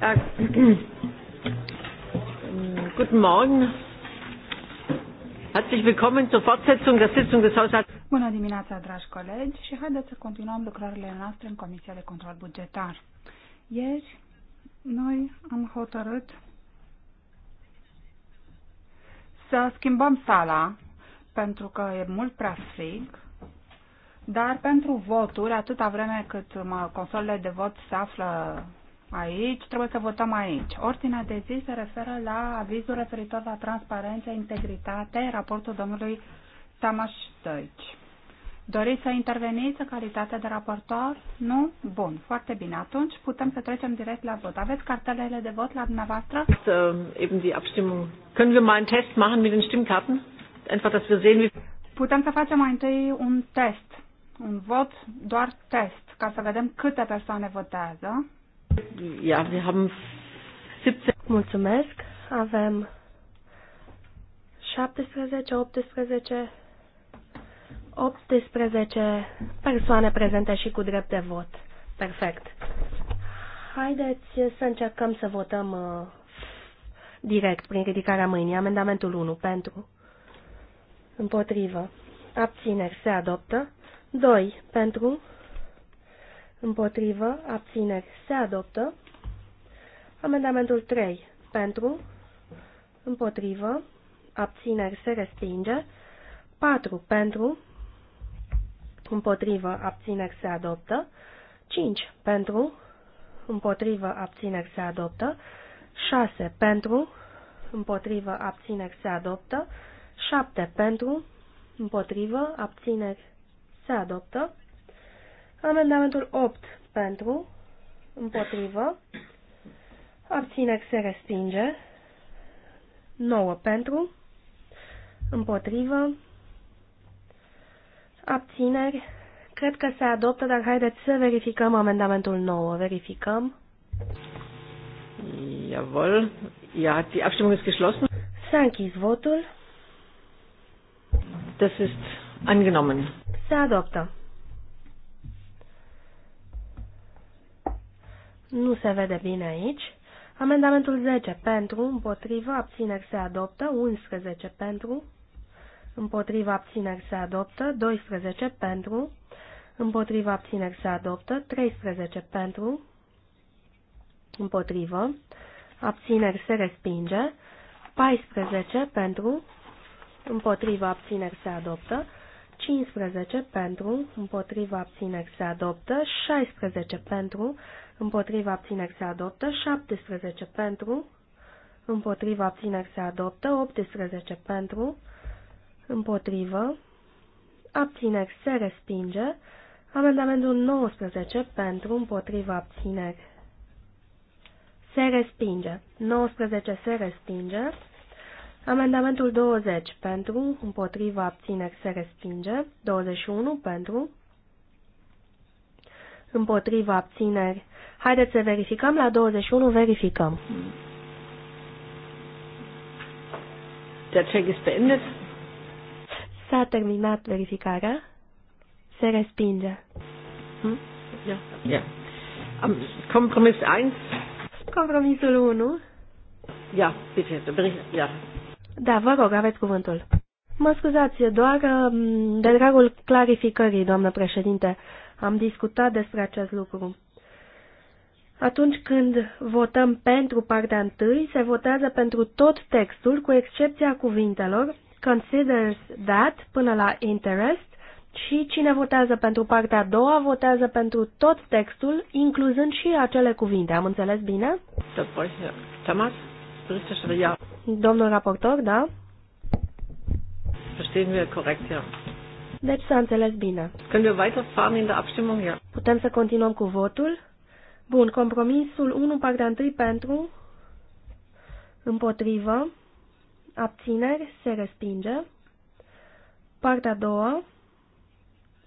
Ja, guten Morgen. Herzlich willkommen zur Fortsetzung der Sitzung des Haushalts. Bună dimineața, dragi colegi, și haideți să continuăm lucrările noastre în Comisia de Control Bugetar. Ieri, noi am hotărât să schimbăm sala, pentru că e mult prea frig dar pentru voturi, atâta vreme cât consolele de vot se află Aici trebuie să votăm aici. Ordinea de zi se referă la avizul referitor la transparență, integritate, raportul domnului Tamaș Stăici. Doriți să interveniți în calitate de raportor? Nu? Bun, foarte bine. Atunci putem să trecem direct la vot. Aveți cartelele de vot la dumneavoastră? Eben die Abstimmung. Können wir mal einen Test machen mit den Stimmkarten? Einfach, dass wir sehen, wie... Putem să facem mai întâi un test, un vot, doar test, ca să vedem câte persoane votează. Ja, wir haben 17. Mulțumesc. Avem 17, 18, 18 persoane prezente și cu drept de vot. Perfect. Haideți să încercăm să votăm uh, direct prin ridicarea mâinii. Amendamentul 1 pentru. Împotrivă. Abțineri se adoptă. 2 pentru. Împotrivă, abțineri, se adoptă. Amendamentul 3. Pentru, împotrivă, abțineri, se respinge. 4. Pentru, împotrivă, abțineri, se adoptă. 5. Pentru, împotrivă, abțineri, se adoptă. 6. Pentru, împotrivă, abțineri, se adoptă. 7. Pentru, împotrivă, abțineri, se adoptă. Amendamentul 8 pentru, împotrivă, abține se respinge, 9 pentru, împotrivă, abțineri, cred că se adoptă, dar haideți să verificăm amendamentul 9, verificăm. Jawohl. Ja, die Abstimmung ist geschlossen. S-a închis votul. Das ist angenommen. Se adoptă. Nu se vede bine aici. Amendamentul 10 pentru, împotrivă, abțineri se adoptă, 11 pentru, împotrivă, abțineri se adoptă, 12 pentru, împotrivă, abțineri se adoptă, 13 pentru, împotrivă, abțineri se respinge, 14 pentru, împotrivă, abțineri se adoptă, 15 pentru, împotrivă, abțineri se adoptă, 16 pentru, împotriva abțineri se adoptă, 17 pentru, împotriva abțineri se adoptă, 18 pentru, împotrivă, abțineri se respinge, amendamentul 19 pentru, împotriva abțineri se respinge, 19 se respinge, amendamentul 20 pentru, împotriva abțineri se respinge, 21 pentru, împotriva abțineri Haideți să verificăm la 21, verificăm. Der check ist beendet. S-a terminat verificarea. Se respinge. Hm? Ja. Ja. Am compromis 1. Compromisul 1. Ja, bitte. Da ja. Da, vă rog, aveți cuvântul. Mă scuzați, doar mm, de dragul clarificării, doamnă președinte, am discutat despre acest lucru. Atunci când votăm pentru partea întâi, se votează pentru tot textul, cu excepția cuvintelor considers that până la interest și cine votează pentru partea a doua votează pentru tot textul, incluzând și acele cuvinte. Am înțeles bine? Domnul raportor, da? Verstehen wir korrekt, ja. Deci s-a înțeles bine. Putem să continuăm cu votul? Bun, compromisul 1, partea 1 pentru, împotrivă, abțineri, se respinge. Partea a doua,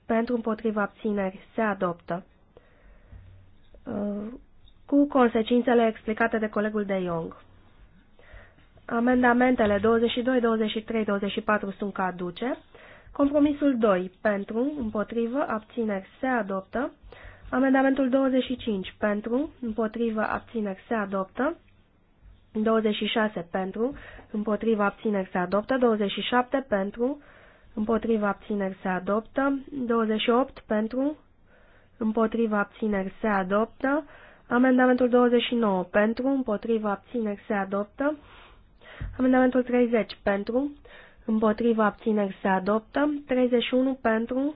pentru împotriva abțineri, se adoptă. Uh, cu consecințele explicate de colegul de Young. Amendamentele 22, 23, 24 sunt caduce. Compromisul 2, pentru, împotrivă, abțineri, se adoptă. Amendamentul 25 pentru, împotrivă, abțineri se adoptă. 26 pentru, împotrivă, abțineri se adoptă. 27 pentru, împotrivă, abțineri se adoptă. 28 pentru, împotrivă, abțineri se adoptă. Amendamentul 29 pentru, împotrivă, abțineri se adoptă. Amendamentul 30 pentru, împotrivă, abțineri se adoptă. 31 pentru,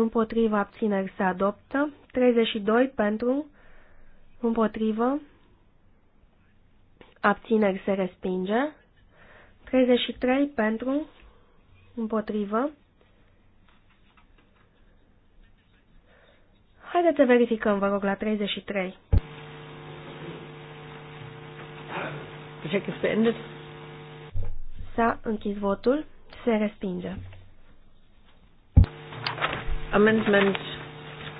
împotriva abțineri se adoptă, 32 pentru, împotrivă, abțineri se respinge, 33 pentru, împotrivă. Haideți să verificăm, vă rog, la 33. S-a închis votul, se respinge. Amendment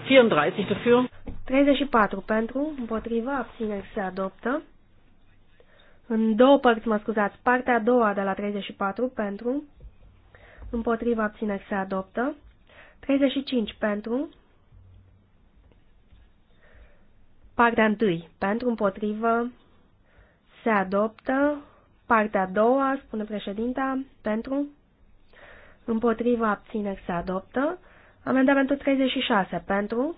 34 dafür. 34 pentru, împotrivă, abțineri se adoptă. În două părți, mă scuzați, partea a doua de la 34 pentru, împotrivă, abțineri se adoptă. 35 pentru, partea întâi, pentru, împotrivă, se adoptă. Partea a doua, spune președinta, pentru, împotrivă, abțineri se adoptă. Amendamentul 36 pentru,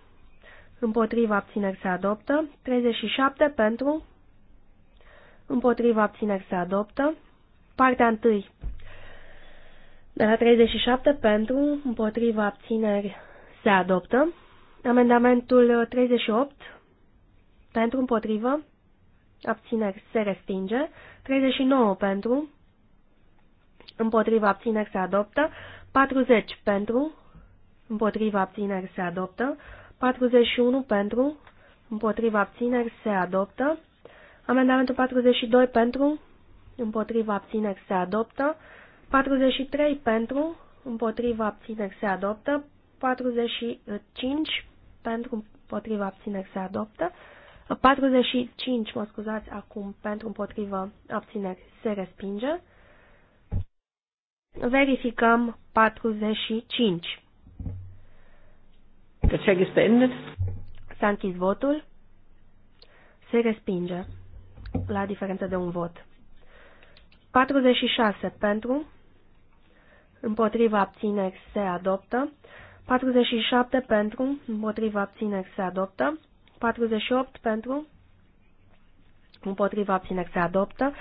împotriva abțineri se adoptă. 37 pentru, împotriva abțineri se adoptă. Partea 1 de la 37 pentru, împotriva abțineri se adoptă. Amendamentul 38 pentru, împotriva abțineri se respinge. 39 pentru, împotriva abțineri se adoptă. 40 pentru, împotriva abțineri se adoptă, 41 pentru, împotriva abțineri se adoptă, amendamentul 42 pentru, împotriva abțineri se adoptă, 43 pentru, împotriva abțineri se adoptă, 45 pentru, împotriva abțineri se adoptă, 45, mă scuzați, acum pentru împotrivă abțineri se respinge. Verificăm 45. Der deci check ist ended. S-a închis votul. Se respinge la diferență de un vot. 46 pentru, împotriva abțineri se adoptă. 47 pentru, împotriva abțineri se adoptă. 48 pentru, împotriva abțineri se adoptă.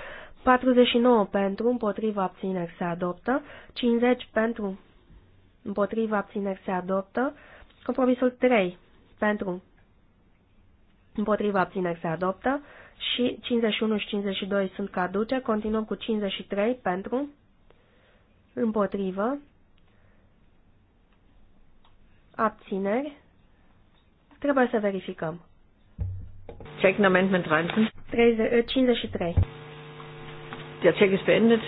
49 pentru, împotriva abțineri se adoptă. 50 pentru, împotriva abțineri se adoptă. Compromisul 3 pentru împotriva abțineri se adoptă și 51 și 52 sunt caduce. Continuăm cu 53 pentru împotrivă abțineri. Trebuie să verificăm. Check amendment 53. Eh, Der check is beendet.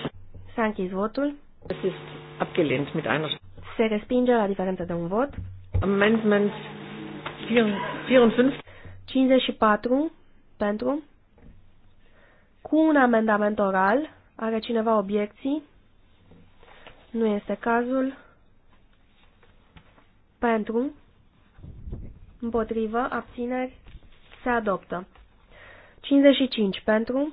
S-a închis votul. Es ist abgelehnt mit einer... Se respinge la diferență de un vot. Amendment 54. pentru. Cu un amendament oral. Are cineva obiecții? Nu este cazul. Pentru. Împotrivă. Abțineri. Se adoptă. 55 pentru.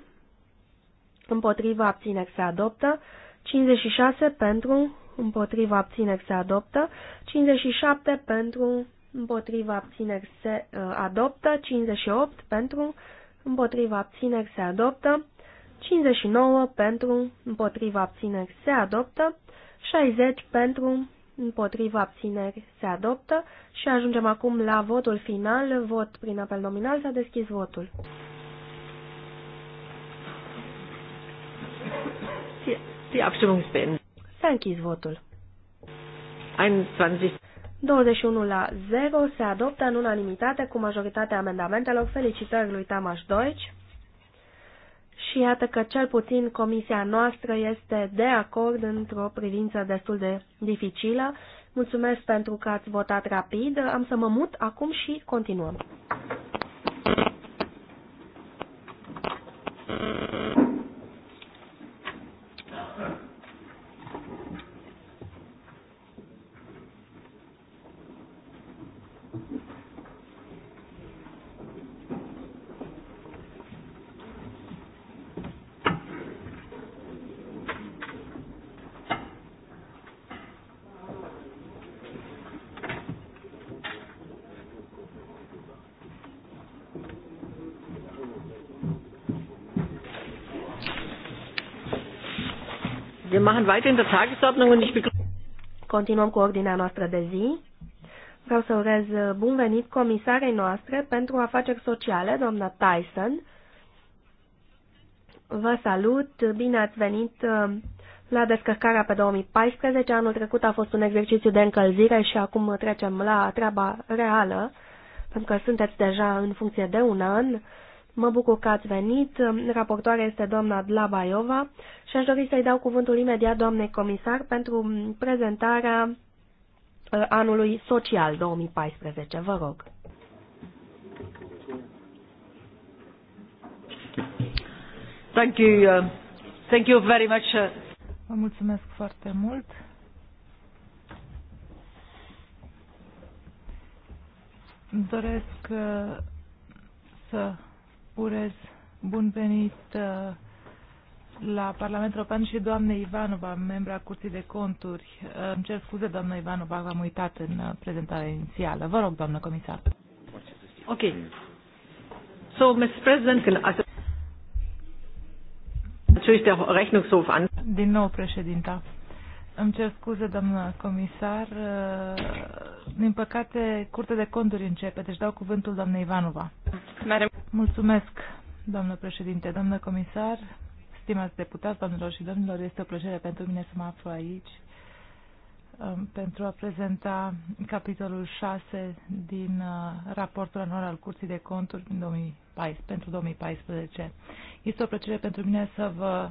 Împotrivă. Abțineri. Se adoptă. 56 pentru împotriva abțineri se adoptă, 57 uh, pentru, împotriva abțineri se adoptă, 58 pentru, împotriva abțineri se adoptă, 59 pentru, împotriva abțineri se adoptă, 60 pentru, împotriva abțineri se adoptă și ajungem acum la votul final, vot prin apel nominal, s-a deschis votul. Die Abstimmung ist beendet. S-a închis votul. 21. la 0 se adoptă în unanimitate cu majoritatea amendamentelor. Felicitări lui Tamaș Deutsch. Și iată că cel puțin comisia noastră este de acord într-o privință destul de dificilă. Mulțumesc pentru că ați votat rapid. Am să mă mut acum și continuăm. machen weiter in der Tagesordnung und ich begrüße. Continuăm cu ordinea noastră de zi. Vreau să urez uh, bun venit comisarei noastre pentru afaceri sociale, doamna Tyson. Vă salut, bine ați venit uh, la descărcarea pe 2014. Anul trecut a fost un exercițiu de încălzire și acum trecem la treaba reală, pentru că sunteți deja în funcție de un an Mă bucur că ați venit. Raportoarea este doamna Dlabaiova și aș dori să-i dau cuvântul imediat doamnei comisar pentru prezentarea uh, anului social 2014. Vă rog. Thank you. Uh, thank you very much. Uh. Vă mulțumesc foarte mult. Îmi doresc să Pures, bun venit uh, la Parlamentul European și doamne Ivanova, membra Curții de Conturi. Uh, îmi cer scuze, doamna Ivanova, v-am uitat în uh, prezentarea inițială. Vă rog, doamnă comisar. Ok. So, Mr. President, can I... Din nou, președinta. Îmi cer scuze, doamnă comisar. Din păcate, Curtea de Conturi începe, deci dau cuvântul doamnei Ivanova. Mulțumesc, doamnă președinte, doamnă comisar, stimați deputați, doamnelor și domnilor, este o plăcere pentru mine să mă aflu aici um, pentru a prezenta capitolul 6 din uh, raportul anual al Curții de Conturi pentru 2014. Este o plăcere pentru mine să vă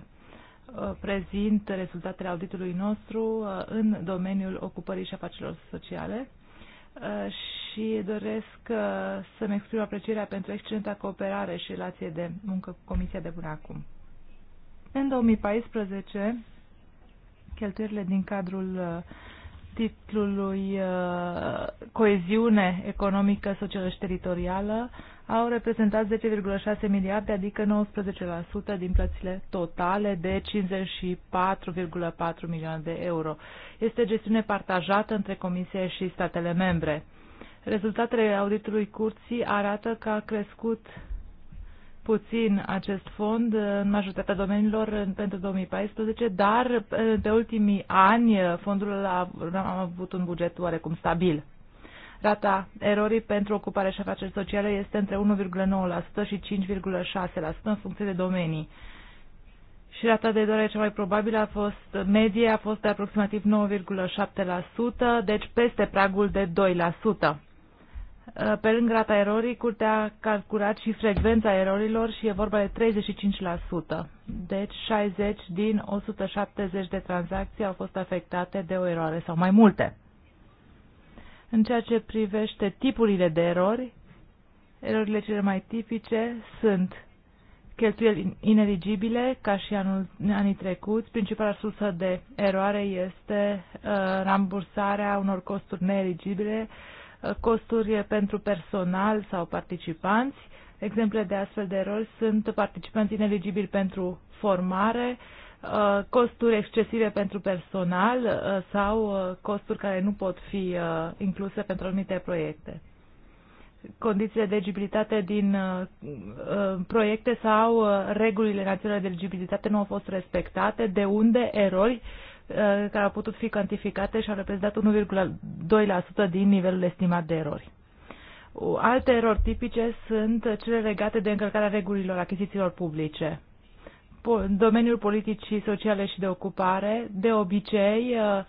Uh, prezint rezultatele auditului nostru uh, în domeniul ocupării și afacerilor sociale uh, și doresc să-mi exprim aprecierea pentru excelenta cooperare și relație de muncă cu Comisia de până acum. În 2014, cheltuierile din cadrul titlului uh, Coeziune economică, socială și teritorială au reprezentat 10,6 miliarde, adică 19% din plățile totale de 54,4 milioane de euro. Este gestiune partajată între Comisie și statele membre. Rezultatele auditului curții arată că a crescut puțin acest fond în majoritatea domeniilor pentru 2014, dar de ultimii ani fondul a, a avut un buget oarecum stabil. Rata erorii pentru ocupare și afaceri sociale este între 1,9% și 5,6% în funcție de domenii. Și rata de eroare cea mai probabilă a fost, medie a fost de aproximativ 9,7%, deci peste pragul de 2%. Uh, pe lângă rata erorii, curtea a calculat și frecvența erorilor și e vorba de 35%. Deci 60 din 170 de tranzacții au fost afectate de o eroare sau mai multe. În ceea ce privește tipurile de erori, erorile cele mai tipice sunt cheltuieli ineligibile, ca și anul, anii trecuți. Principala sursă de eroare este uh, rambursarea unor costuri neeligibile, uh, Uh, costuri pentru personal sau participanți. Exemple de astfel de roli sunt participanți ineligibili pentru formare, uh, costuri excesive pentru personal uh, sau costuri care nu pot fi incluse pentru anumite proiecte. Condițiile de eligibilitate din proiecte sau regulile naționale de eligibilitate nu au fost respectate, de unde erori Uh, care au putut fi cantificate și au reprezentat 1,2% din nivelul estimat de erori. Alte erori tipice sunt cele legate de încălcarea regulilor achizițiilor publice. În domeniul politicii sociale și de ocupare, de obicei, uh,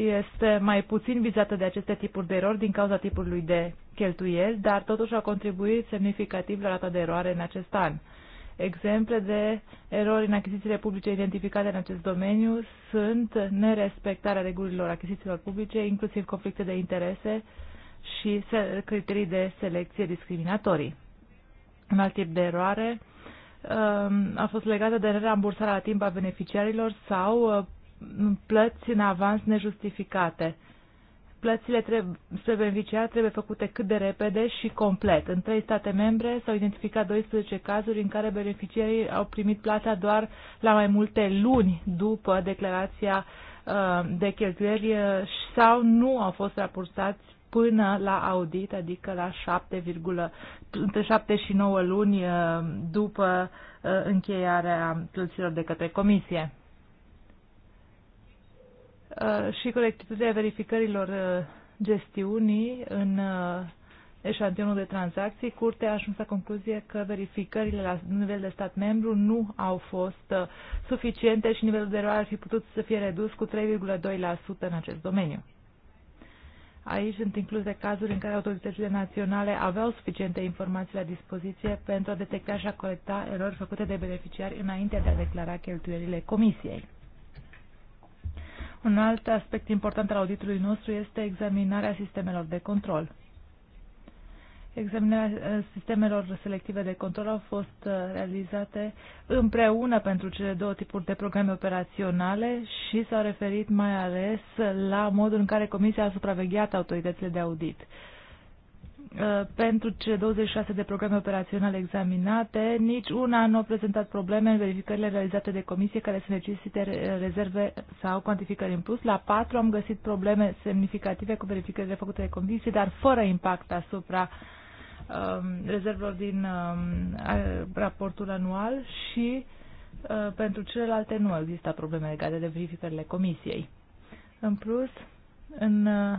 este mai puțin vizată de aceste tipuri de erori din cauza tipului de cheltuieli, dar totuși a contribuit semnificativ la rata de eroare în acest an. Exemple de erori în achizițiile publice identificate în acest domeniu sunt nerespectarea regulilor achizițiilor publice, inclusiv conflicte de interese și criterii de selecție discriminatorii. Un alt tip de eroare um, a fost legată de rambursarea la timp a beneficiarilor sau uh, plăți în avans nejustificate plățile trebuie, spre beneficiar trebuie făcute cât de repede și complet. În trei state membre s-au identificat 12 cazuri în care beneficiarii au primit plata doar la mai multe luni după declarația uh, de cheltuieli uh, sau nu au fost raportați până la audit, adică la 7, între 7 și 9 luni uh, după încheierea plăților de către comisie. Uh, și corectitudinea verificărilor uh, gestiunii în uh, eșantionul de tranzacții, curtea a ajuns la concluzie că verificările la nivel de stat membru nu au fost suficiente și nivelul de eroare ar fi putut să fie redus cu 3,2% în acest domeniu. Aici sunt incluse cazuri în care autoritățile naționale aveau suficiente informații la dispoziție pentru a detecta și a colecta erori făcute de beneficiari înainte de a declara cheltuielile comisiei. Un alt aspect important al auditului nostru este examinarea sistemelor de control. Examinarea eh, sistemelor selective de control au fost eh, realizate împreună pentru cele două tipuri de programe operaționale și s-au referit mai ales la modul în care Comisia a supravegheat autoritățile de audit. Uh, pentru cele 26 de programe operaționale examinate, nici una nu a prezentat probleme în verificările realizate de comisie care să necesite rezerve sau cuantificări în plus. La 4 am găsit probleme semnificative cu verificările făcute de comisie, dar fără impact asupra um, rezervelor din um, raportul anual și uh, pentru celelalte nu există probleme legate de verificările comisiei. În plus, în uh,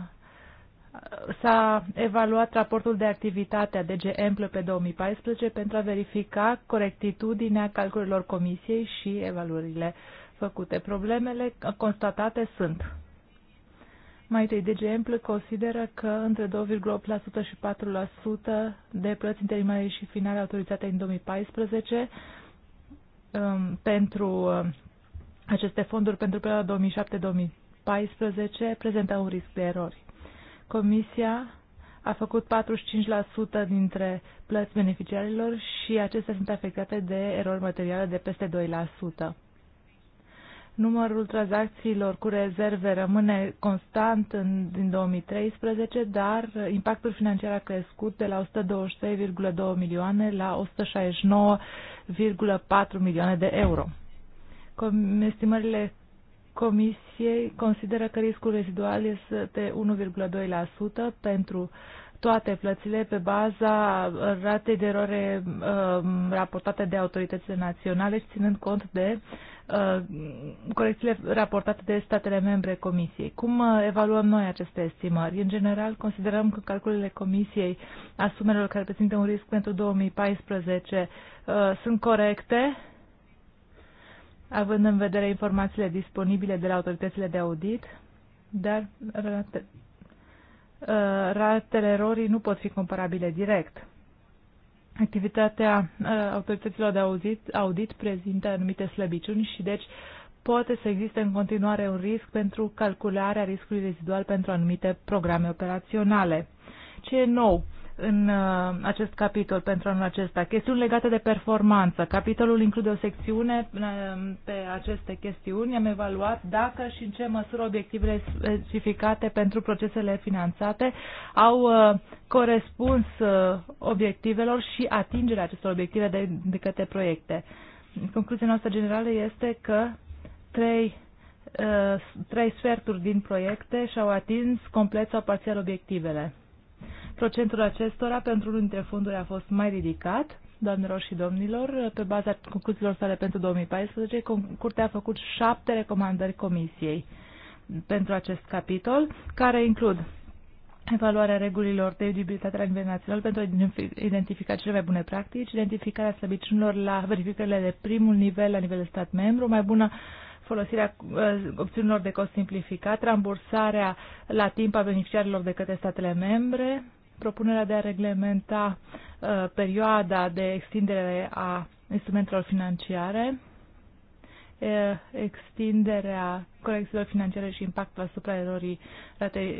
s-a evaluat raportul de activitate a DGM pe 2014 pentru a verifica corectitudinea calculelor comisiei și evaluările făcute. Problemele constatate sunt mai întâi, DGM consideră că între 2,8% și 4% de plăți interimare și finale autorizate în 2014 um, pentru uh, aceste fonduri pentru perioada 2007-2014 prezentă un risc de erori. Comisia a făcut 45% dintre plăți beneficiarilor și acestea sunt afectate de erori materiale de peste 2%. Numărul tranzacțiilor cu rezerve rămâne constant în, din 2013, dar impactul financiar a crescut de la 123,2 milioane la 169,4 milioane de euro. Com estimările Comisiei consideră că riscul rezidual este de 1,2% pentru toate plățile pe baza ratei de erore uh, raportate de autoritățile naționale și ținând cont de uh, corecțiile raportate de statele membre Comisiei. Cum uh, evaluăm noi aceste estimări? În general, considerăm că calculele Comisiei asumelor care prezintă un risc pentru 2014 uh, sunt corecte, având în vedere informațiile disponibile de la autoritățile de audit, dar rate, uh, ratele erorii nu pot fi comparabile direct. Activitatea uh, autorităților de audit, audit prezintă anumite slăbiciuni și deci poate să existe în continuare un risc pentru calcularea riscului rezidual pentru anumite programe operaționale. Ce e nou? în uh, acest capitol pentru anul acesta. Chestiuni legate de performanță. Capitolul include o secțiune uh, pe aceste chestiuni. Am evaluat dacă și în ce măsură obiectivele specificate pentru procesele finanțate au uh, corespuns obiectivelor și atingerea acestor obiective de, de către proiecte. Concluzia noastră generală este că trei trei sferturi din proiecte și-au atins complet sau parțial obiectivele. Procentul acestora pentru unul dintre fonduri a fost mai ridicat, doamnelor și domnilor. Pe baza concluziilor sale pentru 2014, Curtea a făcut șapte recomandări Comisiei pentru acest capitol, care includ evaluarea regulilor de eligibilitate la nivel național pentru a identifica cele mai bune practici, identificarea slăbiciunilor la verificările de primul nivel la nivel de stat membru, mai bună uh, folosirea uh, opțiunilor de cost simplificat, rambursarea la timp a beneficiarilor de către statele membre, propunerea de a reglementa uh, perioada de extindere a instrumentelor financiare, extinderea corecțiilor financiare și impactul asupra erorii, ratei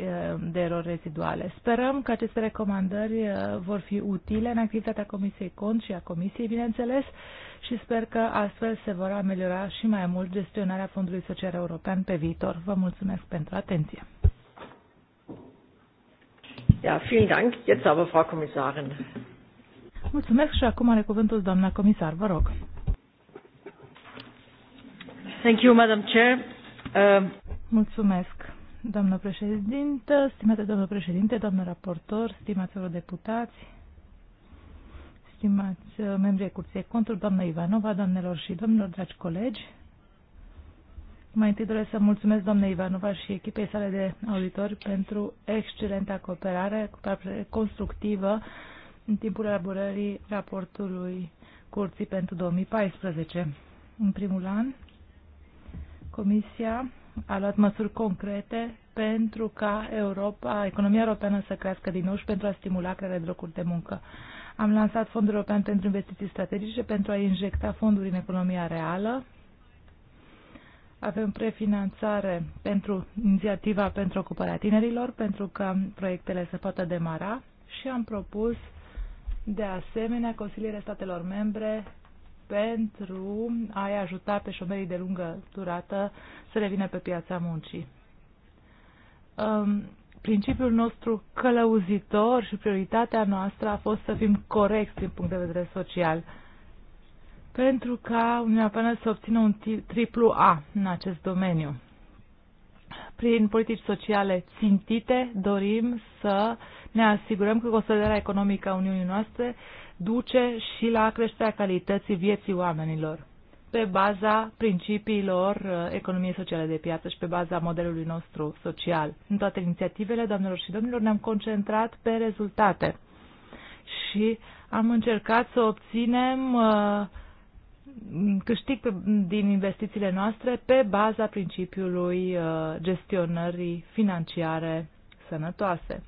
de erori reziduale. Sperăm că aceste recomandări vor fi utile în activitatea Comisiei Cont și a Comisiei, bineînțeles, și sper că astfel se vor ameliora și mai mult gestionarea Fondului Social European pe viitor. Vă mulțumesc pentru atenție. Ja, vielen Dank. Jetzt aber Frau Kommissarin. Mulțumesc și acum are cuvântul doamna comisar, vă rog. Thank you, Madam Chair. Um, mulțumesc, doamnă președintă, stimate domnul președinte, doamnă raportor, stimați deputați, stimați uh, membrii Curții Contru, doamnă Ivanova, doamnelor și domnilor, dragi colegi, mai întâi doresc să mulțumesc doamnei Ivanova și echipei sale de auditori pentru excelenta cooperare, cooperare constructivă în timpul elaborării raportului Curții pentru 2014. În primul an, Comisia a luat măsuri concrete pentru ca Europa, economia europeană să crească din nou și pentru a stimula crearea de locuri de muncă. Am lansat Fondul European pentru Investiții Strategice pentru a injecta fonduri în economia reală. Avem prefinanțare pentru inițiativa pentru ocuparea tinerilor, pentru că proiectele se poată demara și am propus de asemenea Consiliile Statelor Membre pentru a-i ajuta pe șomerii de lungă durată să revină pe piața muncii. Um, principiul nostru călăuzitor și prioritatea noastră a fost să fim corecți din punct de vedere social pentru ca Uniunea Europeană să obțină un triplu A în acest domeniu. Prin politici sociale țintite dorim să ne asigurăm că consolidarea economică a Uniunii noastre uh, duce și la creșterea calității vieții oamenilor pe baza principiilor uh, economiei sociale de piață și pe baza modelului nostru social. În toate inițiativele, doamnelor și domnilor, ne-am concentrat pe rezultate și am încercat să obținem uh, câștig din investițiile noastre pe baza principiului uh, gestionării financiare sănătoase.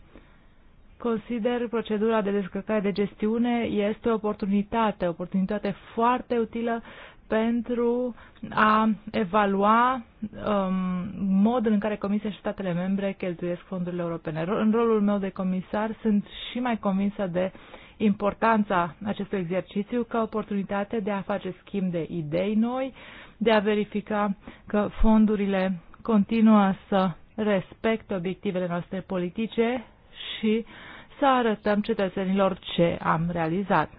Consider procedura de descărcare de gestiune este o oportunitate, o oportunitate foarte utilă pentru a evalua um, modul în care Comisia și statele membre cheltuiesc fondurile europene. În rolul meu de comisar sunt și mai convinsă de importanța acestui exercițiu ca oportunitate de a face schimb de idei noi, de a verifica că fondurile continuă să respecte obiectivele noastre politice și să arătăm cetățenilor ce am realizat.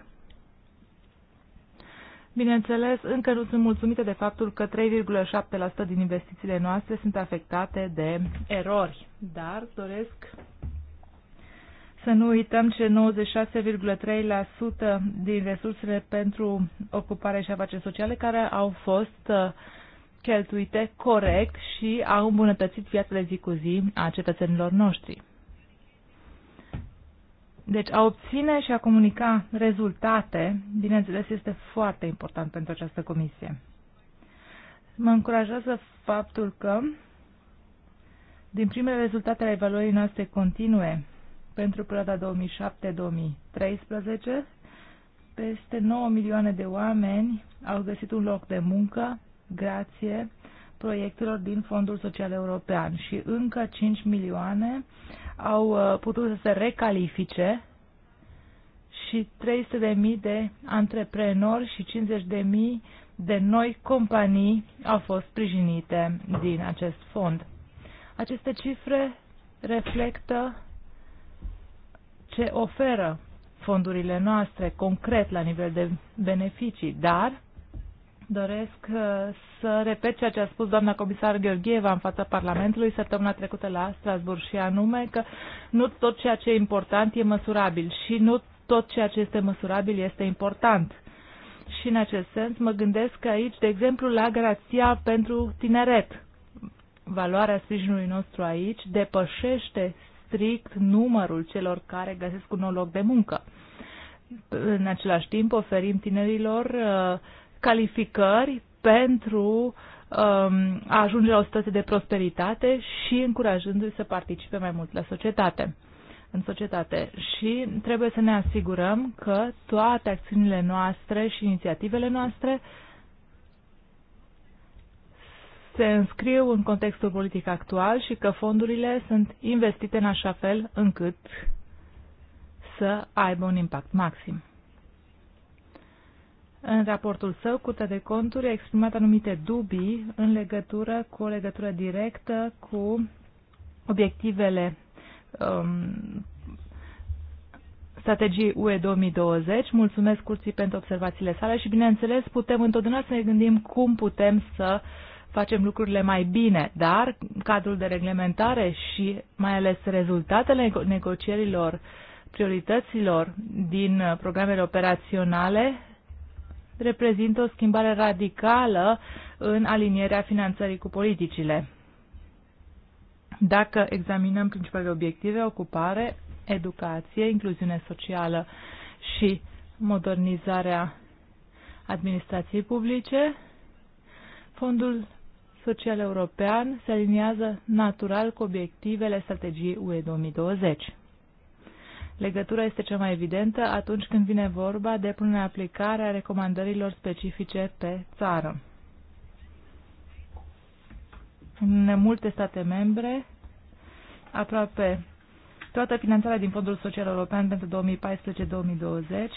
Bineînțeles, încă nu sunt mulțumită de faptul că 3,7% din investițiile noastre sunt afectate de erori, dar doresc să nu uităm ce 96,3% din resursele pentru ocupare și afaceri sociale care au fost uh, cheltuite corect și au îmbunătățit viața de zi cu zi a cetățenilor noștri. Deci a obține și a comunica rezultate, bineînțeles, este foarte important pentru această comisie. Mă încurajează faptul că din primele rezultate ale evaluării noastre continue pentru perioada 2007-2013, peste 9 milioane de oameni au găsit un loc de muncă grație proiectelor din Fondul Social European și încă 5 milioane au uh, putut să se recalifice și 300.000 de antreprenori și 50.000 de noi companii au fost sprijinite din acest fond. Aceste cifre reflectă ce oferă fondurile noastre concret la nivel de beneficii, dar Doresc uh, să repet ceea ce a spus doamna comisar Gheorgheva în fața Parlamentului săptămâna trecută la Strasburg și anume că nu tot ceea ce e important e măsurabil și nu tot ceea ce este măsurabil este important. Și în acest sens mă gândesc că aici, de exemplu, la grația pentru tineret. Valoarea sprijinului nostru aici depășește strict numărul celor care găsesc un nou loc de muncă. În același timp oferim tinerilor uh, calificări pentru um, a ajunge la o situație de prosperitate și încurajându-i să participe mai mult la societate în societate și trebuie să ne asigurăm că toate acțiunile noastre și inițiativele noastre se înscriu în contextul politic actual și că fondurile sunt investite în așa fel încât să aibă un impact maxim. În raportul său, Curtea de Conturi a exprimat anumite dubii în legătură cu o legătură directă cu obiectivele um, strategiei UE 2020. Mulțumesc curții pentru observațiile sale și, bineînțeles, putem întotdeauna să ne gândim cum putem să facem lucrurile mai bine, dar cadrul de reglementare și mai ales rezultatele negocierilor priorităților din programele operaționale reprezintă o schimbare radicală în alinierea finanțării cu politicile. Dacă examinăm principalele obiective, ocupare, educație, incluziune socială și modernizarea administrației publice, Fondul Social European se aliniază natural cu obiectivele strategiei UE 2020. Legătura este cea mai evidentă atunci când vine vorba de punerea aplicare a recomandărilor specifice pe țară. În multe state membre, aproape toată finanțarea din Fondul Social European pentru 2014-2020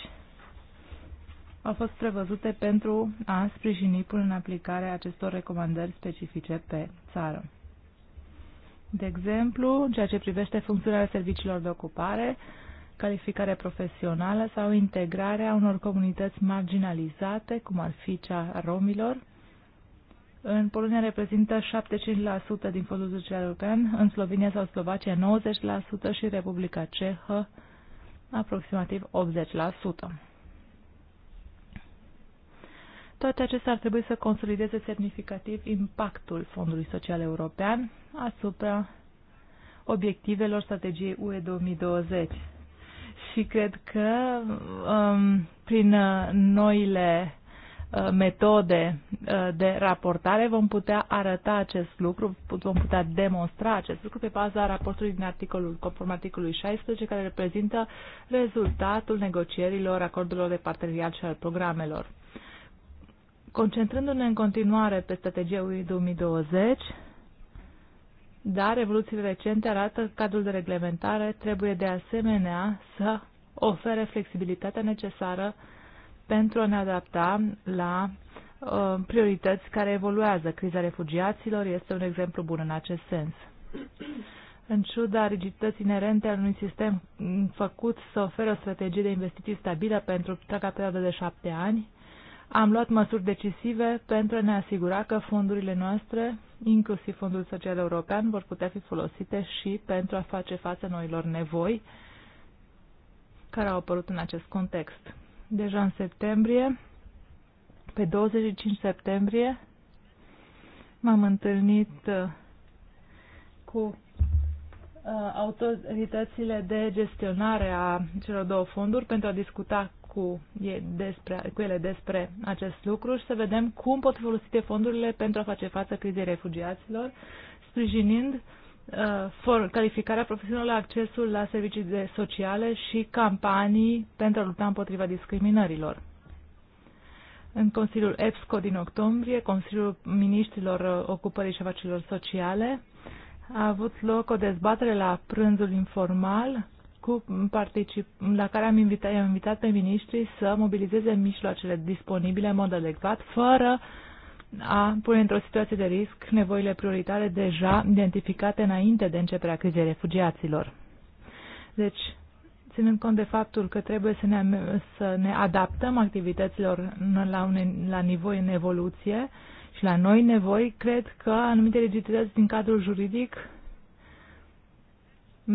a fost prevăzute pentru a sprijini până în aplicare acestor recomandări specifice pe țară. De exemplu, în ceea ce privește funcționarea serviciilor de ocupare, calificarea profesională sau integrarea unor comunități marginalizate, cum ar fi cea a romilor. În Polonia reprezintă 75% din fondul social european, în Slovenia sau Slovacia 90% și Republica Cehă aproximativ 80%. Toate acestea ar trebui să consolideze semnificativ impactul Fondului Social European asupra obiectivelor strategiei UE 2020 și cred că um, prin uh, noile uh, metode uh, de raportare vom putea arăta acest lucru, vom putea demonstra acest lucru pe baza raportului din articolul, conform articolului 16, care reprezintă rezultatul negocierilor, acordurilor de parteneriat și al programelor. Concentrându-ne în continuare pe strategia UE 2020, dar evoluțiile recente arată că cadrul de reglementare trebuie de asemenea să ofere flexibilitatea necesară pentru a ne adapta la uh, priorități care evoluează. Criza refugiaților este un exemplu bun în acest sens. În ciuda rigidității inerente al unui sistem făcut să ofere o strategie de investiții stabilă pentru întreaga perioadă de șapte ani, am luat măsuri decisive pentru a ne asigura că fondurile noastre inclusiv Fondul Social European, vor putea fi folosite și pentru a face față noilor nevoi care au apărut în acest context. Deja în septembrie, pe 25 septembrie, m-am întâlnit uh, cu uh, autoritățile de gestionare a celor două fonduri pentru a discuta cu, ei despre, cu ele despre acest lucru și să vedem cum pot fi folosite fondurile pentru a face față crizei refugiaților, sprijinind uh, for, calificarea profesională, accesul la servicii de sociale și campanii pentru a lupta împotriva discriminărilor. În Consiliul EPSCO din octombrie, Consiliul Ministrilor uh, Ocupării și Afacerilor Sociale, a avut loc o dezbatere la prânzul informal cu particip, la care am invitat, am invitat pe miniștri să mobilizeze mijloacele disponibile în mod adecvat, fără a pune într-o situație de risc nevoile prioritare deja identificate înainte de începerea crizei refugiaților. Deci, ținând cont de faptul că trebuie să ne, să ne adaptăm activităților la, une, la nivoi în evoluție și la noi nevoi, cred că anumite rigidități din cadrul juridic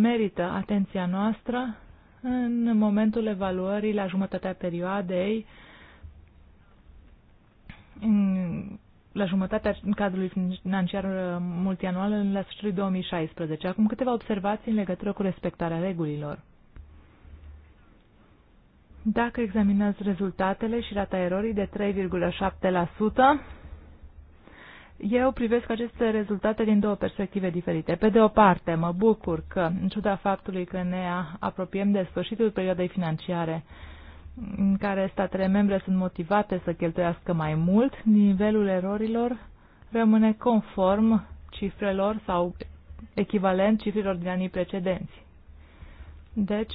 merită atenția noastră în momentul evaluării la jumătatea perioadei, în, la jumătatea cadrului financiar multianual în la sfârșitul 2016. Acum câteva observații în legătură cu respectarea regulilor. Dacă examinați rezultatele și rata erorii de 3,7%, eu privesc aceste rezultate din două perspective diferite. Pe de o parte, mă bucur că, în ciuda faptului că ne apropiem de sfârșitul perioadei financiare, în care statele membre sunt motivate să cheltuiască mai mult, nivelul erorilor rămâne conform cifrelor sau echivalent cifrelor din anii precedenți. Deci,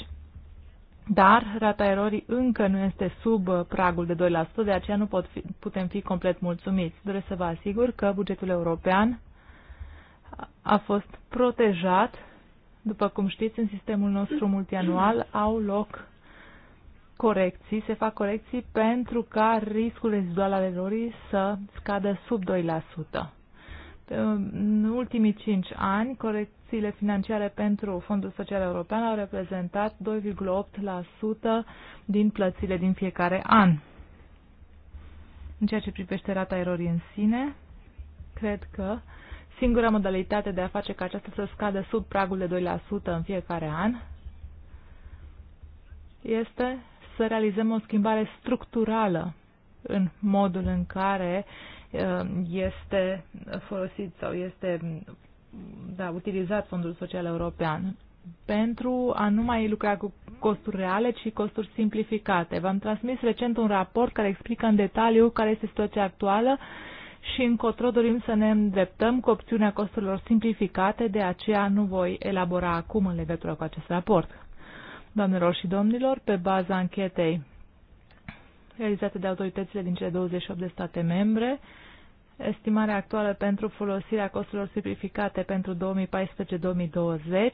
dar rata erorii încă nu este sub uh, pragul de 2%, de aceea nu pot fi, putem fi complet mulțumiți. Doresc să vă asigur că bugetul european a fost protejat. După cum știți, în sistemul nostru multianual au loc corecții, se fac corecții pentru ca riscul rezidual al erorii să scadă sub 2%. În ultimii 5 ani, corecțiile financiare pentru Fondul Social European au reprezentat 2,8% din plățile din fiecare an. În ceea ce privește rata erorii în sine, cred că singura modalitate de a face ca aceasta să scadă sub pragul de 2% în fiecare an este să realizăm o schimbare structurală în modul în care Uh, este folosit sau este da, utilizat Fondul Social European pentru a nu mai lucra cu costuri reale, ci costuri simplificate. V-am transmis recent un raport care explică în detaliu care este situația actuală și încotro dorim să ne îndreptăm cu opțiunea costurilor simplificate, de aceea nu voi elabora acum în legătură cu acest raport. Doamnelor și domnilor, pe baza anchetei realizate de autoritățile din cele 28 de state membre. Estimarea actuală pentru folosirea costurilor simplificate pentru 2014-2020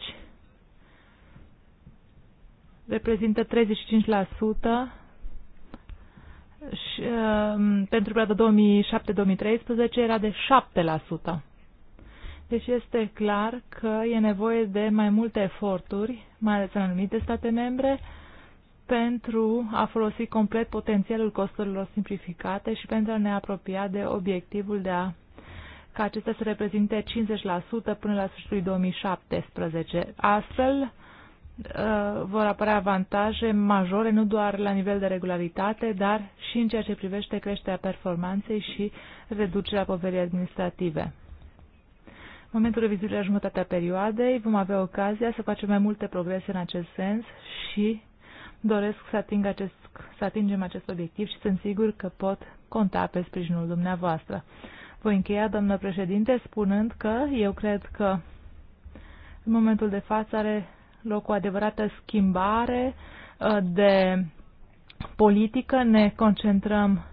reprezintă 35% și, uh, pentru perioada 2007-2013 era de 7%. Deci este clar că e nevoie de mai multe eforturi, mai ales în anumite state membre, uh, pentru a folosi complet potențialul costurilor simplificate și pentru a ne apropia de obiectivul de a ca acestea să reprezinte 50% până la sfârșitul 2017. Astfel, uh, vor apărea avantaje majore nu doar la nivel de regularitate, dar și în ceea ce privește creșterea performanței și reducerea poverii administrative. În momentul revizuirii la jumătatea perioadei vom avea ocazia să facem mai multe progrese în acest sens și doresc să, ating acest, să atingem acest obiectiv și sunt sigur că pot conta pe sprijinul dumneavoastră. Voi încheia, doamnă președinte, spunând că eu cred că în momentul de față are loc o adevărată schimbare uh, de politică. Ne concentrăm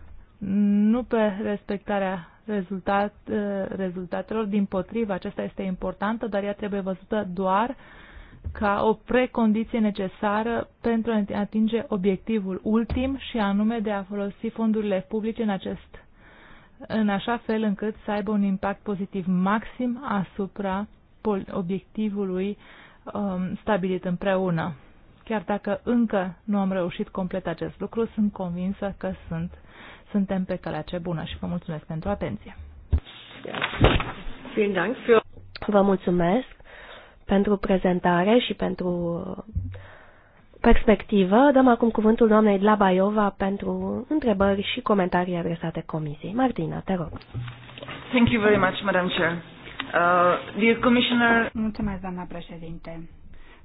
nu pe respectarea rezultat, uh, rezultatelor, din potrivă, acesta este importantă, dar ea trebuie văzută doar uh, ca o precondiție necesară pentru a atinge obiectivul ultim și anume de a folosi fondurile publice în acest în așa fel încât să aibă un impact pozitiv maxim asupra obiectivului um, stabilit împreună. Chiar dacă încă nu am reușit complet acest lucru, sunt convinsă că sunt, suntem pe calea ce bună și vă mulțumesc pentru atenție. Vă mulțumesc pentru prezentare și pentru uh, perspectivă. Dăm acum cuvântul doamnei Dlabaiova pentru întrebări și comentarii adresate comisiei. Martina, te rog. Thank you very much, Madam Chair. Uh, dear Commissioner... Mulțumesc, doamna președinte.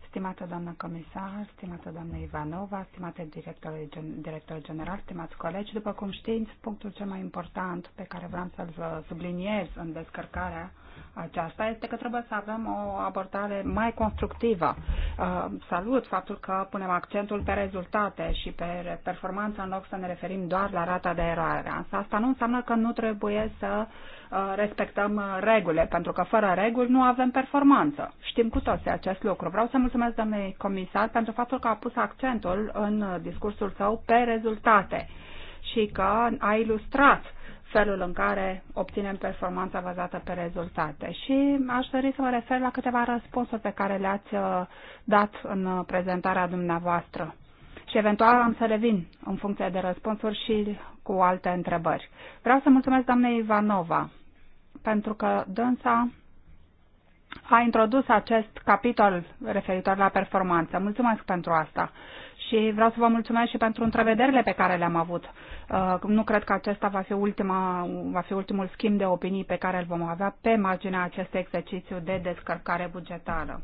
Stimată doamnă comisar, stimată doamnă Ivanova, stimate director, director general, stimați colegi, după cum știți, punctul cel mai important pe care vreau să-l subliniez în descărcarea uh, aceasta este că trebuie să avem o abordare mai constructivă. Uh, salut faptul că punem accentul pe rezultate și pe performanță în loc să ne referim doar la rata de eroare. Însă asta nu înseamnă că nu trebuie să uh, respectăm uh, regulile, pentru că fără reguli nu avem performanță. Știm cu toții acest lucru. Vreau să mulțumesc domnului comisar pentru faptul că a pus accentul în discursul său pe rezultate și că a ilustrat felul în care obținem performanța bazată pe rezultate. Și aș dori să mă refer la câteva răspunsuri pe care le-ați uh, dat în prezentarea dumneavoastră. Și eventual am să revin în funcție de răspunsuri și cu alte întrebări. Vreau să mulțumesc doamnei Ivanova, pentru că dânsa a introdus acest capitol referitor la performanță. Mulțumesc pentru asta și vreau să vă mulțumesc și pentru întrevederile pe care le-am avut. Uh, nu cred că acesta va fi, ultima, va fi ultimul schimb de opinii pe care îl vom avea pe marginea acestui exercițiu de descărcare bugetară.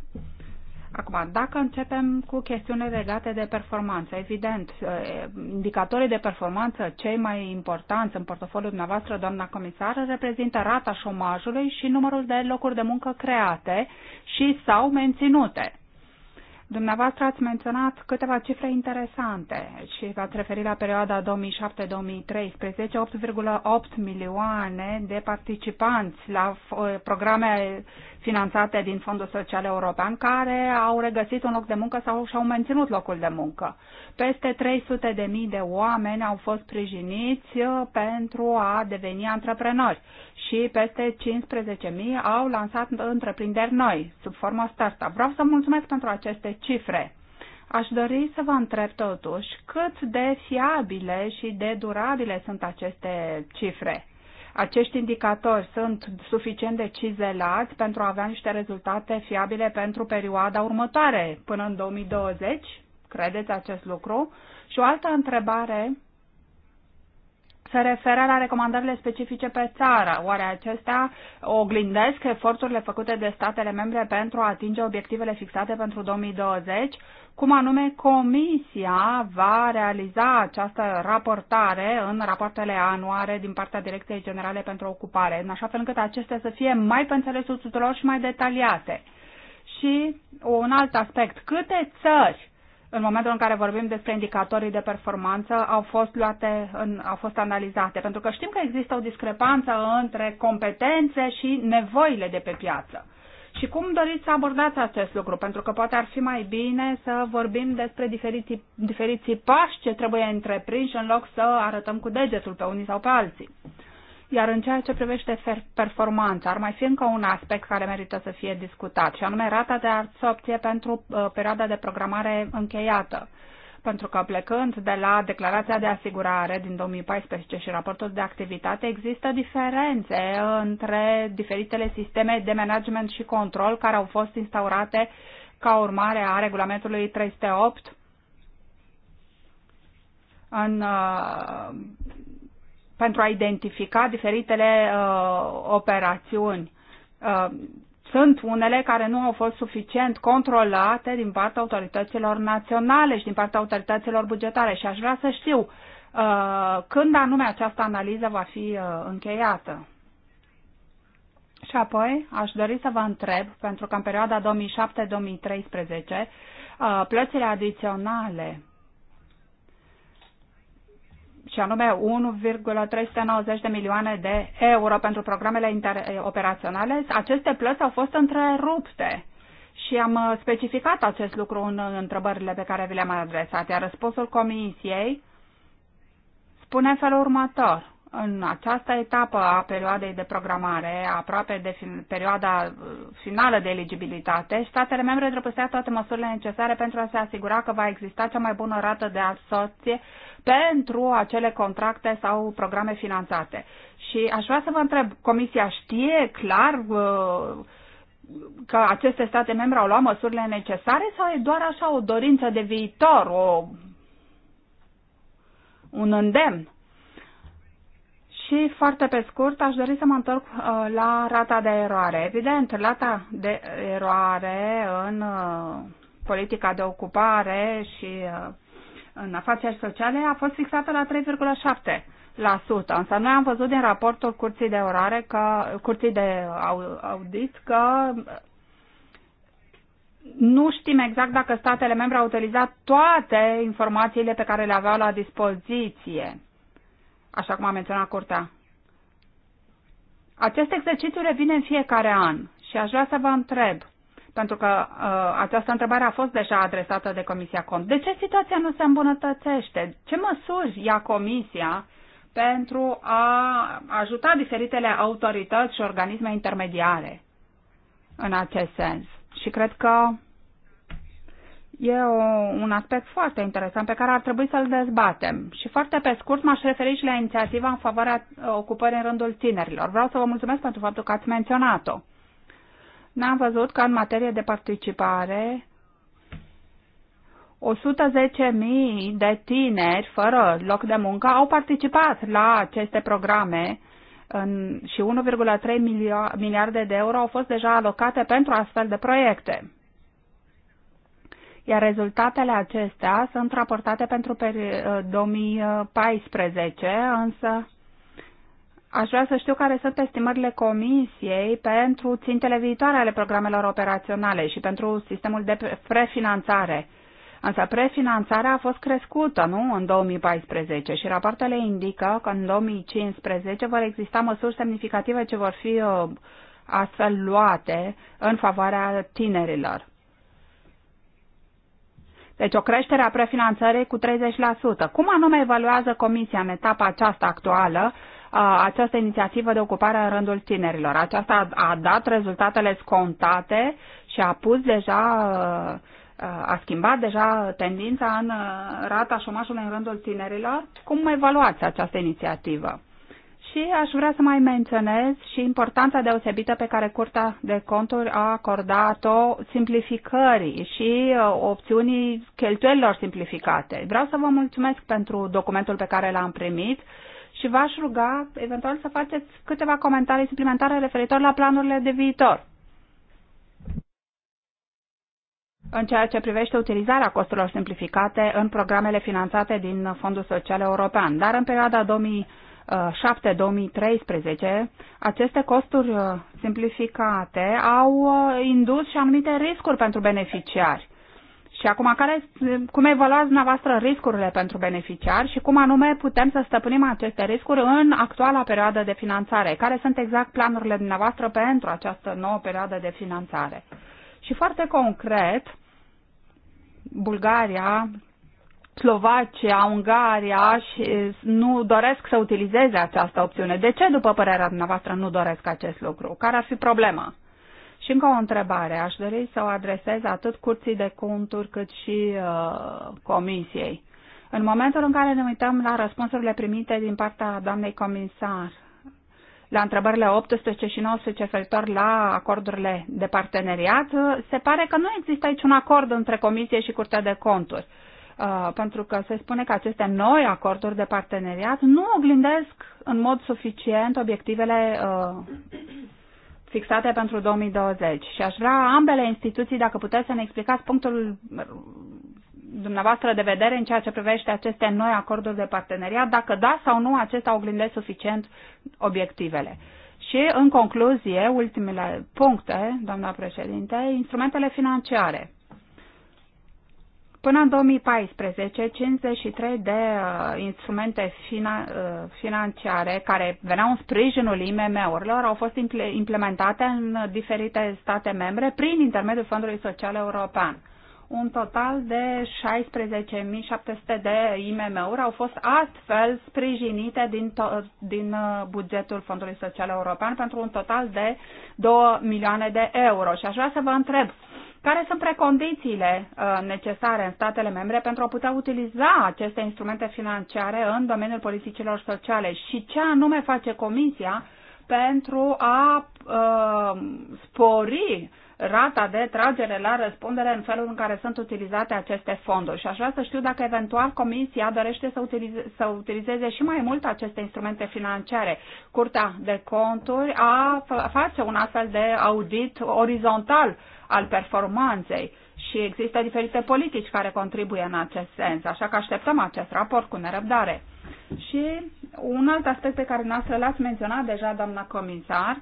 Acum, dacă începem cu chestiunile legate de performanță, evident, uh, indicatorii de performanță cei mai importanți în portofoliul dumneavoastră, doamna comisară, reprezintă rata șomajului și numărul de locuri de muncă create și sau menținute. Dumneavoastră ați menționat câteva cifre interesante și v-ați referit la perioada 2007-2013, 8,8 milioane de participanți la programe finanțate din Fondul Social European care au regăsit un loc de muncă sau și-au menținut locul de muncă. Peste 300.000 de, de oameni au fost sprijiniți uh, pentru a deveni antreprenori și peste 15.000 au lansat întreprinderi noi sub formă startup. Vreau să mulțumesc pentru aceste cifre. Aș dori să vă întreb totuși cât de fiabile și de durabile sunt aceste cifre acești indicatori sunt suficient de cizelați pentru a avea niște rezultate fiabile pentru perioada următoare, până în 2020? Credeți acest lucru? Și o altă întrebare se referă la recomandările specifice pe țară. Oare acestea oglindesc eforturile făcute de statele membre pentru a atinge obiectivele fixate pentru 2020? cum anume Comisia va realiza această raportare în rapoartele anuare din partea Direcției Generale pentru Ocupare, în așa fel încât acestea să fie mai pe înțelesul tuturor și mai detaliate. Și un alt aspect, câte țări în momentul în care vorbim despre indicatorii de performanță, au fost luate, în, au fost analizate. Pentru că știm că există o discrepanță între competențe și nevoile de pe piață. Și cum doriți să abordați acest lucru? Pentru că poate ar fi mai bine să vorbim despre diferiții, diferiții pași ce trebuie întreprinși în loc să arătăm cu degetul pe unii sau pe alții. Iar în ceea ce privește performanța, ar mai fi încă un aspect care merită să fie discutat, și anume rata de absorpție pentru uh, perioada de programare încheiată. Uh, pentru că plecând de la declarația de asigurare din 2014 și raportul de activitate, există diferențe între diferitele sisteme de management și control care au fost instaurate ca urmare a regulamentului 308 în, uh, pentru a identifica diferitele uh, operațiuni. Uh, sunt unele care nu au fost suficient controlate din partea autorităților naționale și din partea autorităților bugetare și aș vrea să știu uh, când anume această analiză va fi uh, încheiată. Și apoi aș dori să vă întreb, pentru că în perioada 2007-2013 uh, plățile adiționale și anume 1,390 de milioane de euro pentru programele operaționale, aceste plăți au fost întrerupte. Și am uh, specificat acest lucru în întrebările pe care vi le-am adresat, iar răspunsul Comisiei spune în felul următor în această etapă a perioadei de programare, aproape de fin- perioada uh, finală de eligibilitate, statele membre trebuie să ia toate măsurile necesare pentru a se asigura că va exista cea mai bună rată de absorție pentru acele contracte sau programe finanțate. Și aș vrea să vă întreb, Comisia știe clar uh, că aceste state membre au luat măsurile necesare sau e doar așa o dorință de viitor, o, un îndemn și foarte pe scurt, aș dori să mă întorc uh, la rata de eroare. Evident, rata de eroare în uh, politica de ocupare și uh, în afaceri sociale a fost fixată la 3,7%. Însă noi am văzut din raportul curții de orare că, curții de audit că uh, nu știm exact dacă statele membre au utilizat toate informațiile pe care le aveau la dispoziție așa cum a menționat Curtea. Acest exercițiu revine în fiecare an și aș vrea să vă întreb, pentru că uh, această întrebare a fost deja adresată de Comisia Cont. De ce situația nu se îmbunătățește? Ce măsuri ia Comisia pentru a ajuta diferitele autorități și organisme intermediare în acest sens? Și cred că E o, un aspect foarte interesant pe care ar trebui să-l dezbatem. Și foarte pe scurt m-aș referi și la inițiativa în favoarea uh, ocupării în rândul tinerilor. Vreau să vă mulțumesc pentru faptul că ați menționat-o. Ne-am văzut că în materie de participare 110.000 de tineri fără loc de muncă au participat la aceste programe în, și 1,3 miliarde de euro au fost deja alocate pentru astfel de proiecte iar rezultatele acestea sunt raportate pentru 2014, eh, însă aș vrea să știu care sunt estimările Comisiei pentru țintele viitoare ale programelor operaționale și pentru sistemul de prefinanțare. Însă prefinanțarea a fost crescută, nu, în 2014 și rapoartele indică că în 2015 vor exista măsuri semnificative ce vor fi eh, astfel luate în favoarea tinerilor. Deci o creștere a prefinanțării cu 30%. Cum anume evaluează Comisia în etapa aceasta actuală uh, această inițiativă de ocupare în rândul tinerilor? Aceasta a dat rezultatele scontate și a pus deja, uh, uh, a schimbat deja tendința în rata șomajului în rândul tinerilor? Cum evaluați această inițiativă? Și aș vrea să mai menționez și importanța deosebită pe care Curtea de Conturi a acordat-o simplificării și uh, opțiunii cheltuielilor simplificate. Vreau să vă mulțumesc pentru documentul pe care l-am primit și v-aș ruga eventual să faceți câteva comentarii suplimentare referitor la planurile de viitor. în ceea ce privește utilizarea costurilor simplificate în programele finanțate din Fondul Social European, dar în perioada 2000 2007-2013, aceste costuri uh, simplificate au uh, indus și anumite riscuri pentru beneficiari. Și acum, care, cum evaluați dumneavoastră riscurile pentru beneficiari și cum anume putem să stăpânim aceste riscuri în actuala perioadă de finanțare? Care sunt exact planurile dumneavoastră pentru această nouă perioadă de finanțare? Și foarte concret, Bulgaria Slovacia, Ungaria și nu doresc să utilizeze această opțiune. De ce, după părerea dumneavoastră, nu doresc acest lucru? Care ar fi problema? Și încă o întrebare. Aș dori să o adresez atât curții de conturi cât și uh, comisiei. În momentul în care ne uităm la răspunsurile primite din partea doamnei comisar, la întrebările 18 și 19 referitor la acordurile de parteneriat, se pare că nu există aici un acord între Comisie și Curtea de Conturi. Uh, pentru că se spune că aceste noi acorduri de parteneriat nu oglindesc în mod suficient obiectivele uh, fixate pentru 2020. Și aș vrea ambele instituții, dacă puteți să ne explicați punctul uh, dumneavoastră de vedere în ceea ce privește aceste noi acorduri de parteneriat, dacă da sau nu acestea oglindesc suficient obiectivele. Și, în concluzie, ultimele puncte, doamna președinte, instrumentele financiare. Până în 2014, 53 de uh, instrumente fina, uh, financiare care veneau în sprijinul IMM-urilor au fost implementate în uh, diferite state membre prin intermediul Fondului Social European. Un total de 16.700 de IMM-uri au fost astfel sprijinite din, din uh, bugetul Fondului Social European pentru un total de 2 milioane de euro. Și aș vrea să vă întreb, uh, care sunt precondițiile uh, necesare în statele membre pentru a putea utiliza aceste instrumente financiare în domeniul politicilor sociale și ce anume face Comisia pentru a uh, spori rata de tragere la răspundere în felul în care sunt utilizate aceste fonduri. Și aș vrea să știu dacă eventual Comisia dorește să, utilizeze, să utilizeze și mai mult aceste instrumente financiare. Curtea de conturi a face un astfel de audit orizontal al performanței și există diferite politici care contribuie în acest sens, așa că așteptăm acest raport cu nerăbdare. Și un alt aspect pe care noastră l-ați menționat deja, doamna comisar,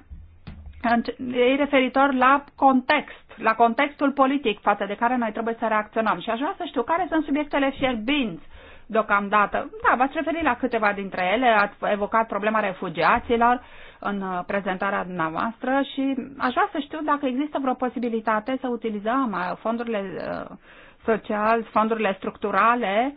e referitor la context, la contextul politic față de care noi trebuie să reacționăm. Și aș vrea să știu care sunt subiectele fierbinți deocamdată. Da, v-ați referit la câteva dintre ele, ați evocat problema refugiaților în prezentarea dumneavoastră și aș vrea să știu dacă există vreo posibilitate să utilizăm uh, fondurile uh, social, fondurile structurale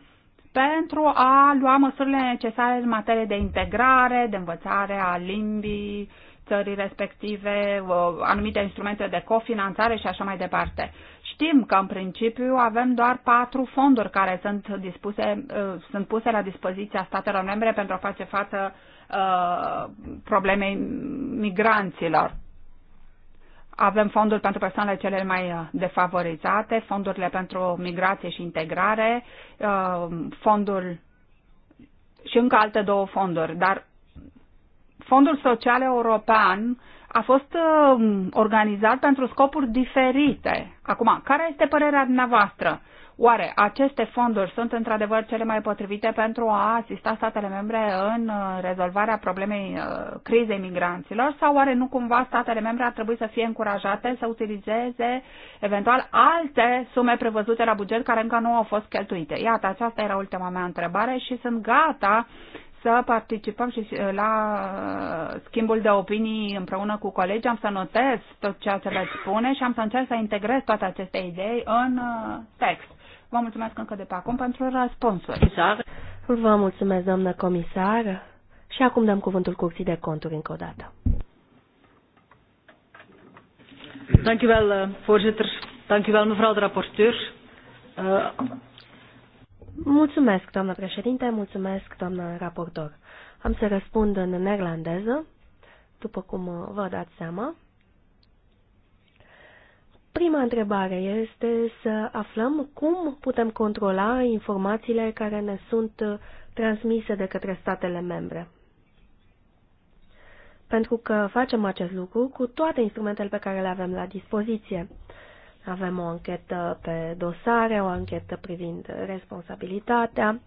pentru a lua măsurile necesare în materie de integrare, de învățare a limbii țării respective, uh, anumite instrumente de cofinanțare și așa mai departe. Știm că în principiu avem doar patru fonduri care sunt, dispuse, sunt puse la dispoziția statelor membre pentru a face față uh, Uh, problemei migranților. Avem fondul pentru persoanele cele mai uh, defavorizate, fondurile pentru migrație și integrare, uh, fondul și încă alte două fonduri, dar Fondul Social European a fost organizat pentru scopuri diferite. Acum, care este părerea dumneavoastră? Oare aceste fonduri sunt într-adevăr cele mai potrivite pentru a asista statele membre în uh, rezolvarea problemei uh, crizei migranților sau oare nu cumva statele membre ar trebui să fie încurajate să utilizeze eventual alte sume prevăzute la buget care încă nu au fost cheltuite? Iată, aceasta era ultima mea întrebare și sunt gata să participăm și uh, la schimbul de opinii împreună cu colegii. Am să notez tot ceea ce le spune și am să încerc să integrez toate aceste idei în text. Vă mulțumesc încă de pe acum pentru răspunsuri. Vă mulțumesc, doamnă comisar. Și acum dăm cuvântul curții de conturi încă o dată. Uh, de uh, Mulțumesc, doamnă președinte, mulțumesc, doamnă raportor. Am să răspund în neerlandeză, după cum uh, vă dați seama. Prima întrebare este să aflăm cum putem controla informațiile care ne sunt uh, transmise de către statele membre. Pentru că facem acest lucru cu toate instrumentele pe care le avem la dispoziție. Avem o anchetă pe dosare, o anchetă privind responsabilitatea,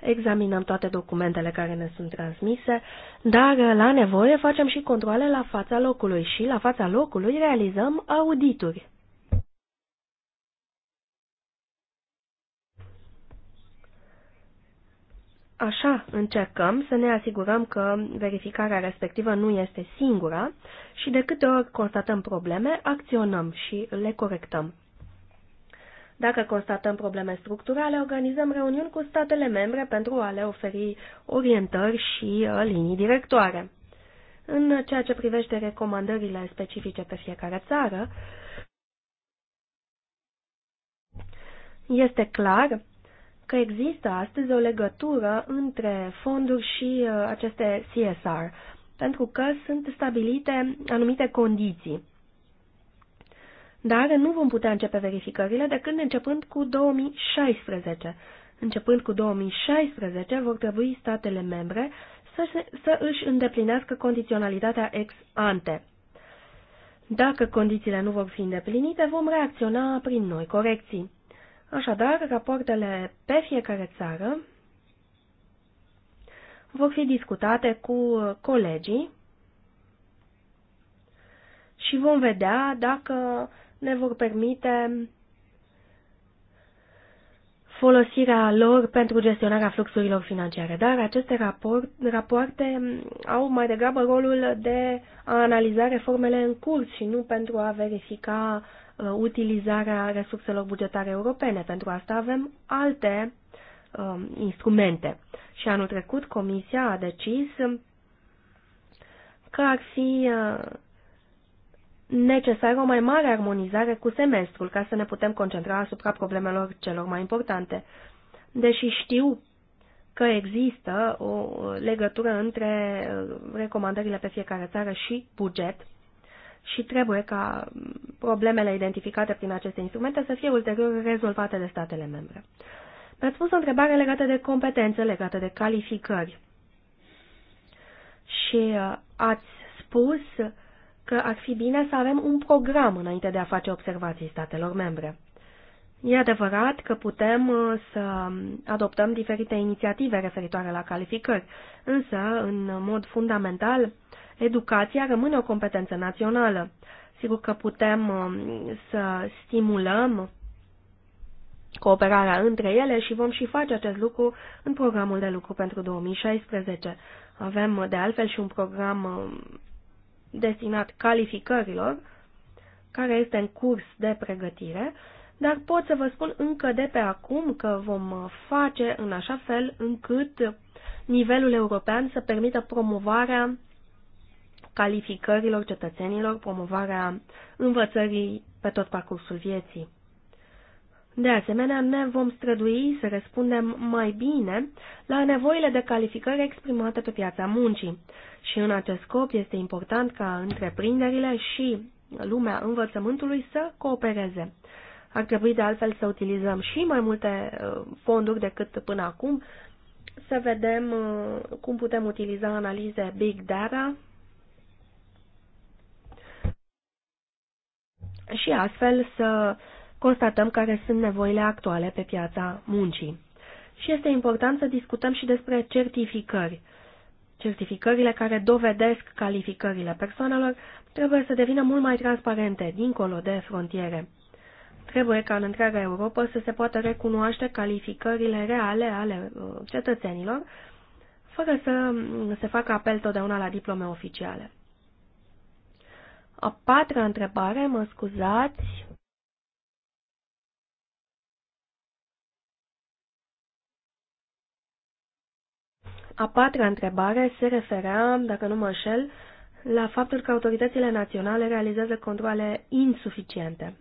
examinăm toate documentele care ne sunt transmise, dar uh, la nevoie facem și controle la fața locului și la fața locului realizăm audituri. Așa încercăm să ne asigurăm că verificarea respectivă nu este singura și de câte ori constatăm probleme, acționăm și le corectăm. Dacă constatăm probleme structurale, organizăm reuniuni cu statele membre pentru a le oferi orientări și uh, linii directoare. În ceea ce privește recomandările specifice pe fiecare țară, este clar că există astăzi o legătură între fonduri și uh, aceste CSR, pentru că sunt stabilite anumite condiții. Dar nu vom putea începe verificările decât începând cu 2016. Începând cu 2016 vor trebui statele membre să, să își îndeplinească condiționalitatea ex ante. Dacă condițiile nu vor fi îndeplinite, vom reacționa prin noi corecții. Așadar, rapoartele pe fiecare țară vor fi discutate cu colegii și vom vedea dacă ne vor permite folosirea lor pentru gestionarea fluxurilor financiare, dar aceste raport, rapoarte au mai degrabă rolul de a analiza reformele în curs și nu pentru a verifica Uh, utilizarea resurselor bugetare europene. Pentru asta avem alte uh, instrumente. Și anul trecut Comisia a decis că ar fi uh, necesară o mai mare armonizare cu semestrul ca să ne putem concentra asupra problemelor celor mai importante. Deși știu că există o legătură între uh, recomandările pe fiecare țară și buget, și trebuie ca problemele identificate prin aceste instrumente să fie ulterior rezolvate de statele membre. Mi-ați pus o întrebare legată de competențe, legată de calificări. Și uh, ați spus că ar fi bine să avem un program înainte de a face observații statelor membre. E adevărat că putem uh, să adoptăm diferite inițiative referitoare la calificări, însă, în mod fundamental, educația rămâne o competență națională. Sigur că putem um, să stimulăm cooperarea între ele și vom și face acest lucru în programul de lucru pentru 2016. Avem de altfel și un program um, destinat calificărilor, care este în curs de pregătire, dar pot să vă spun încă de pe acum că vom face în așa fel încât nivelul european să permită promovarea calificărilor cetățenilor, promovarea învățării pe tot parcursul vieții. De asemenea, ne vom strădui să răspundem mai bine la nevoile de calificări exprimate pe piața muncii și în acest scop este important ca întreprinderile și lumea învățământului să coopereze. Ar trebui de altfel să utilizăm și mai multe uh, fonduri decât până acum, să vedem uh, cum putem utiliza analize big data și astfel să constatăm care sunt nevoile actuale pe piața muncii. Și este important să discutăm și despre certificări. Certificările care dovedesc calificările persoanelor trebuie să devină mult mai transparente, dincolo de frontiere. Trebuie ca în întreaga Europa să se poată recunoaște calificările reale ale uh, cetățenilor, fără să se facă apel totdeauna la diplome oficiale. A patra întrebare, mă scuzați. A patra întrebare se referea, dacă nu mă înșel, la faptul că autoritățile naționale realizează controle insuficiente.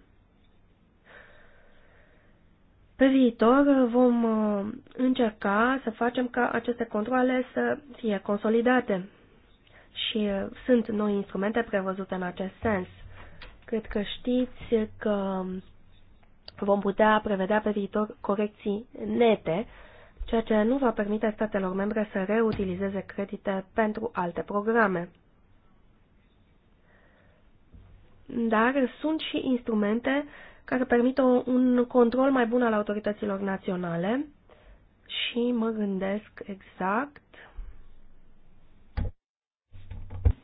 Pe viitor vom uh, încerca să facem ca aceste controle să fie consolidate și uh, sunt noi instrumente prevăzute în acest sens. Cred că știți că vom putea prevedea pe viitor corecții nete, ceea ce nu va permite statelor membre să reutilizeze credite pentru alte programe. Dar sunt și instrumente care permit un control mai bun al autorităților naționale și mă gândesc exact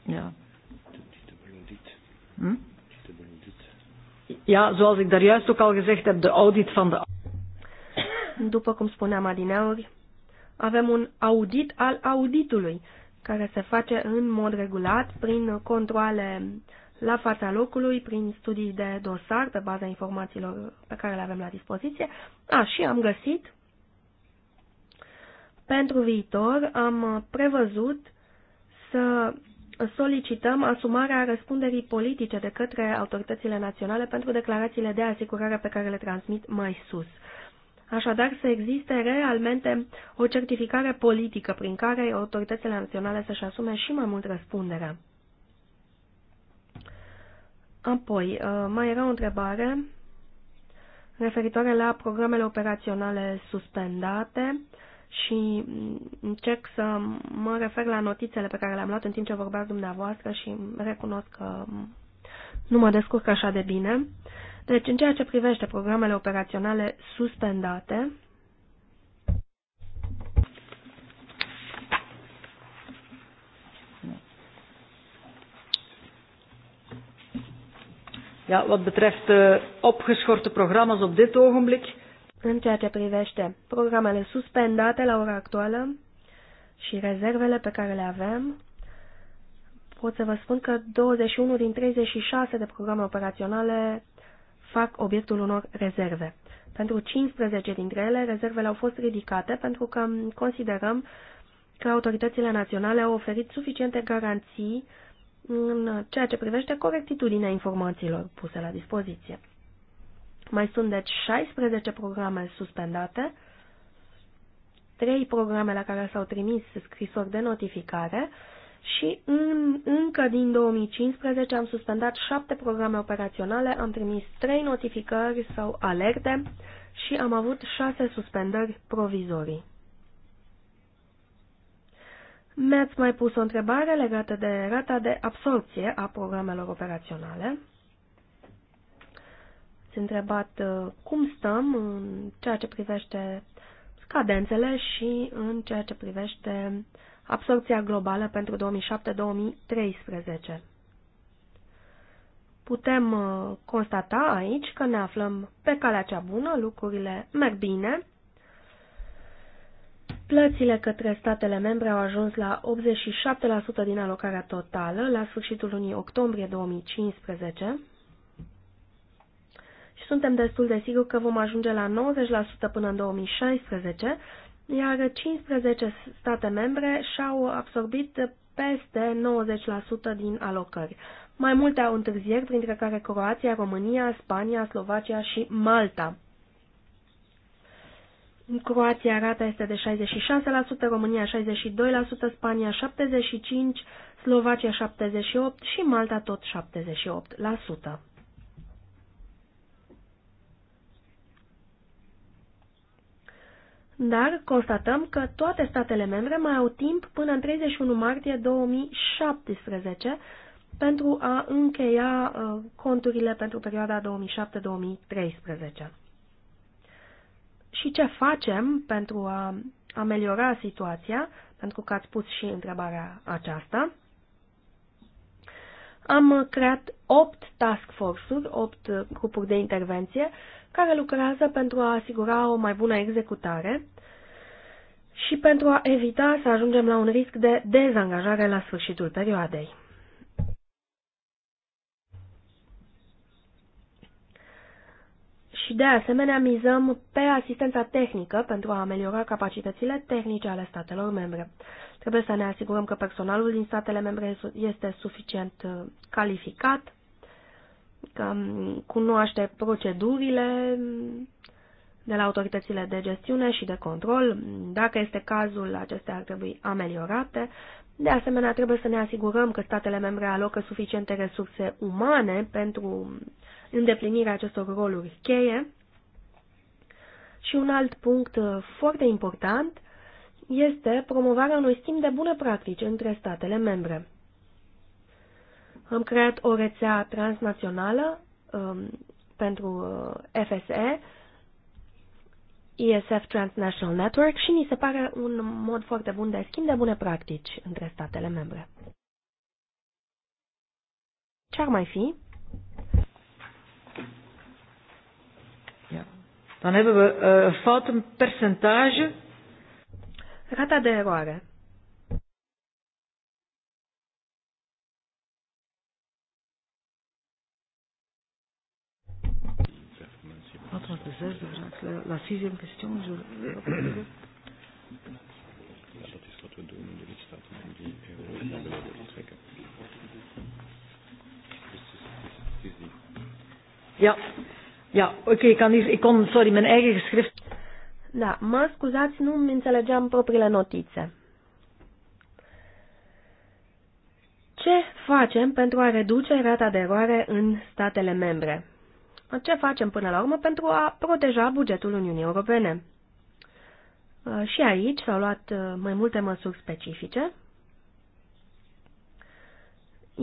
Ja. Hm? Ja, zoals ik daar juist ook al gezegd heb, de audit van de... După cum spuneam adineori, avem un audit al auditului, care se face în mod regulat prin controle la fața locului, prin studii de dosar pe baza informațiilor pe care le avem la dispoziție. A, și am găsit, pentru viitor am prevăzut să solicităm asumarea răspunderii politice de către autoritățile naționale pentru declarațiile de asigurare pe care le transmit mai sus. Așadar, să existe realmente o certificare politică prin care autoritățile naționale să-și asume și mai mult răspunderea. Apoi, uh, mai era o întrebare referitoare la programele operaționale suspendate și încerc să mă refer la notițele pe care le-am luat în timp ce vorbeați dumneavoastră și recunosc că nu mă descurc așa de bine. Deci, în ceea ce privește programele operaționale suspendate, Ja, wat betreft uh, opgeschorte programma's op dit ogenblik, în ceea ce privește programele suspendate la ora actuală și rezervele pe care le avem, pot să vă spun că 21 din 36 de programe operaționale fac obiectul unor rezerve. Pentru 15 dintre ele, rezervele au fost ridicate pentru că considerăm că autoritățile naționale au oferit suficiente garanții în ceea ce privește corectitudinea informațiilor puse la dispoziție. Mai sunt deci 16 programe suspendate, 3 programe la care s-au trimis scrisori de notificare și în, încă din 2015 am suspendat 7 programe operaționale, am trimis 3 notificări sau alerte și am avut 6 suspendări provizorii. Mi-ați mai pus o întrebare legată de rata de absorpție a programelor operaționale întrebat uh, cum stăm în ceea ce privește scadențele și în ceea ce privește absorpția globală pentru 2007-2013. Putem uh, constata aici că ne aflăm pe calea cea bună, lucrurile merg bine. Plățile către statele membre au ajuns la 87% din alocarea totală la sfârșitul lunii octombrie 2015. Suntem destul de sigur că vom ajunge la 90% până în 2016, iar 15 state membre și-au absorbit peste 90% din alocări. Mai multe au întârzieri, printre care Croația, România, Spania, Slovacia și Malta. În Croația rata este de 66%, România 62%, Spania 75%, Slovacia 78% și Malta tot 78%. dar constatăm că toate statele membre mai au timp până în 31 martie 2017 pentru a încheia uh, conturile pentru perioada 2007-2013. Și ce facem pentru a ameliora situația, pentru că ați pus și întrebarea aceasta, am creat 8 task force-uri, 8 grupuri de intervenție, care lucrează pentru a asigura o mai bună executare și pentru a evita să ajungem la un risc de dezangajare la sfârșitul perioadei. Și de asemenea mizăm pe asistența tehnică pentru a ameliora capacitățile tehnice ale statelor membre. Trebuie să ne asigurăm că personalul din statele membre este suficient uh, calificat, că um, cunoaște procedurile um, de la autoritățile de gestiune și de control. Dacă este cazul, acestea ar trebui ameliorate. De asemenea, trebuie să ne asigurăm că statele membre alocă suficiente resurse umane pentru îndeplinirea acestor roluri cheie. Și un alt punct uh, foarte important este promovarea unui schimb de bune practici între statele membre. Am creat o rețea transnațională um, pentru uh, FSE, ESF Transnational Network și mi se pare un mod foarte bun de schimb de bune practici între statele membre. Ce ar mai fi? Dan hebben eh, we uh, foutenpercentage. Rata de eroare. Wat was de zesde vraag? La, la sixième question. Ja, dat is wat we doen in de lidstaten om die euro te trekken. Ja, Ja, oké, okay, ik kan hier, ik kon, sorry, mijn eigen geschrift... Da, mă scuzați, nu mi înțelegeam propriile notițe. Ce facem pentru a reduce rata de eroare în statele membre? Ce facem până la urmă pentru a proteja bugetul Uniunii Europene? Uh, și aici s-au luat uh, mai multe măsuri specifice.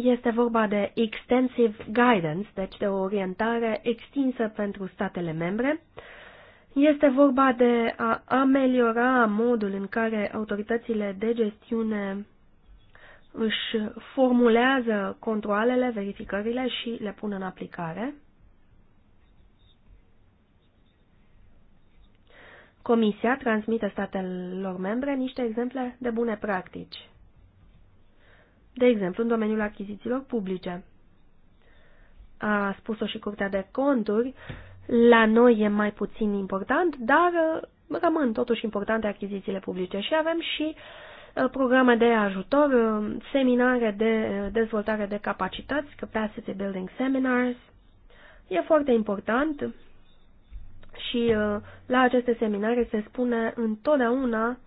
Este vorba de extensive guidance, deci de o orientare extinsă pentru statele membre. Este vorba de a ameliora modul în care autoritățile de gestiune își formulează controlele, verificările și le pun în aplicare. Comisia transmite statelor membre niște exemple de bune practici de exemplu în domeniul achizițiilor publice. A spus-o și Curtea de Conturi, la noi e mai puțin important, dar uh, rămân totuși importante achizițiile publice și avem și uh, programe de ajutor, uh, seminare de dezvoltare de capacități, capacity building seminars. E foarte important și la aceste seminare se spune întotdeauna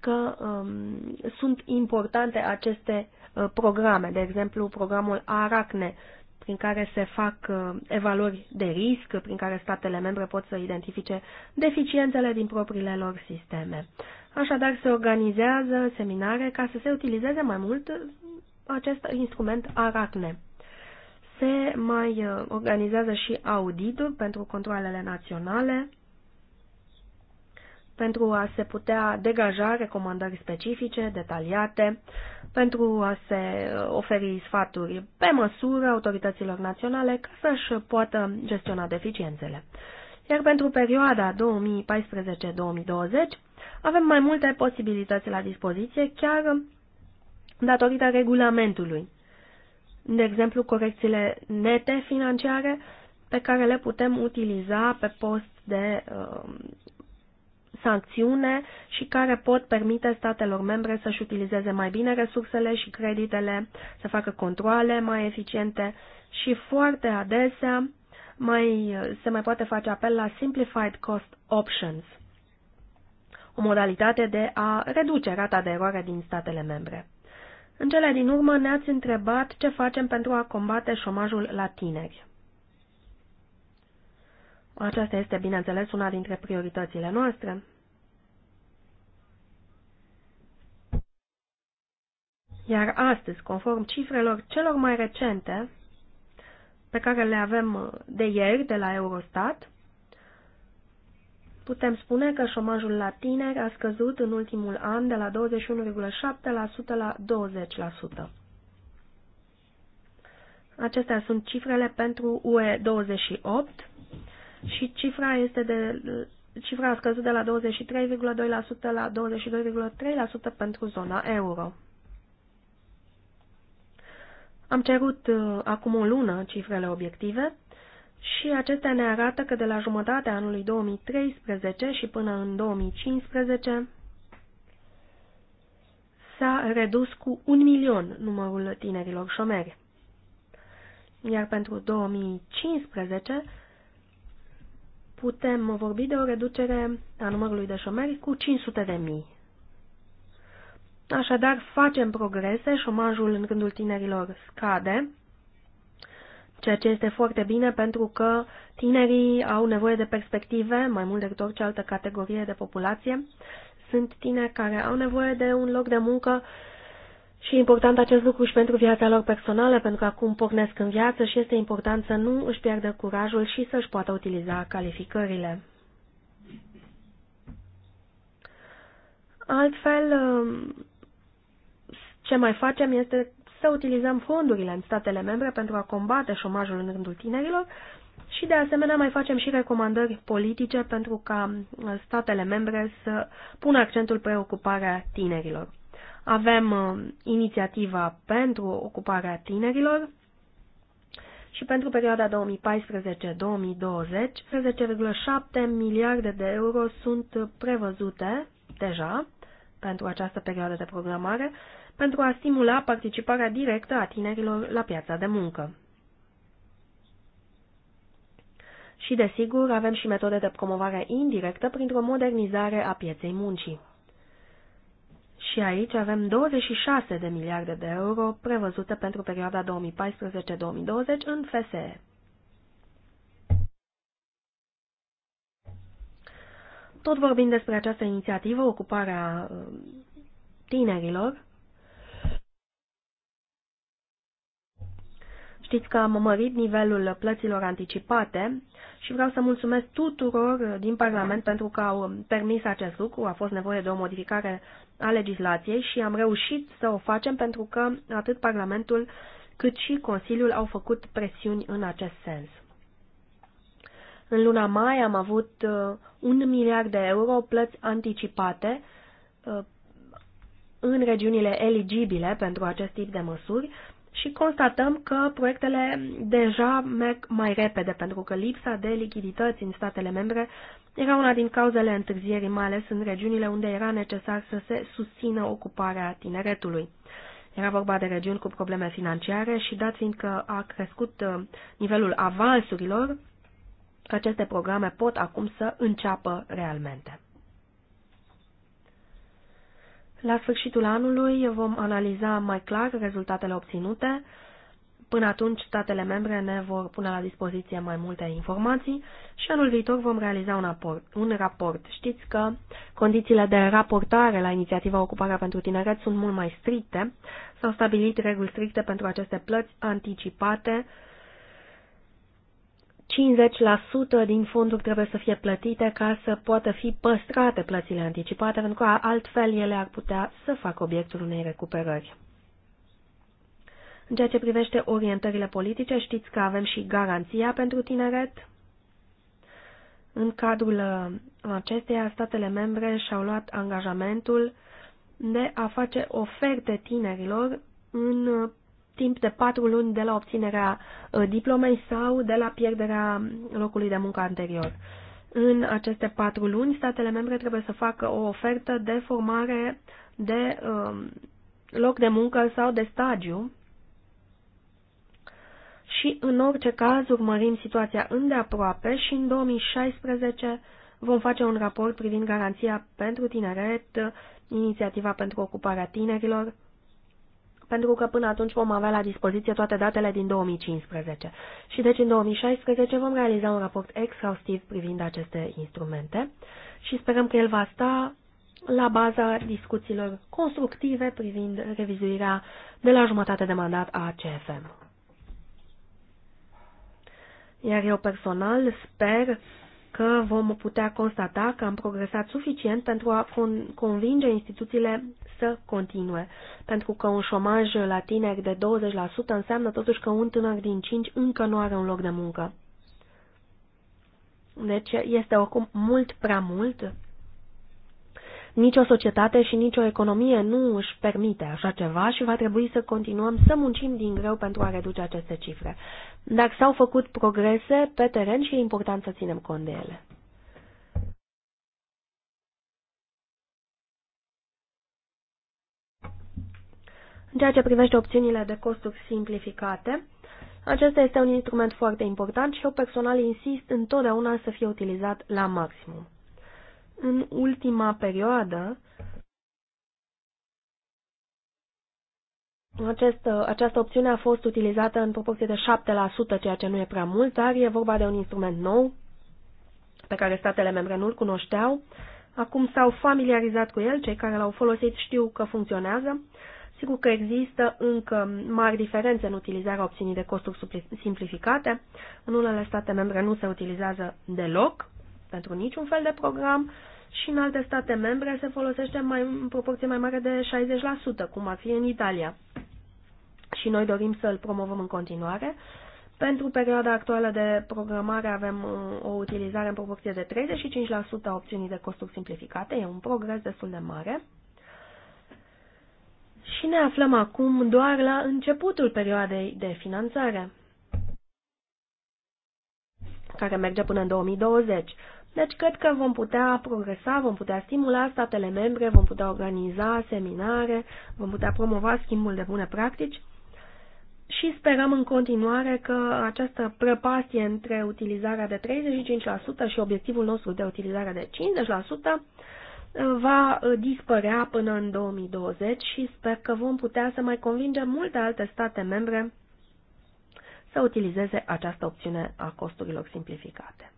că um, sunt importante aceste uh, programe, de exemplu programul ARACNE, prin care se fac uh, evaluări de risc, prin care statele membre pot să identifice deficiențele din propriile lor sisteme. Așadar, se organizează seminare ca să se utilizeze mai mult uh, acest instrument ARACNE. Se mai uh, organizează și Auditul pentru controlele naționale pentru a se putea degaja recomandări specifice, detaliate, pentru a se uh, oferi sfaturi pe măsură autorităților naționale ca să-și poată gestiona deficiențele. Iar pentru perioada 2014-2020 avem mai multe posibilități la dispoziție, chiar datorită regulamentului. De exemplu, corecțiile nete financiare pe care le putem utiliza pe post de uh, sancțiune și care pot permite statelor membre să-și utilizeze mai bine resursele și creditele, să facă controle mai eficiente și foarte adesea mai, se mai poate face apel la Simplified Cost Options, o modalitate de a reduce rata de eroare din statele membre. În cele din urmă ne-ați întrebat ce facem pentru a combate șomajul la tineri. Aceasta este, bineînțeles, una dintre prioritățile noastre. Iar astăzi, conform cifrelor celor mai recente pe care le avem de ieri de la Eurostat, putem spune că șomajul la tineri a scăzut în ultimul an de la 21,7% la 20%. Acestea sunt cifrele pentru UE28, și cifra este de cifra a scăzut de la 23,2% la 22,3% pentru zona euro. Am cerut uh, acum o lună cifrele obiective și acestea ne arată că de la jumătatea anului 2013 și până în 2015 s-a redus cu un milion numărul tinerilor șomeri. Iar pentru 2015 putem vorbi de o reducere a numărului de șomeri cu 500 de mii. Așadar, facem progrese, șomajul în rândul tinerilor scade, ceea ce este foarte bine pentru că tinerii au nevoie de perspective, mai mult decât orice altă categorie de populație. Sunt tineri care au nevoie de un loc de muncă uh, și e important acest lucru și pentru viața lor personală, pentru că acum pornesc în viață și este important să nu își pierdă curajul și să-și poată utiliza calificările. Altfel, um, ce mai facem este să utilizăm fondurile în statele membre pentru a combate șomajul în rândul tinerilor și, de asemenea, mai facem și recomandări politice pentru ca statele membre să pună accentul pe ocuparea tinerilor. Avem uh, inițiativa pentru ocuparea tinerilor și pentru perioada 2014-2020, 10,7 miliarde de euro sunt prevăzute deja pentru această perioadă de programare pentru a stimula participarea directă a tinerilor la piața de muncă. Și, desigur, avem și metode de promovare indirectă printr-o modernizare a pieței muncii. Și aici avem 26 de miliarde de euro prevăzute pentru perioada 2014-2020 în FSE. Tot vorbind despre această inițiativă, ocuparea uh, tinerilor, Știți că am mărit nivelul plăților anticipate și vreau să mulțumesc tuturor din Parlament pentru că au permis acest lucru. A fost nevoie de o modificare a legislației și am reușit să o facem pentru că atât Parlamentul cât și Consiliul au făcut presiuni în acest sens. În luna mai am avut uh, un miliard de euro plăți anticipate uh, în regiunile eligibile pentru acest tip de măsuri și constatăm că proiectele deja merg mai repede, pentru că lipsa de lichidități în statele membre era una din cauzele întârzierii, mai ales în regiunile unde era necesar să se susțină ocuparea tineretului. Era vorba de regiuni cu probleme financiare și dat fiind că a crescut uh, nivelul avansurilor, aceste programe pot acum să înceapă realmente. La sfârșitul anului vom analiza mai clar rezultatele obținute. Până atunci, statele membre ne vor pune la dispoziție mai multe informații și anul viitor vom realiza un raport. Un raport. Știți că condițiile de raportare la inițiativa Ocuparea pentru Tineret sunt mult mai stricte. S-au stabilit reguli stricte pentru aceste plăți anticipate 50% din fonduri trebuie să fie plătite ca să poată fi păstrate plățile anticipate, pentru că altfel ele ar putea să facă obiectul unei recuperări. În ceea ce privește orientările politice, știți că avem și garanția pentru tineret. În cadrul uh, acesteia, statele membre și-au luat angajamentul de a face oferte tinerilor în timp de patru luni de la obținerea uh, diplomei sau de la pierderea locului de muncă anterior. În aceste patru luni, statele membre trebuie să facă o ofertă de formare de um, loc de muncă sau de stagiu și, în orice caz, urmărim situația îndeaproape și în 2016 vom face un raport privind garanția pentru tineret, uh, inițiativa pentru ocuparea tinerilor, pentru că până atunci vom avea la dispoziție toate datele din 2015. Și deci în 2016 vom realiza un raport exhaustiv privind aceste instrumente și sperăm că el va sta la baza discuțiilor constructive privind revizuirea de la jumătate de mandat a CFM. Iar eu personal sper că vom putea constata că am progresat suficient pentru a convinge instituțiile să continue, pentru că un șomaj la tineri de 20% înseamnă totuși că un tânăr din 5 încă nu are un loc de muncă. Deci este oricum mult prea mult. Nici o societate și nicio economie nu își permite așa ceva și va trebui să continuăm să muncim din greu pentru a reduce aceste cifre dar s-au făcut progrese pe teren și e important să ținem cont de ele. În ceea ce privește opțiunile de costuri simplificate, acesta este un instrument foarte important și eu personal insist întotdeauna să fie utilizat la maximum. În ultima perioadă, Acest, uh, această opțiune a fost utilizată în proporție de 7%, ceea ce nu e prea mult, dar e vorba de un instrument nou pe care statele membre nu-l cunoșteau. Acum s-au familiarizat cu el, cei care l-au folosit știu că funcționează. Sigur că există încă mari diferențe în utilizarea opțiunii de costuri simplificate. În unele state membre nu se utilizează deloc pentru niciun fel de program și în alte state membre se folosește mai, în proporție mai mare de 60%, cum ar fi în Italia și noi dorim să îl promovăm în continuare. Pentru perioada actuală de programare avem uh, o utilizare în proporție de 35% a opțiunii de costuri simplificate, e un progres destul de mare. Și ne aflăm acum doar la începutul perioadei de finanțare, care merge până în 2020. Deci cred că vom putea progresa, vom putea stimula statele membre, vom putea organiza seminare, vom putea promova schimbul de bune practici și sperăm în continuare că această prăpastie între utilizarea de 35% și obiectivul nostru de utilizare de 50% uh, va uh, dispărea până în 2020 și sper că vom putea să mai convingem multe alte state membre să utilizeze această opțiune a costurilor simplificate.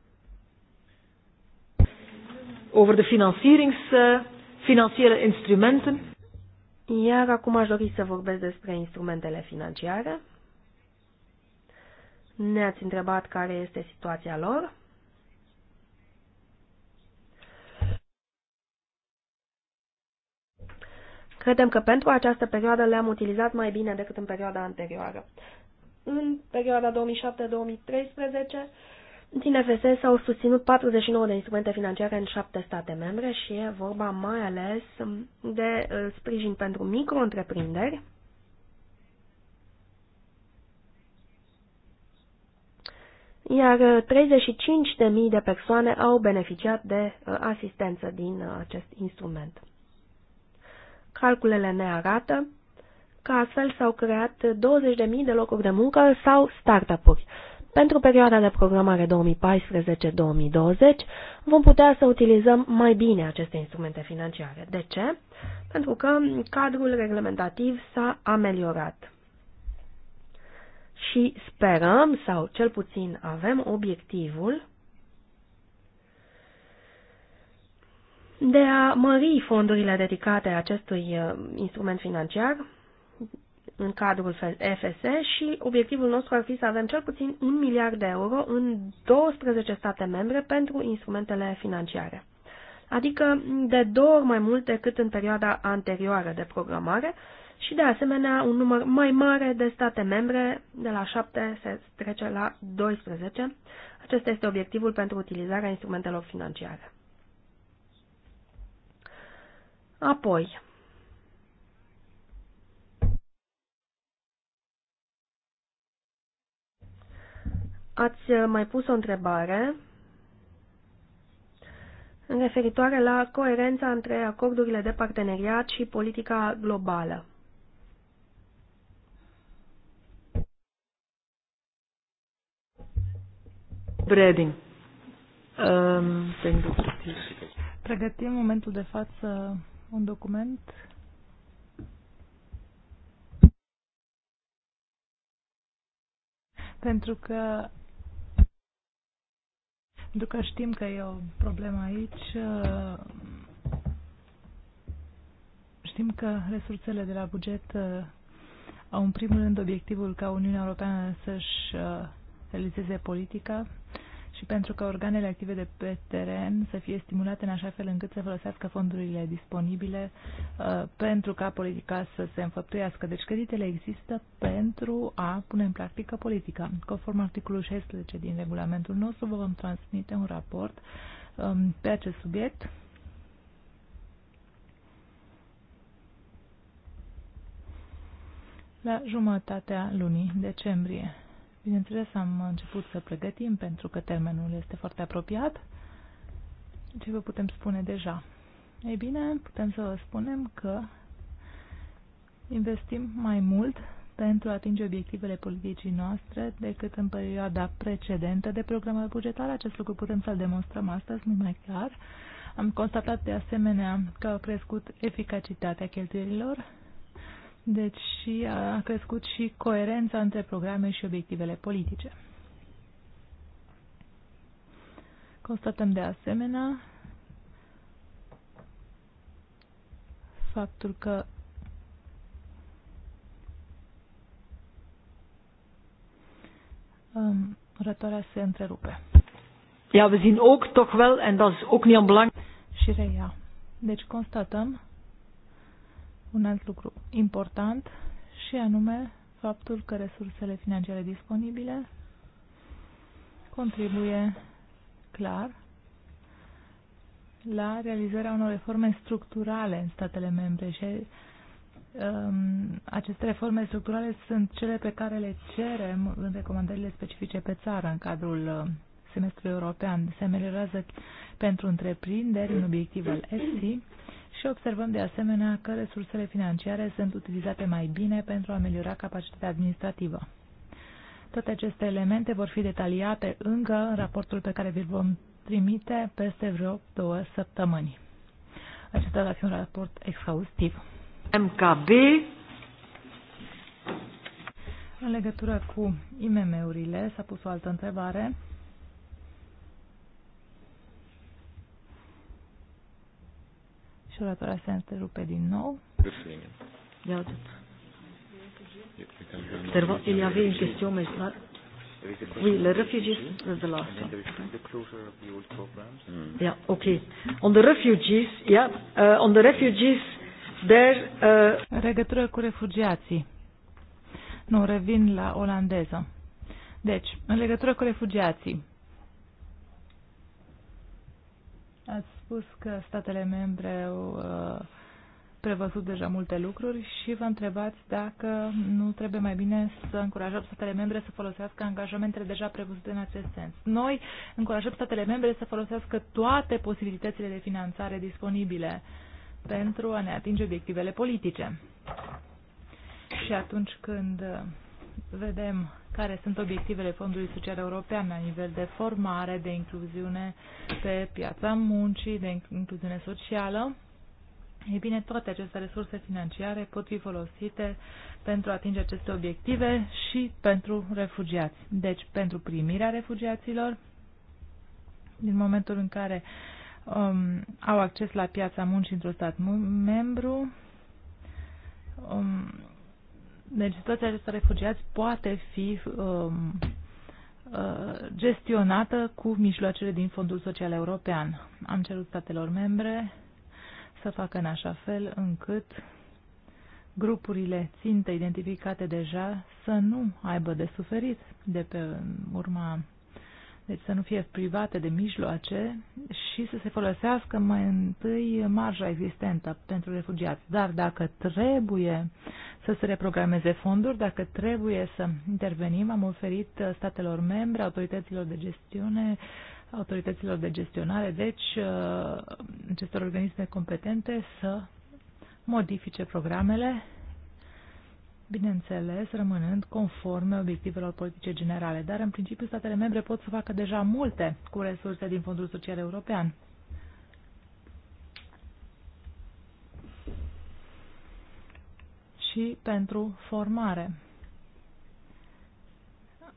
Over de financierings, uh, financiële instrumenten. Iar acum aș dori să vorbesc despre instrumentele financiare. Ne-ați întrebat care este situația lor. Credem că pentru această perioadă le-am utilizat mai bine decât în perioada anterioară. În perioada 2007-2013 din FSS s-au susținut 49 de instrumente financiare în șapte state membre și e vorba mai ales de uh, sprijin pentru micro-întreprinderi, iar 35.000 uh, de persoane au beneficiat de uh, asistență din acest instrument. Calculele ne arată că astfel s-au creat 20.000 de locuri de muncă sau startup-uri. Pentru perioada de programare 2014-2020 vom putea să utilizăm mai bine aceste instrumente financiare. De ce? Pentru că cadrul reglementativ s-a ameliorat. Și sperăm, sau cel puțin avem obiectivul, de a mări fondurile dedicate acestui uh, instrument financiar în cadrul FS și obiectivul nostru ar fi să avem cel puțin un miliard de euro în 12 state membre pentru instrumentele financiare, adică de două ori mai mult decât în perioada anterioară de programare și de asemenea un număr mai mare de state membre, de la 7 se trece la 12. Acesta este obiectivul pentru utilizarea instrumentelor financiare. Apoi, Ați uh, mai pus o întrebare în referitoare la coerența între acordurile de parteneriat și politica globală. Breading. Um, Pregătim în momentul de față un document pentru că pentru că știm că e o problemă aici. Uh, știm că resursele de la buget uh, au în primul rând obiectivul ca Uniunea Europeană să-și uh, realizeze politica și pentru că organele active de pe teren să fie stimulate în așa fel încât să folosească fondurile disponibile uh, pentru ca politica să se înfăptuiască. Deci creditele există pentru a pune în practică politica. Conform articolul 16 din regulamentul nostru, vă vom transmite un raport um, pe acest subiect la jumătatea lunii decembrie. Bineînțeles, am început să pregătim pentru că termenul este foarte apropiat. Ce vă putem spune deja? Ei bine, putem să vă spunem că investim mai mult pentru a atinge obiectivele politicii noastre decât în perioada precedentă de programare bugetară. Acest lucru putem să-l demonstrăm astăzi mult mai clar. Am constatat de asemenea că au crescut eficacitatea cheltuielilor deci și a crescut și coerența între programe și obiectivele politice. Constatăm de asemenea faptul că um, rătoarea se întrerupe. Ja, we zien ook toch wel, en dat is ook niet onbelangrijk. Și reia. Deci constatăm un alt lucru important și anume faptul că resursele financiare disponibile contribuie clar la realizarea unor reforme structurale în statele membre și um, aceste reforme structurale sunt cele pe care le cerem în recomandările specifice pe țară în cadrul uh, semestrului european. Se ameliorează pentru întreprinderi un obiectiv al EFSI și observăm de asemenea că resursele financiare sunt utilizate mai bine pentru a ameliora capacitatea administrativă. Toate aceste elemente vor fi detaliate încă în raportul pe care vi-l vom trimite peste vreo două săptămâni. Acesta va fi un raport exhaustiv. MKB În legătură cu IMM-urile s-a pus o altă întrebare. și oratoarea se întrerupe din nou. Ia uite. Il y avait une question, mais ça... Oui, les refugees is the last one. The closure of the old programs. Mm. Yeah, okay. On the refugees, yeah, uh, on the refugees, there... Uh... legătură cu refugiații. Nu, revin la olandeză. Deci, în legătură cu refugiații, ați spus că statele membre au uh, prevăzut deja multe lucruri și vă întrebați dacă nu trebuie mai bine să încurajăm statele membre să folosească angajamentele deja prevăzute în acest sens. Noi încurajăm statele membre să folosească toate posibilitățile de finanțare disponibile pentru a ne atinge obiectivele politice. Și atunci când vedem care sunt obiectivele Fondului Social European la nivel de formare, de incluziune pe piața muncii, de incluziune socială. E bine, toate aceste resurse financiare pot fi folosite pentru a atinge aceste obiective și pentru refugiați. Deci, pentru primirea refugiaților, din momentul în care um, au acces la piața muncii într-un stat membru, um, deci situația acestor refugiați poate fi um, uh, gestionată cu mijloacele din Fondul Social European. Am cerut statelor membre să facă în așa fel încât grupurile ținte identificate deja să nu aibă de suferit de pe urma, deci să nu fie private de mijloace și să se folosească mai întâi marja existentă pentru refugiați. Dar dacă trebuie să se reprogrameze fonduri. Dacă trebuie să intervenim, am oferit statelor membre, autorităților de gestiune, autorităților de gestionare, deci uh, acestor organisme competente să modifice programele, bineînțeles, rămânând conforme obiectivelor politice generale. Dar, în principiu, statele membre pot să facă deja multe cu resurse din Fondul Social European. și pentru formare.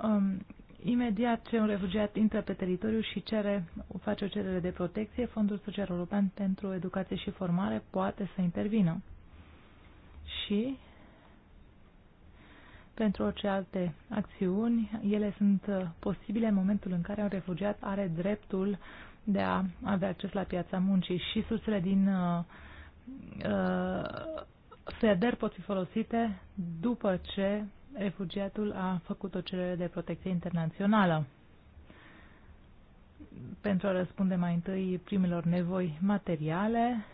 Um, imediat ce un refugiat intră pe teritoriu și cere, face o cerere de protecție, Fondul Social European pentru Educație și Formare poate să intervină. Și pentru orice alte acțiuni, ele sunt posibile în momentul în care un refugiat are dreptul de a avea acces la piața muncii și sursele din uh, uh, FEDER pot fi folosite după ce refugiatul a făcut o cerere de protecție internațională pentru a răspunde mai întâi primilor nevoi materiale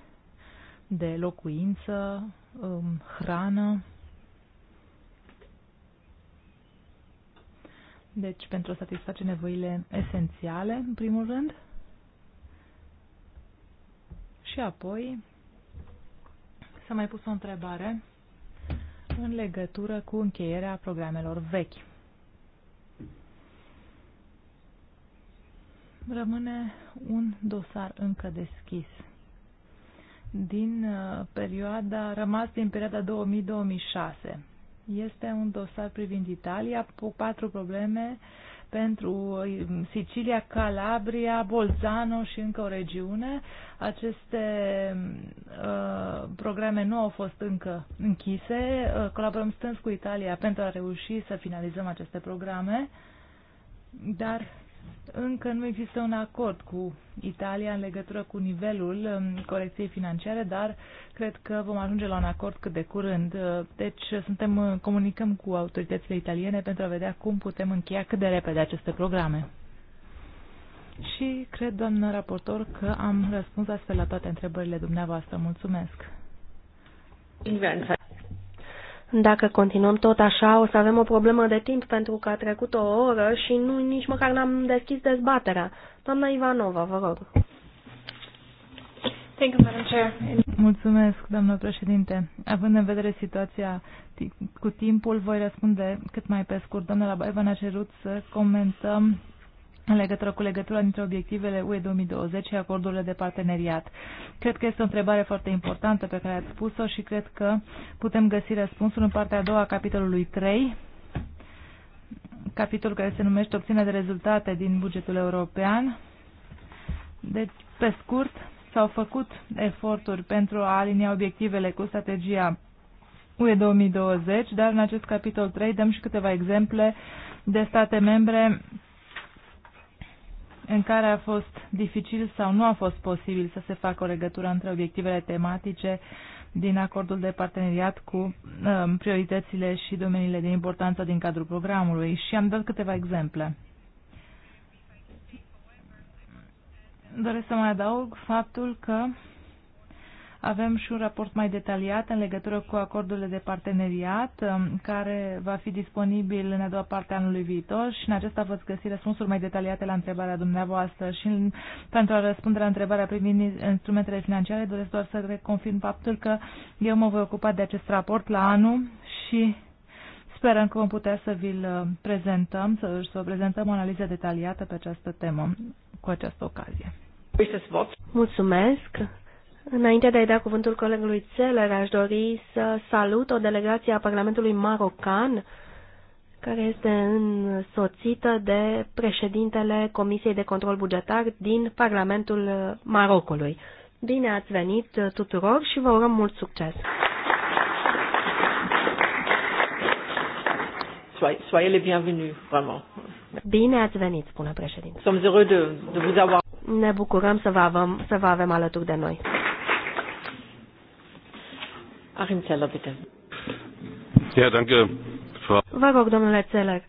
de locuință, um, hrană. Deci pentru a satisface nevoile esențiale, în primul rând. Și apoi S-a mai pus o întrebare în legătură cu încheierea programelor vechi. Rămâne un dosar încă deschis din uh, perioada rămas din perioada 2000-2006. Este un dosar privind Italia cu patru probleme uh, pentru uh, Sicilia, Calabria, Bolzano și încă o regiune. Aceste uh, programe nu au fost încă închise. Uh, colaborăm stâns cu Italia pentru a reuși să finalizăm aceste programe, dar încă nu există un acord cu Italia în legătură cu nivelul um, corecției financiare, dar cred că vom ajunge la un acord cât de curând. Uh, deci uh, suntem, uh, comunicăm cu autoritățile italiene pentru a vedea cum putem încheia cât de repede aceste programe. Și cred, doamnă raportor, că am răspuns astfel la toate întrebările dumneavoastră. Mulțumesc! Dacă continuăm tot așa, o să avem o problemă de timp pentru că a trecut o oră și nu, nici măcar n-am deschis dezbaterea. Doamna Ivanova, vă rog. Mulțumesc, doamnă președinte. Având în vedere situația cu timpul, voi răspunde cât mai pe scurt. Doamna Labaiva ne-a cerut să comentăm în legătură cu legătura dintre obiectivele UE 2020 și acordurile de parteneriat. Cred că este o întrebare foarte importantă pe care ați spus-o și cred că putem găsi răspunsul în partea a doua a capitolului 3, capitolul care se numește Obținerea de rezultate din bugetul european. Deci, pe scurt, s-au făcut eforturi pentru a alinia obiectivele cu strategia UE 2020, dar în acest capitol 3 dăm și câteva exemple de state membre în care a fost dificil sau nu a fost posibil să se facă o legătură între obiectivele tematice din acordul de parteneriat cu um, prioritățile și domeniile de importanță din cadrul programului și am dat câteva exemple. Doresc să mai adaug faptul că avem și un raport mai detaliat în legătură cu acordurile de parteneriat, um, care va fi disponibil în a doua parte a anului viitor și în acesta veți găsi răspunsuri mai detaliate la întrebarea dumneavoastră. Și în, pentru a răspunde la întrebarea privind instrumentele financiare, doresc doar să reconfirm faptul că eu mă voi ocupa de acest raport la anul și Sperăm că vom putea să vi-l uh, prezentăm, să, să prezentăm o analiză detaliată pe această temă cu această ocazie. Mulțumesc. Înainte de a-i da cuvântul colegului Țeler, aș dori să salut o delegație a Parlamentului Marocan, care este însoțită de președintele Comisiei de Control Bugetar din Parlamentul Marocului. Bine ați venit tuturor și vă urăm mult succes! Soyez les bienvenus, vraiment. Bine ați venit, spune președinte. de, Ne bucurăm să vă avem, să vă avem alături de noi. Achim Zeller, bitte. Ja, danke. Vă rog, domnule Zeller.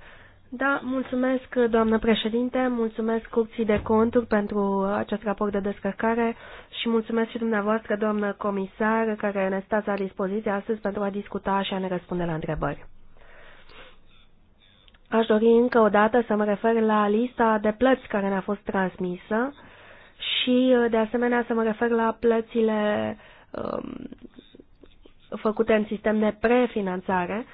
Da, mulțumesc, doamnă președinte, mulțumesc Curții de Conturi pentru acest raport de descărcare și mulțumesc și dumneavoastră, doamnă comisar, care ne stați la dispoziție astăzi pentru a discuta și a ne răspunde la întrebări. Aș dori încă o dată să mă refer la lista de plăți care ne-a fost transmisă și, de asemenea, să mă refer la plățile um, făcute în sistem de prefinanțare,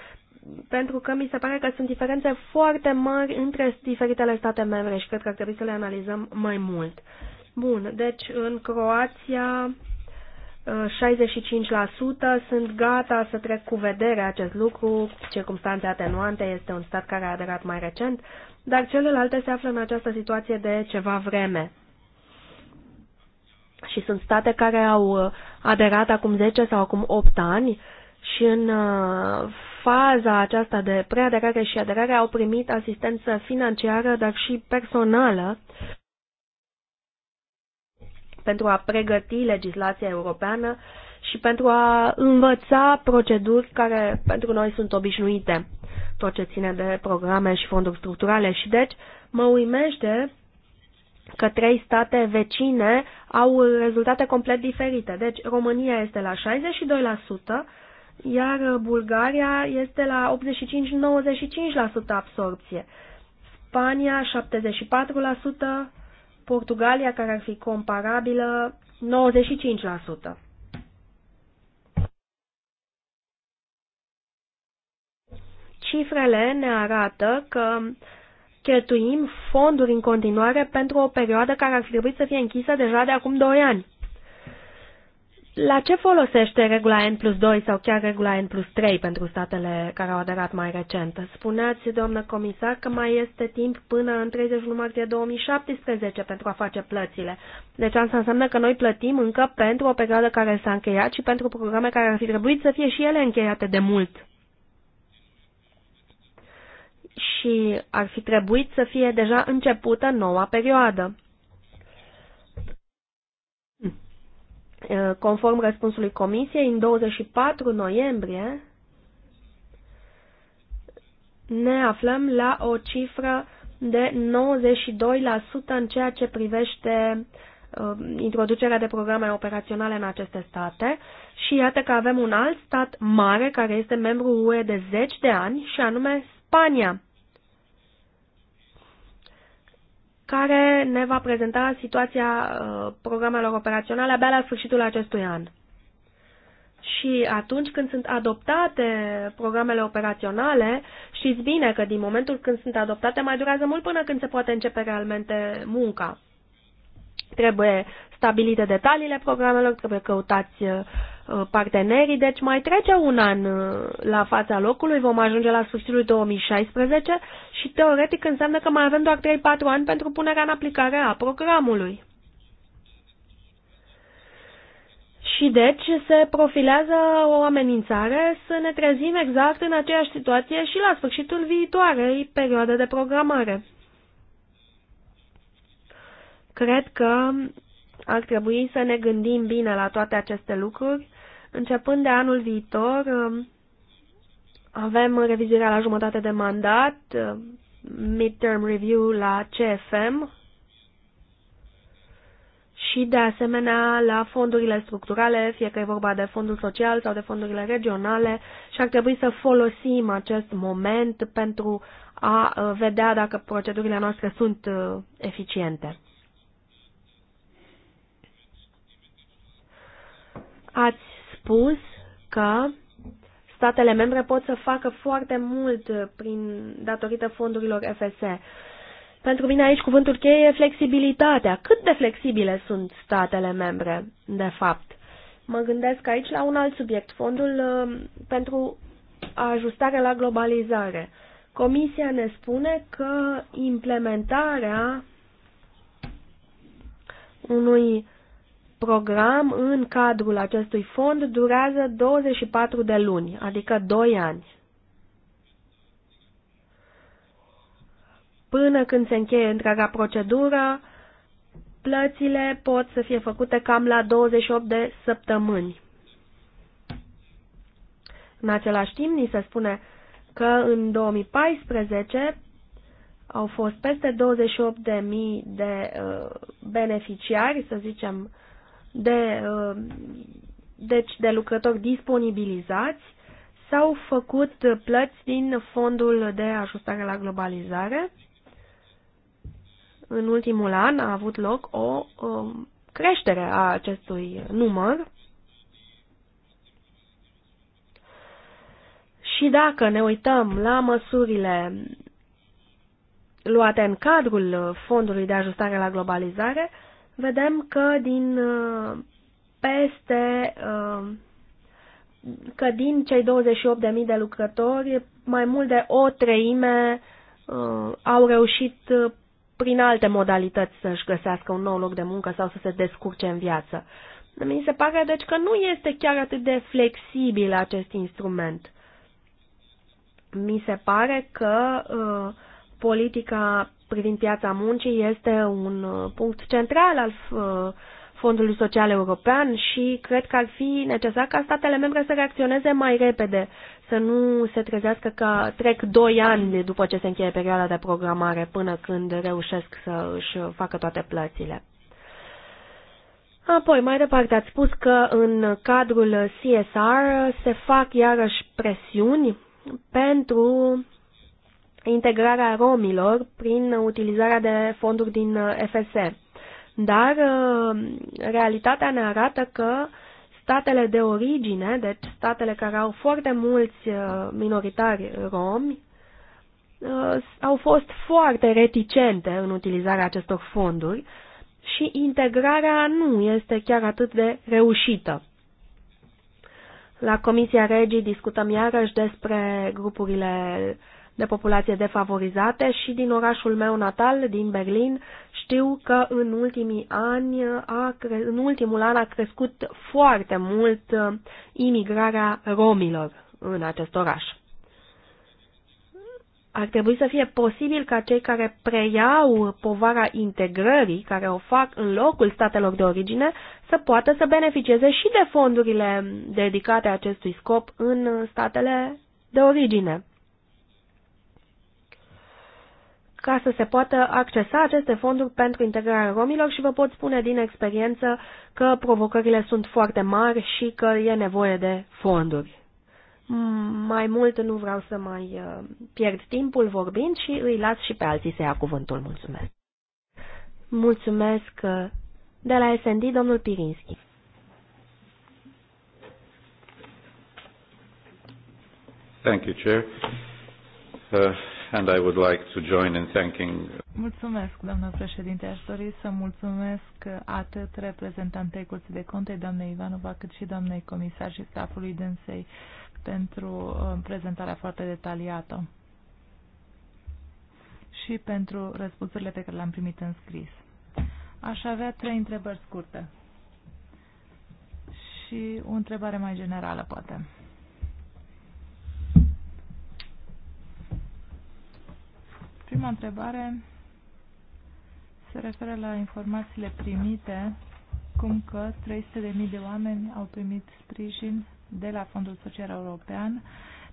pentru că mi se pare că sunt diferențe foarte mari între diferitele state membre și cred că ar trebui să le analizăm mai mult. Bun, deci în Croația 65% sunt gata să trec cu vedere acest lucru, circumstanțe atenuante, este un stat care a aderat mai recent, dar celelalte se află în această situație de ceva vreme și sunt state care au uh, aderat acum 10 sau acum 8 ani și în uh, faza aceasta de preaderare și aderare au primit asistență financiară, dar și personală pentru a pregăti legislația europeană și pentru a învăța proceduri care pentru noi sunt obișnuite, tot ce ține de programe și fonduri structurale. Și deci mă uimește că trei state vecine au rezultate complet diferite. Deci România este la 62%, iar Bulgaria este la 85-95% absorpție. Spania 74%, Portugalia, care ar fi comparabilă, 95%. Cifrele ne arată că cheltuim fonduri în continuare pentru o perioadă care ar trebui să fie închisă deja de acum 2 ani. La ce folosește regula N plus 2 sau chiar regula N plus 3 pentru statele care au aderat mai recent? Spuneați, doamnă comisar, că mai este timp până în 31 martie 2017 pentru a face plățile. Deci asta înseamnă că noi plătim încă pentru o perioadă care s-a încheiat și pentru programe care ar fi trebuit să fie și ele încheiate de mult și ar fi trebuit să fie deja începută noua perioadă. Conform răspunsului Comisiei, în 24 noiembrie ne aflăm la o cifră de 92% în ceea ce privește um, introducerea de programe operaționale în aceste state și iată că avem un alt stat mare care este membru UE de 10 de ani și anume Spania. care ne va prezenta situația uh, programelor operaționale abia la sfârșitul acestui an. Și atunci când sunt adoptate programele operaționale, știți bine că din momentul când sunt adoptate mai durează mult până când se poate începe realmente munca. Trebuie stabilite detaliile programelor, trebuie căutați uh, partenerii, deci mai trece un an uh, la fața locului, vom ajunge la sfârșitul 2016 și teoretic înseamnă că mai avem doar 3-4 ani pentru punerea în aplicare a programului. Și deci se profilează o amenințare să ne trezim exact în aceeași situație și la sfârșitul viitoarei perioade de programare. Cred că ar trebui să ne gândim bine la toate aceste lucruri. Începând de anul viitor, avem revizuirea la jumătate de mandat, midterm review la CFM și, de asemenea, la fondurile structurale, fie că e vorba de fondul social sau de fondurile regionale și ar trebui să folosim acest moment pentru a vedea dacă procedurile noastre sunt uh, eficiente. Ați spus că statele membre pot să facă foarte mult prin datorită fondurilor FSE. Pentru mine aici cuvântul cheie e flexibilitatea. Cât de flexibile sunt statele membre, de fapt? Mă gândesc aici la un alt subiect, fondul uh, pentru ajustare la globalizare. Comisia ne spune că implementarea unui program în cadrul acestui fond durează 24 de luni, adică 2 ani. Până când se încheie întreaga procedură, plățile pot să fie făcute cam la 28 de săptămâni. În același timp, ni se spune că în 2014 au fost peste 28.000 de uh, beneficiari, să zicem de, uh, deci de lucrători disponibilizați, s-au făcut plăți din fondul de ajustare la globalizare. În ultimul an a avut loc o um, creștere a acestui număr. Și dacă ne uităm la măsurile luate în cadrul Fondului de Ajustare la Globalizare, vedem că din uh, peste uh, că din cei 28.000 de lucrători, mai mult de o treime uh, au reușit prin alte modalități să-și găsească un nou loc de muncă sau să se descurce în viață. Mi se pare, deci, că nu este chiar atât de flexibil acest instrument. Mi se pare că uh, politica privind piața muncii este un uh, punct central al uh, Fondului Social European și cred că ar fi necesar ca statele membre să reacționeze mai repede, să nu se trezească că trec doi ani după ce se încheie perioada de programare până când reușesc să își facă toate plățile. Apoi, mai departe, ați spus că în cadrul CSR se fac iarăși presiuni pentru integrarea romilor prin utilizarea de fonduri din uh, FSE. Dar uh, realitatea ne arată că statele de origine, deci statele care au foarte mulți uh, minoritari romi, au fost foarte reticente în utilizarea acestor fonduri și integrarea nu este chiar atât de reușită. La Comisia Regii discutăm iarăși despre grupurile de populație defavorizate și din orașul meu natal, din Berlin, știu că în, ultimii ani a cre- în ultimul an a crescut foarte mult uh, imigrarea romilor în acest oraș. Ar trebui să fie posibil ca cei care preiau povara integrării, care o fac în locul statelor de origine, să poată să beneficieze și de fondurile dedicate acestui scop în statele de origine. ca să se poată accesa aceste fonduri pentru integrarea romilor și vă pot spune din experiență că provocările sunt foarte mari și că e nevoie de fonduri. Mai mult nu vreau să mai uh, pierd timpul vorbind și îi las și pe alții să ia cuvântul. Mulțumesc! Mulțumesc uh, de la SND, domnul Pirinski. Thank you, Chair. Uh, and I would like to join in thanking. Mulțumesc, doamnă președinte. Aș dori să mulțumesc atât reprezentantei Curții de Conte, doamnei Ivanova, cât și doamnei comisar și stafului dânsei pentru uh, prezentarea foarte detaliată și pentru răspunsurile pe care le-am primit în scris. Aș avea trei întrebări scurte și o întrebare mai generală, poate. Prima întrebare se referă la informațiile primite, cum că 300.000 de oameni au primit sprijin de la Fondul Social European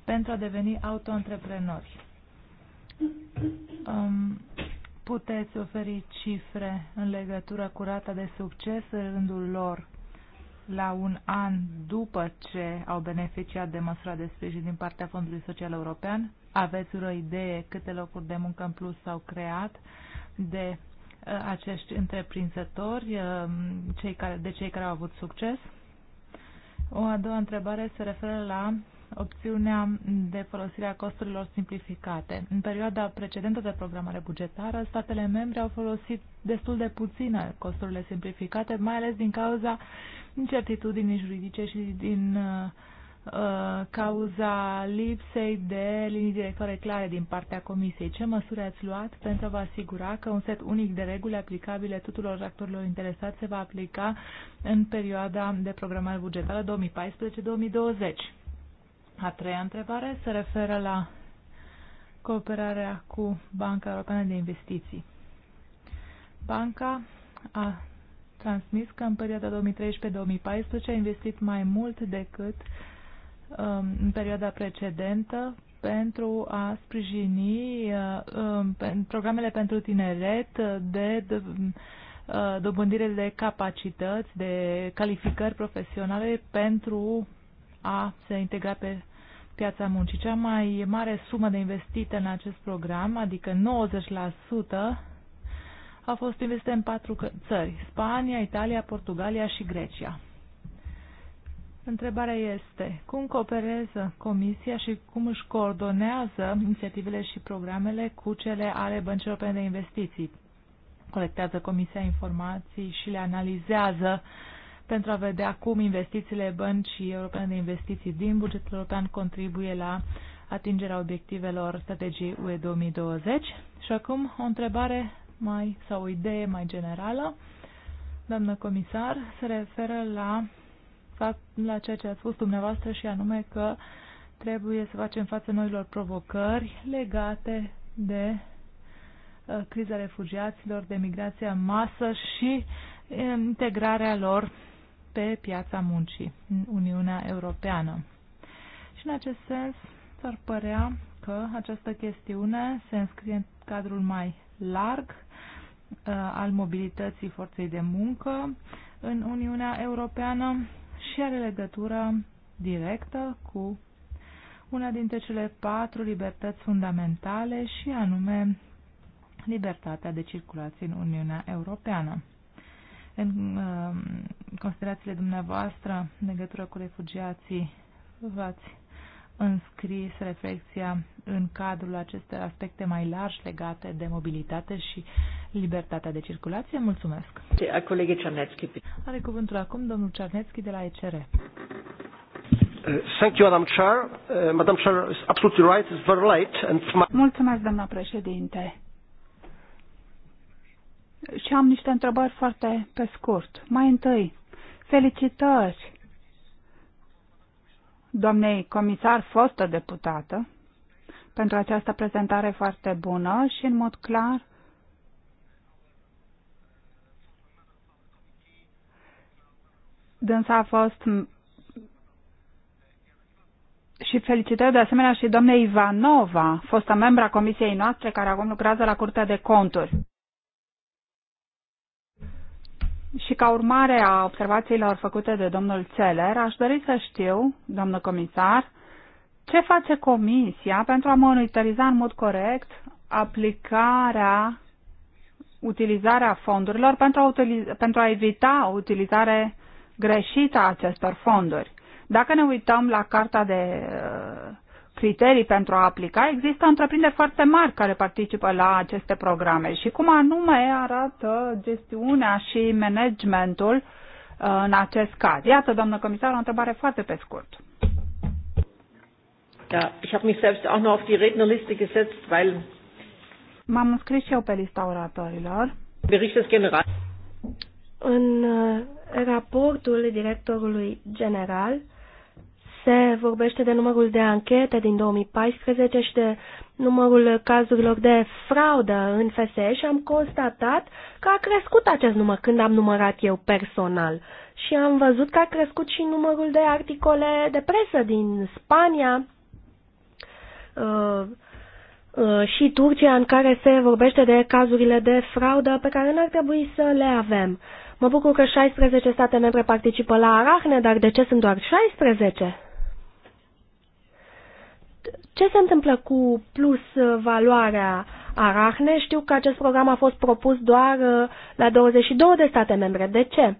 pentru a deveni autoantreprenori. Um, puteți oferi cifre în legătură cu rata de succes în rândul lor la un an după ce au beneficiat de măsura de sprijin din partea Fondului Social European? aveți o idee câte locuri de muncă în plus s-au creat de uh, acești întreprinzători, uh, cei care, de cei care au avut succes? O a doua întrebare se referă la opțiunea de folosire a costurilor simplificate. În perioada precedentă de programare bugetară, statele membre au folosit destul de puține costurile simplificate, mai ales din cauza incertitudinii juridice și din uh, Uh, cauza lipsei de linii directoare clare din partea Comisiei. Ce măsuri ați luat pentru a vă asigura că un set unic de reguli aplicabile tuturor actorilor interesați se va aplica în perioada de programare bugetară 2014-2020? A treia întrebare se referă la cooperarea cu Banca Europeană de Investiții. Banca a transmis că în perioada 2013-2014 a investit mai mult decât uh, Um, în perioada precedentă pentru a sprijini uh, um, programele pentru tineret de uh, dobândire de capacități, de calificări profesionale pentru a se integra pe piața muncii. Cea mai mare sumă de investită în acest program, adică 90%, a fost investită în patru țări, Spania, Italia, Portugalia și Grecia. Întrebarea este, cum cooperează Comisia și cum își coordonează inițiativele și programele cu cele ale Băncii Europene de Investiții? Colectează Comisia informații și le analizează pentru a vedea cum investițiile Băncii Europene de Investiții din bugetul european contribuie la atingerea obiectivelor strategiei UE 2020. Și acum o întrebare mai, sau o idee mai generală, doamnă comisar, se referă la fac la ceea ce ați spus dumneavoastră și anume că trebuie să facem față noilor provocări legate de uh, criza refugiaților, de migrația în masă și integrarea lor pe piața muncii în Uniunea Europeană. Și în acest sens s-ar părea că această chestiune se înscrie în cadrul mai larg uh, al mobilității forței de muncă în Uniunea Europeană și are legătură directă cu una dintre cele patru libertăți fundamentale și anume libertatea de circulație în Uniunea Europeană. În uh, considerațiile dumneavoastră în legătură cu refugiații, v-ați înscris reflexia în cadrul acestor aspecte mai largi legate de mobilitate și libertatea de circulație. Mulțumesc! Colegii Cernetski. Are cuvântul acum domnul Cernetski de la ECR. Thank you, Madam Chair. Uh, Madam Chair is absolutely right. It's very late. And Mulțumesc, doamna președinte. Și am niște întrebări foarte pe scurt. Mai întâi, felicitări doamnei comisar fostă deputată pentru această prezentare foarte bună și în mod clar dânsa a fost și felicitări de asemenea și doamnei Ivanova, fostă membra comisiei noastre care acum lucrează la Curtea de Conturi. Și ca urmare a observațiilor făcute de domnul Țeler, aș dori să știu, domnul comisar, ce face Comisia pentru a monitoriza în mod corect aplicarea, utilizarea fondurilor pentru a, utiliz- pentru a evita o utilizare greșită a acestor fonduri? Dacă ne uităm la carta de uh, criterii pentru a aplica, există întreprinderi foarte mari care participă la aceste programe și cum anume arată gestiunea și managementul uh, în acest caz. Iată, doamnă comisar, o întrebare foarte pe scurt. Da, ich habe mich selbst auch noch auf die Rednerliste gesetzt, weil M-am înscris și eu pe lista oratorilor. general. În uh, raportul directorului general se vorbește de numărul de anchete din 2014 și de numărul cazurilor de fraudă în FSE și am constatat că a crescut acest număr când am numărat eu personal. Și am văzut că a crescut și numărul de articole de presă din Spania uh, uh, și Turcia în care se vorbește de cazurile de fraudă pe care nu ar trebui să le avem. Mă bucur că 16 state membre participă la Arahne, dar de ce sunt doar 16? Ce se întâmplă cu plus uh, valoarea arahne? Știu că acest program a fost propus doar uh, la 22 de state membre. De ce?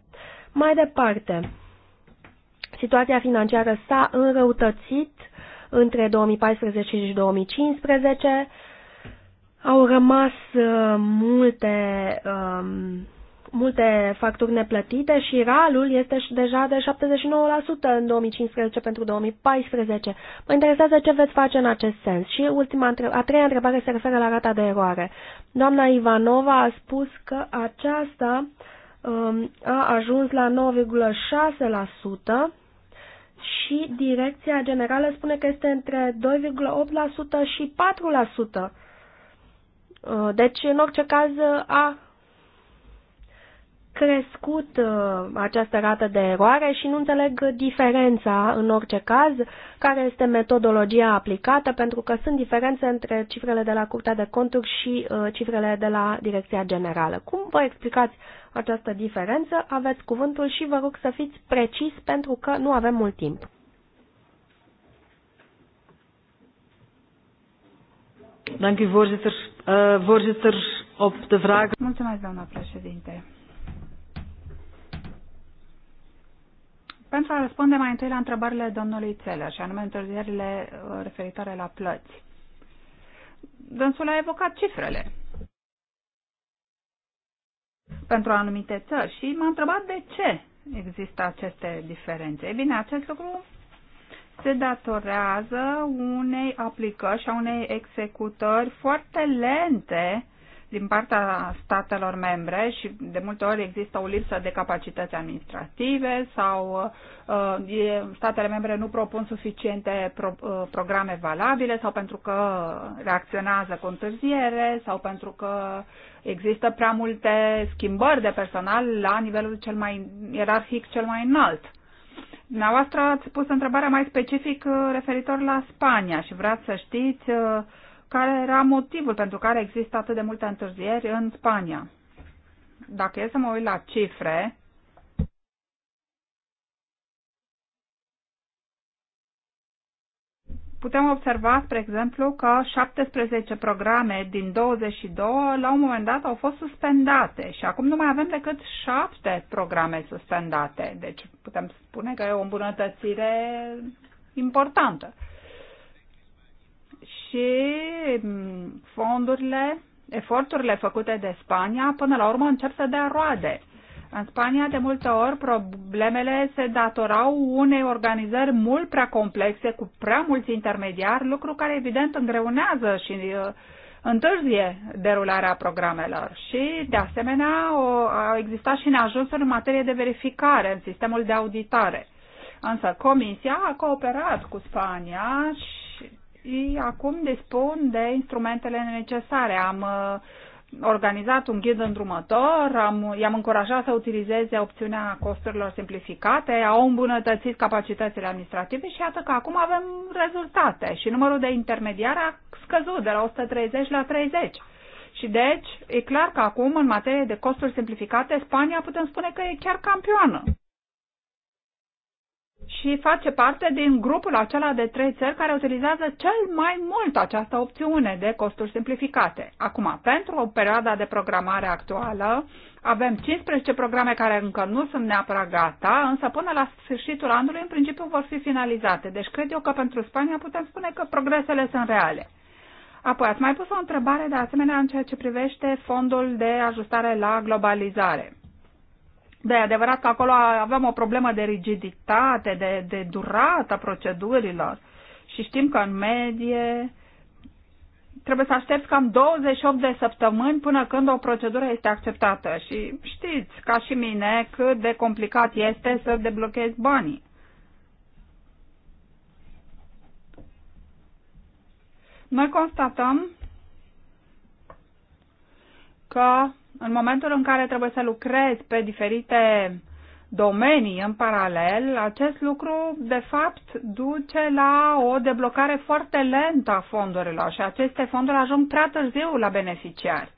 Mai departe, situația financiară s-a înrăutățit între 2014 și 2015. Au rămas uh, multe um, multe facturi neplătite și RALul este deja de 79% în 2015 pentru 2014. Mă interesează ce veți face în acest sens. Și ultima, a treia întrebare se referă la rata de eroare. Doamna Ivanova a spus că aceasta um, a ajuns la 9,6% și Direcția Generală spune că este între 2,8% și 4%. Uh, deci, în orice caz, a crescut uh, această rată de eroare și nu înțeleg diferența în orice caz, care este metodologia aplicată, pentru că sunt diferențe între cifrele de la Curtea de Conturi și uh, cifrele de la Direcția Generală. Cum vă explicați această diferență? Aveți cuvântul și vă rog să fiți precis pentru că nu avem mult timp. Eh, de Mulțumesc, doamna președinte. Pentru a răspunde mai întâi la întrebările domnului Țelă, și anume întârzierile uh, referitoare la plăți. Dânsul a evocat cifrele pentru anumite țări și m-a întrebat de ce există aceste diferențe. Ei bine, acest lucru se datorează unei aplicări și a unei executări foarte lente din partea statelor membre și de multe ori există o lipsă de capacități administrative sau uh, statele membre nu propun suficiente pro, uh, programe valabile sau pentru că reacționează cu întârziere sau pentru că există prea multe schimbări de personal la nivelul cel mai ierarhic cel mai înalt. Dumneavoastră ați pus întrebarea mai specific uh, referitor la Spania și vreau să știți uh, care era motivul pentru care există atât de multe întârzieri în Spania. Dacă e să mă uit la cifre, putem observa, spre exemplu, că 17 programe din 22 la un moment dat au fost suspendate și acum nu mai avem decât 7 programe suspendate. Deci putem spune că e o îmbunătățire importantă și mm, fondurile, eforturile făcute de Spania, până la urmă încep să dea roade. În Spania, de multe ori, problemele se datorau unei organizări mult prea complexe, cu prea mulți intermediari, lucru care, evident, îngreunează și uh, întârzie derularea programelor. Și, de asemenea, au existat și neajunsuri în materie de verificare în sistemul de auditare. Însă Comisia a cooperat cu Spania și acum dispun de instrumentele necesare. Am uh, organizat un ghid îndrumător, am, i-am încurajat să utilizeze opțiunea costurilor simplificate, au îmbunătățit capacitățile administrative și iată că acum avem rezultate și numărul de intermediari a scăzut de la 130 la 30. Și deci, e clar că acum, în materie de costuri simplificate, Spania putem spune că e chiar campioană și face parte din grupul acela de trei țări care utilizează cel mai mult această opțiune de costuri simplificate. Acum, pentru o perioadă de programare actuală, avem 15 programe care încă nu sunt neapărat gata, însă până la sfârșitul anului, în principiu, vor fi finalizate. Deci cred eu că pentru Spania putem spune că progresele sunt reale. Apoi, ați mai pus o întrebare de asemenea în ceea ce privește fondul de ajustare la globalizare. Da, de adevărat că acolo avem o problemă de rigiditate, de, de durata procedurilor și știm că în medie trebuie să aștepți cam 28 de săptămâni până când o procedură este acceptată și știți, ca și mine, cât de complicat este să deblochezi banii. Noi constatăm că în momentul în care trebuie să lucrezi pe diferite domenii în paralel, acest lucru, de fapt, duce la o deblocare foarte lentă a fondurilor și aceste fonduri ajung prea târziu la beneficiari.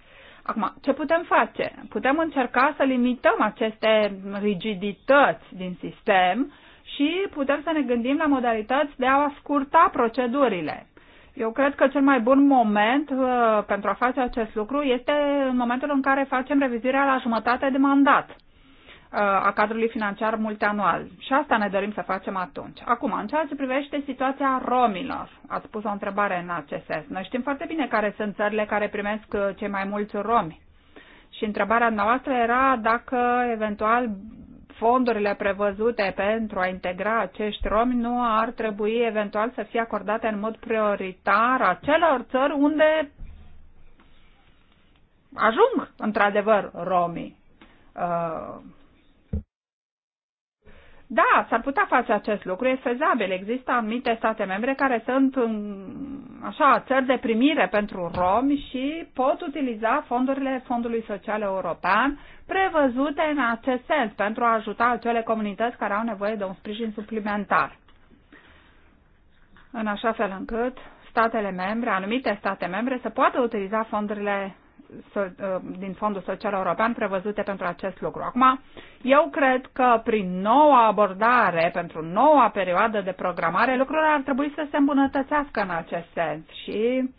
Acum, ce putem face? Putem încerca să limităm aceste rigidități din sistem și putem să ne gândim la modalități de a scurta procedurile. Eu cred că cel mai bun moment uh, pentru a face acest lucru este în momentul în care facem revizirea la jumătate de mandat uh, a cadrului financiar multianual. Și asta ne dorim să facem atunci. Acum, în ceea ce privește situația romilor, ați pus o întrebare în acest sens. Noi știm foarte bine care sunt țările care primesc uh, cei mai mulți romi. Și întrebarea noastră era dacă eventual fondurile prevăzute pentru a integra acești romi nu ar trebui eventual să fie acordate în mod prioritar acelor țări unde ajung într-adevăr romii. Uh, da, s-ar putea face acest lucru, e fezabil. Există anumite state membre care sunt în, așa, țări de primire pentru romi și pot utiliza fondurile Fondului Social European prevăzute în acest sens pentru a ajuta acele comunități care au nevoie de un sprijin suplimentar. În așa fel încât statele membre, anumite state membre, să poată utiliza fondurile uh, din Fondul Social European prevăzute pentru acest lucru. Acum, eu cred că prin noua abordare, pentru noua perioadă de programare, lucrurile ar trebui să se îmbunătățească în acest sens și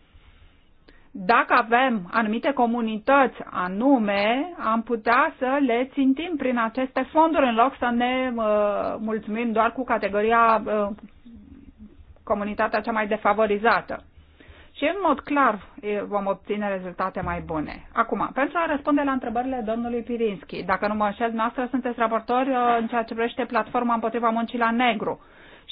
dacă avem anumite comunități anume, am putea să le țintim prin aceste fonduri în loc să ne uh, mulțumim doar cu categoria uh, comunitatea cea mai defavorizată. Și în mod clar vom obține rezultate mai bune. Acum, pentru a răspunde la întrebările domnului Pirinski, dacă nu mă înșel, noastră sunteți raportori uh, în ceea ce privește platforma împotriva muncii la negru.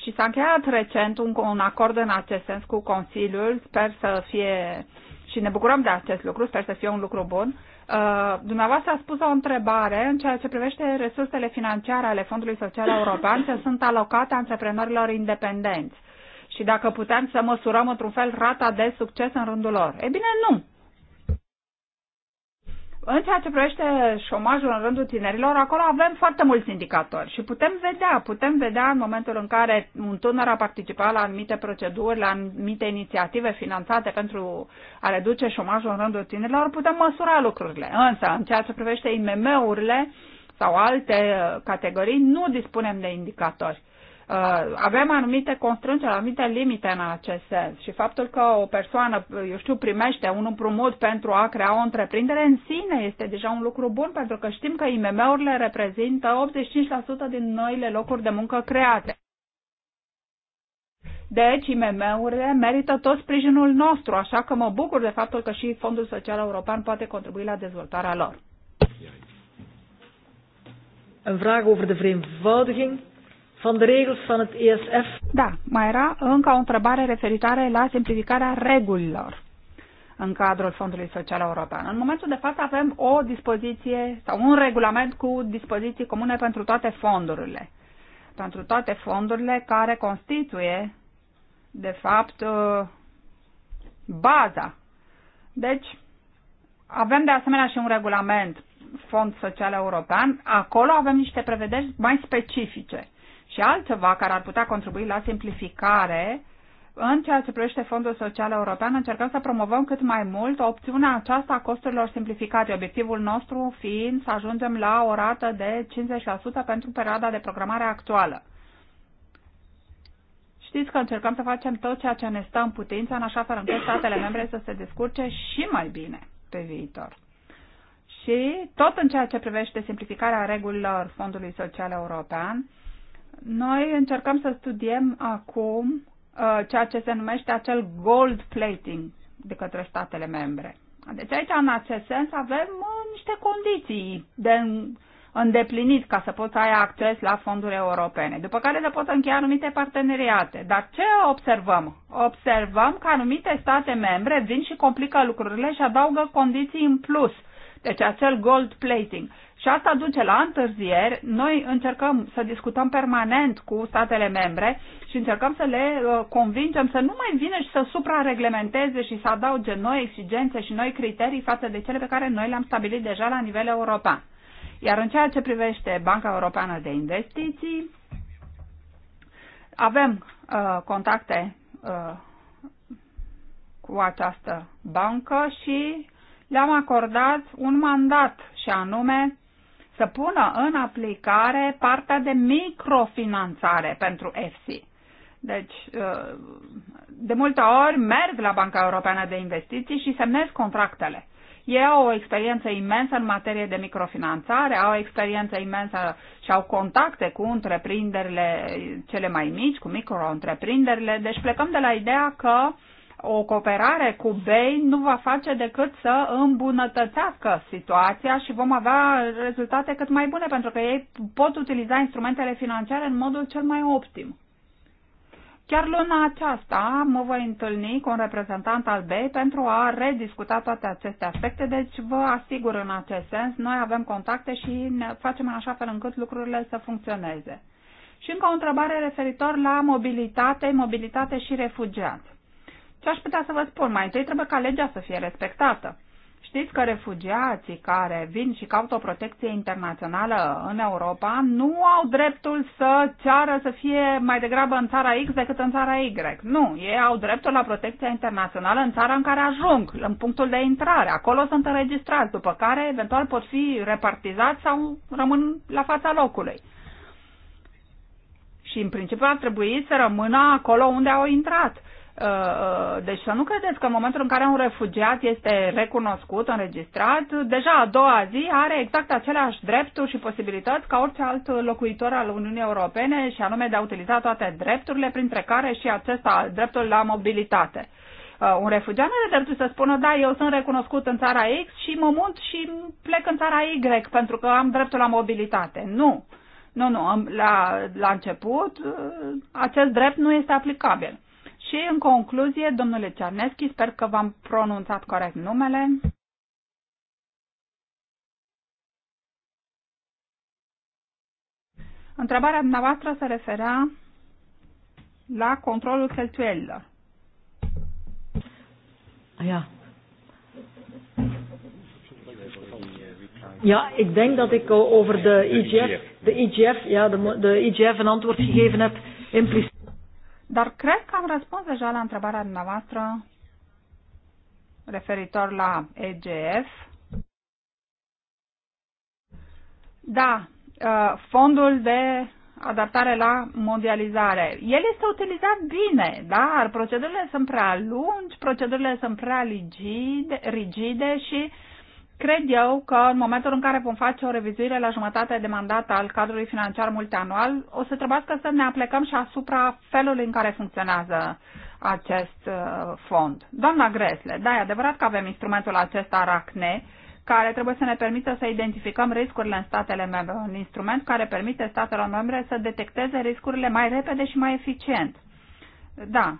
Și s-a încheiat recent un, un acord în acest sens cu Consiliul, sper să fie uh, și ne bucurăm de acest lucru, sper să fie un lucru bun. Uh, dumneavoastră a spus o întrebare în ceea ce privește resursele financiare ale Fondului Social European ce sunt alocate antreprenorilor independenți și dacă putem să măsurăm într-un fel rata de succes în rândul lor. E bine, nu. În ceea ce privește șomajul în rândul tinerilor, acolo avem foarte mulți indicatori și putem vedea, putem vedea în momentul în care un tânăr a participat la anumite proceduri, la anumite inițiative finanțate pentru a reduce șomajul în rândul tinerilor, putem măsura lucrurile. Însă, în ceea ce privește IMM-urile sau alte uh, categorii, nu dispunem de indicatori. Uh, avem anumite constrângeri, anumite limite în acest sens și faptul că o persoană, eu știu, primește un împrumut pentru a crea o întreprindere în sine este deja un lucru bun pentru că știm că IMM-urile reprezintă 85% din noile locuri de muncă create. Deci, IMM-urile merită tot sprijinul nostru, așa că mă bucur de faptul că și Fondul Social European poate contribui la dezvoltarea lor. Een vraag over de vereenvoudiging van de regels van het ESF. Da, mai era încă o întrebare referitoare la simplificarea regulilor în cadrul Fondului Social European. În momentul de față avem o dispoziție sau un regulament cu dispoziții comune pentru toate fondurile. Pentru toate fondurile care constituie, de fapt, uh, baza. Deci, avem de asemenea și un regulament Fond Social European. Acolo avem niște prevederi mai specifice și altceva care ar putea contribui la simplificare în ceea ce privește Fondul Social European, încercăm să promovăm cât mai mult opțiunea aceasta a costurilor simplificate, obiectivul nostru fiind să ajungem la o rată de 50% pentru perioada de programare actuală. Știți că încercăm să facem tot ceea ce ne stă în putință, în așa fel încât statele membre să se descurce și mai bine pe viitor. Și tot în ceea ce privește simplificarea regulilor Fondului Social European, noi încercăm să studiem acum uh, ceea ce se numește acel gold plating de către statele membre. Deci aici, în acest sens, avem uh, niște condiții de îndeplinit ca să poți ai acces la fonduri europene, după care să poți încheia anumite parteneriate. Dar ce observăm? Observăm că anumite state membre vin și complică lucrurile și adaugă condiții în plus. Deci acel gold plating. Și asta duce la întârzieri. Noi încercăm să discutăm permanent cu statele membre și încercăm să le uh, convingem să nu mai vină și să suprareglementeze și să adauge noi exigențe și noi criterii față de cele pe care noi le-am stabilit deja la nivel european. Iar în ceea ce privește Banca Europeană de Investiții, avem uh, contacte uh, cu această bancă și le-am acordat un mandat și anume să pună în aplicare partea de microfinanțare pentru EFSI. Deci, uh, de multe ori merg la Banca Europeană de Investiții și semnez contractele. Ei au o experiență imensă în materie de microfinanțare, au o experiență imensă și au contacte cu întreprinderile cele mai mici, cu micro-întreprinderile. Deci plecăm de la ideea că uh, o cooperare cu BEI nu va face decât să îmbunătățească situația și vom avea rezultate cât mai bune, pentru că ei pot utiliza instrumentele financiare în modul cel mai optim. Chiar luna aceasta mă voi întâlni cu un reprezentant al BEI pentru a rediscuta toate aceste aspecte, deci vă asigur în acest sens, noi avem contacte și ne facem în așa fel încât lucrurile să funcționeze. Și încă o întrebare referitor la mobilitate, mobilitate și refugiați. Ce aș putea să vă spun? Mai întâi trebuie ca legea să fie respectată. Știți că refugiații care vin și caută o protecție internațională în Europa nu au dreptul să ceară să fie mai degrabă în țara X decât în țara Y. Nu, ei au dreptul la protecția internațională în țara în care ajung, în punctul de intrare. Acolo sunt înregistrați, după care eventual pot fi repartizați sau rămân la fața locului. Și în principiu ar trebui să rămână acolo unde au intrat Uh, uh, deci să nu credeți că în momentul în care un refugiat este recunoscut, înregistrat, deja a doua zi are exact aceleași drepturi și posibilități ca orice alt locuitor al Uniunii Europene și anume de a utiliza toate drepturile, printre care și acesta, dreptul la mobilitate. Uh, un refugiat nu are dreptul să spună, da, eu sunt recunoscut în țara X și mă mut și plec în țara Y pentru că am dreptul la mobilitate. Nu, nu, nu, la, la început acest drept nu este aplicabil. Și în concluzie, domnule Cerneschi, sper că v-am pronunțat corect numele. Întrebarea dumneavoastră se referea la controlul cheltuielilor. Ja. Ja, ik denk dat ik eh, over de IGF, de IGF, ja, de, de IGF een antwoord gegeven heb. Impliciet. Dar cred că am răspuns deja la întrebarea dumneavoastră referitor la EGF. Da, uh, fondul de adaptare la mondializare. El este utilizat bine, dar da? procedurile sunt prea lungi, procedurile sunt prea rigide, rigide și uh, Cred eu că în momentul în care vom face o revizuire la jumătate de mandat al cadrului financiar multianual, o să trebuiască să ne aplecăm și asupra felului în care funcționează acest uh, fond. Doamna Gresle, da, e adevărat că avem instrumentul acesta RACNE, care trebuie să ne permită să identificăm riscurile în statele membre, un instrument care permite statelor membre să detecteze riscurile mai repede și mai eficient. Da,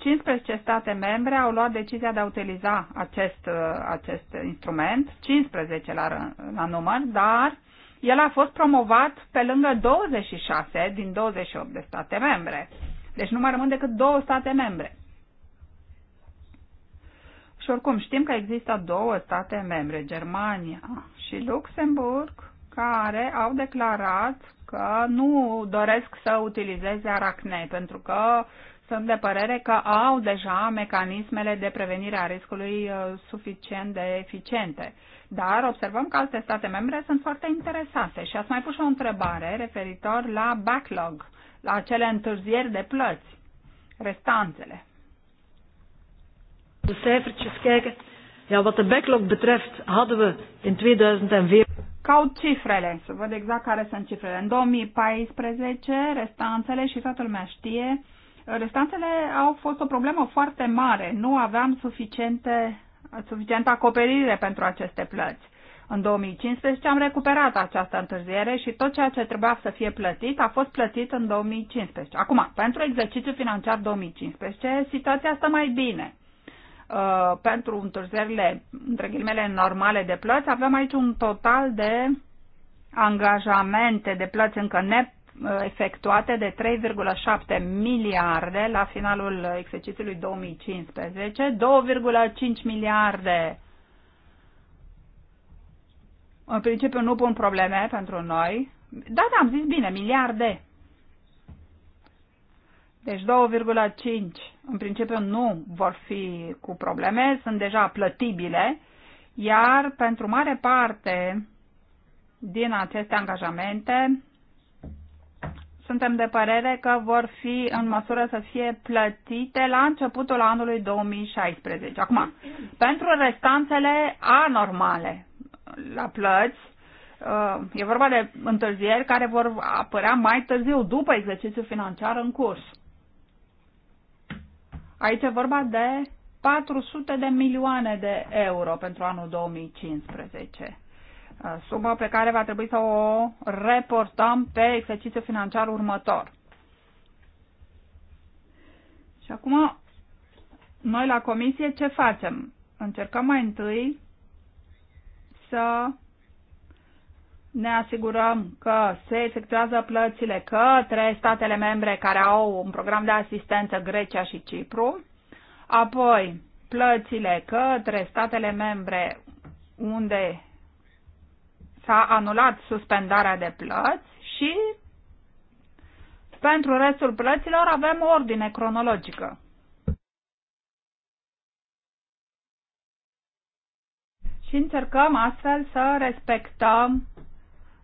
15 state membre au luat decizia de a utiliza acest, uh, acest instrument, 15 la, la număr, dar el a fost promovat pe lângă 26 din 28 de state membre. Deci nu mai rămân decât două state membre. Și oricum știm că există două state membre, Germania și Luxemburg, care au declarat că nu doresc să utilizeze aracne pentru că sunt de părere că au deja mecanismele de prevenire a riscului uh, suficient de eficiente. Dar observăm că alte state membre sunt foarte interesate și ați mai pus o întrebare referitor la backlog, la acele întârzieri de plăți, restanțele. De cijfertjes kijken. Ja, wat de backlog betreft hadden we in 2004 caut cifrele, să văd exact care sunt cifrele. În 2014, restanțele și toată lumea știe Restanțele au fost o problemă foarte mare. Nu aveam suficiente, suficientă acoperire pentru aceste plăți. În 2015 am recuperat această întârziere și tot ceea ce trebuia să fie plătit a fost plătit în 2015. Acum, pentru exercițiul financiar 2015, situația stă mai bine. Uh, pentru întârzierile, între ghilimele, normale de plăți, avem aici un total de angajamente de plăți încă ne efectuate de 3,7 miliarde la finalul exercițiului 2015, 2,5 miliarde în principiu nu pun probleme pentru noi. Da, da, am zis bine, miliarde. Deci 2,5 în principiu nu vor fi cu probleme, sunt deja plătibile, iar pentru mare parte din aceste angajamente suntem de părere că vor fi în măsură să fie plătite la începutul anului 2016. Acum, pentru restanțele anormale la plăți, uh, e vorba de întârzieri care vor apărea mai târziu, după exercițiul financiar în curs. Aici e vorba de 400 de milioane de euro pentru anul 2015 sumă pe care va trebui să o reportăm pe exercițiul financiar următor. Și acum, noi la comisie ce facem? Încercăm mai întâi să ne asigurăm că se efectuează plățile către statele membre care au un program de asistență Grecia și Cipru, apoi plățile către statele membre unde s-a anulat suspendarea de plăți și pentru restul plăților avem o ordine cronologică. Și încercăm astfel să respectăm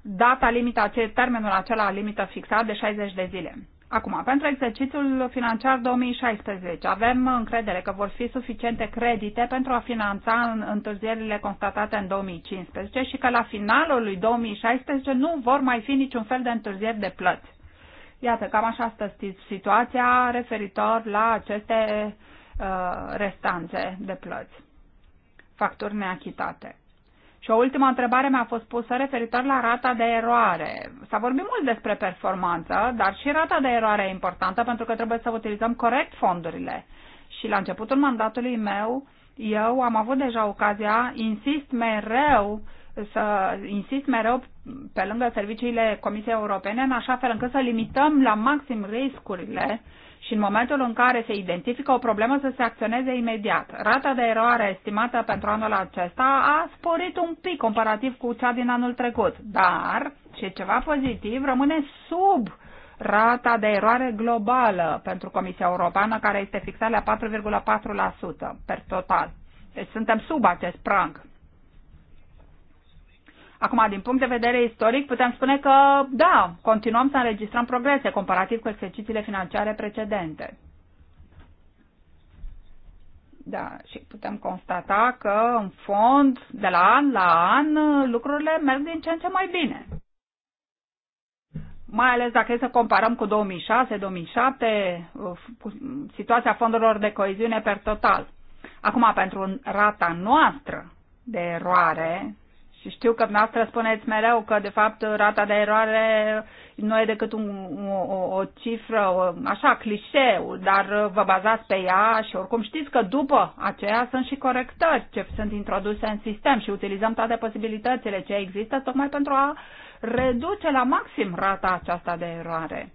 data limită, termenul acela limită fixat de 60 de zile. Acum, pentru exercițiul financiar 2016, avem încredere că vor fi suficiente credite pentru a finanța întârzierile constatate în 2015 și că la finalul lui 2016 nu vor mai fi niciun fel de întârzieri de plăți. Iată, cam așa stă situația referitor la aceste uh, restanțe de plăți, facturi neachitate. Și o ultimă întrebare mi-a fost pusă referitor la rata de eroare. S-a vorbit mult despre performanță, dar și rata de eroare e importantă pentru că trebuie să utilizăm corect fondurile. Și la începutul mandatului meu, eu am avut deja ocazia, insist mereu, să insist mereu pe lângă serviciile Comisiei Europene, în așa fel încât să limităm la maxim riscurile uh, și în momentul în care se identifică o problemă să se acționeze imediat. Rata de eroare estimată pentru anul acesta a sporit un pic comparativ cu cea din anul trecut, dar, și ceva pozitiv, rămâne sub rata de eroare globală pentru Comisia Europeană, care este fixată la 4,4% per total. Deci suntem sub acest prang. Acum, din punct de vedere istoric, putem spune că, da, continuăm să înregistrăm progrese comparativ cu exercițiile financiare precedente. Da, și putem constata că, în fond, de la an la an, lucrurile merg din ce în ce mai bine. Mai ales dacă e să comparăm cu 2006-2007, situația fondurilor de coeziune per total. Acum, pentru rata noastră de eroare, și știu că dumneavoastră spuneți mereu că, de fapt, rata de eroare nu e decât un, o, o cifră, o, așa, clișeu, dar vă bazați pe ea și oricum știți că după aceea sunt și corectări ce sunt introduse în sistem și utilizăm toate posibilitățile ce există tocmai pentru a reduce la maxim rata aceasta de eroare.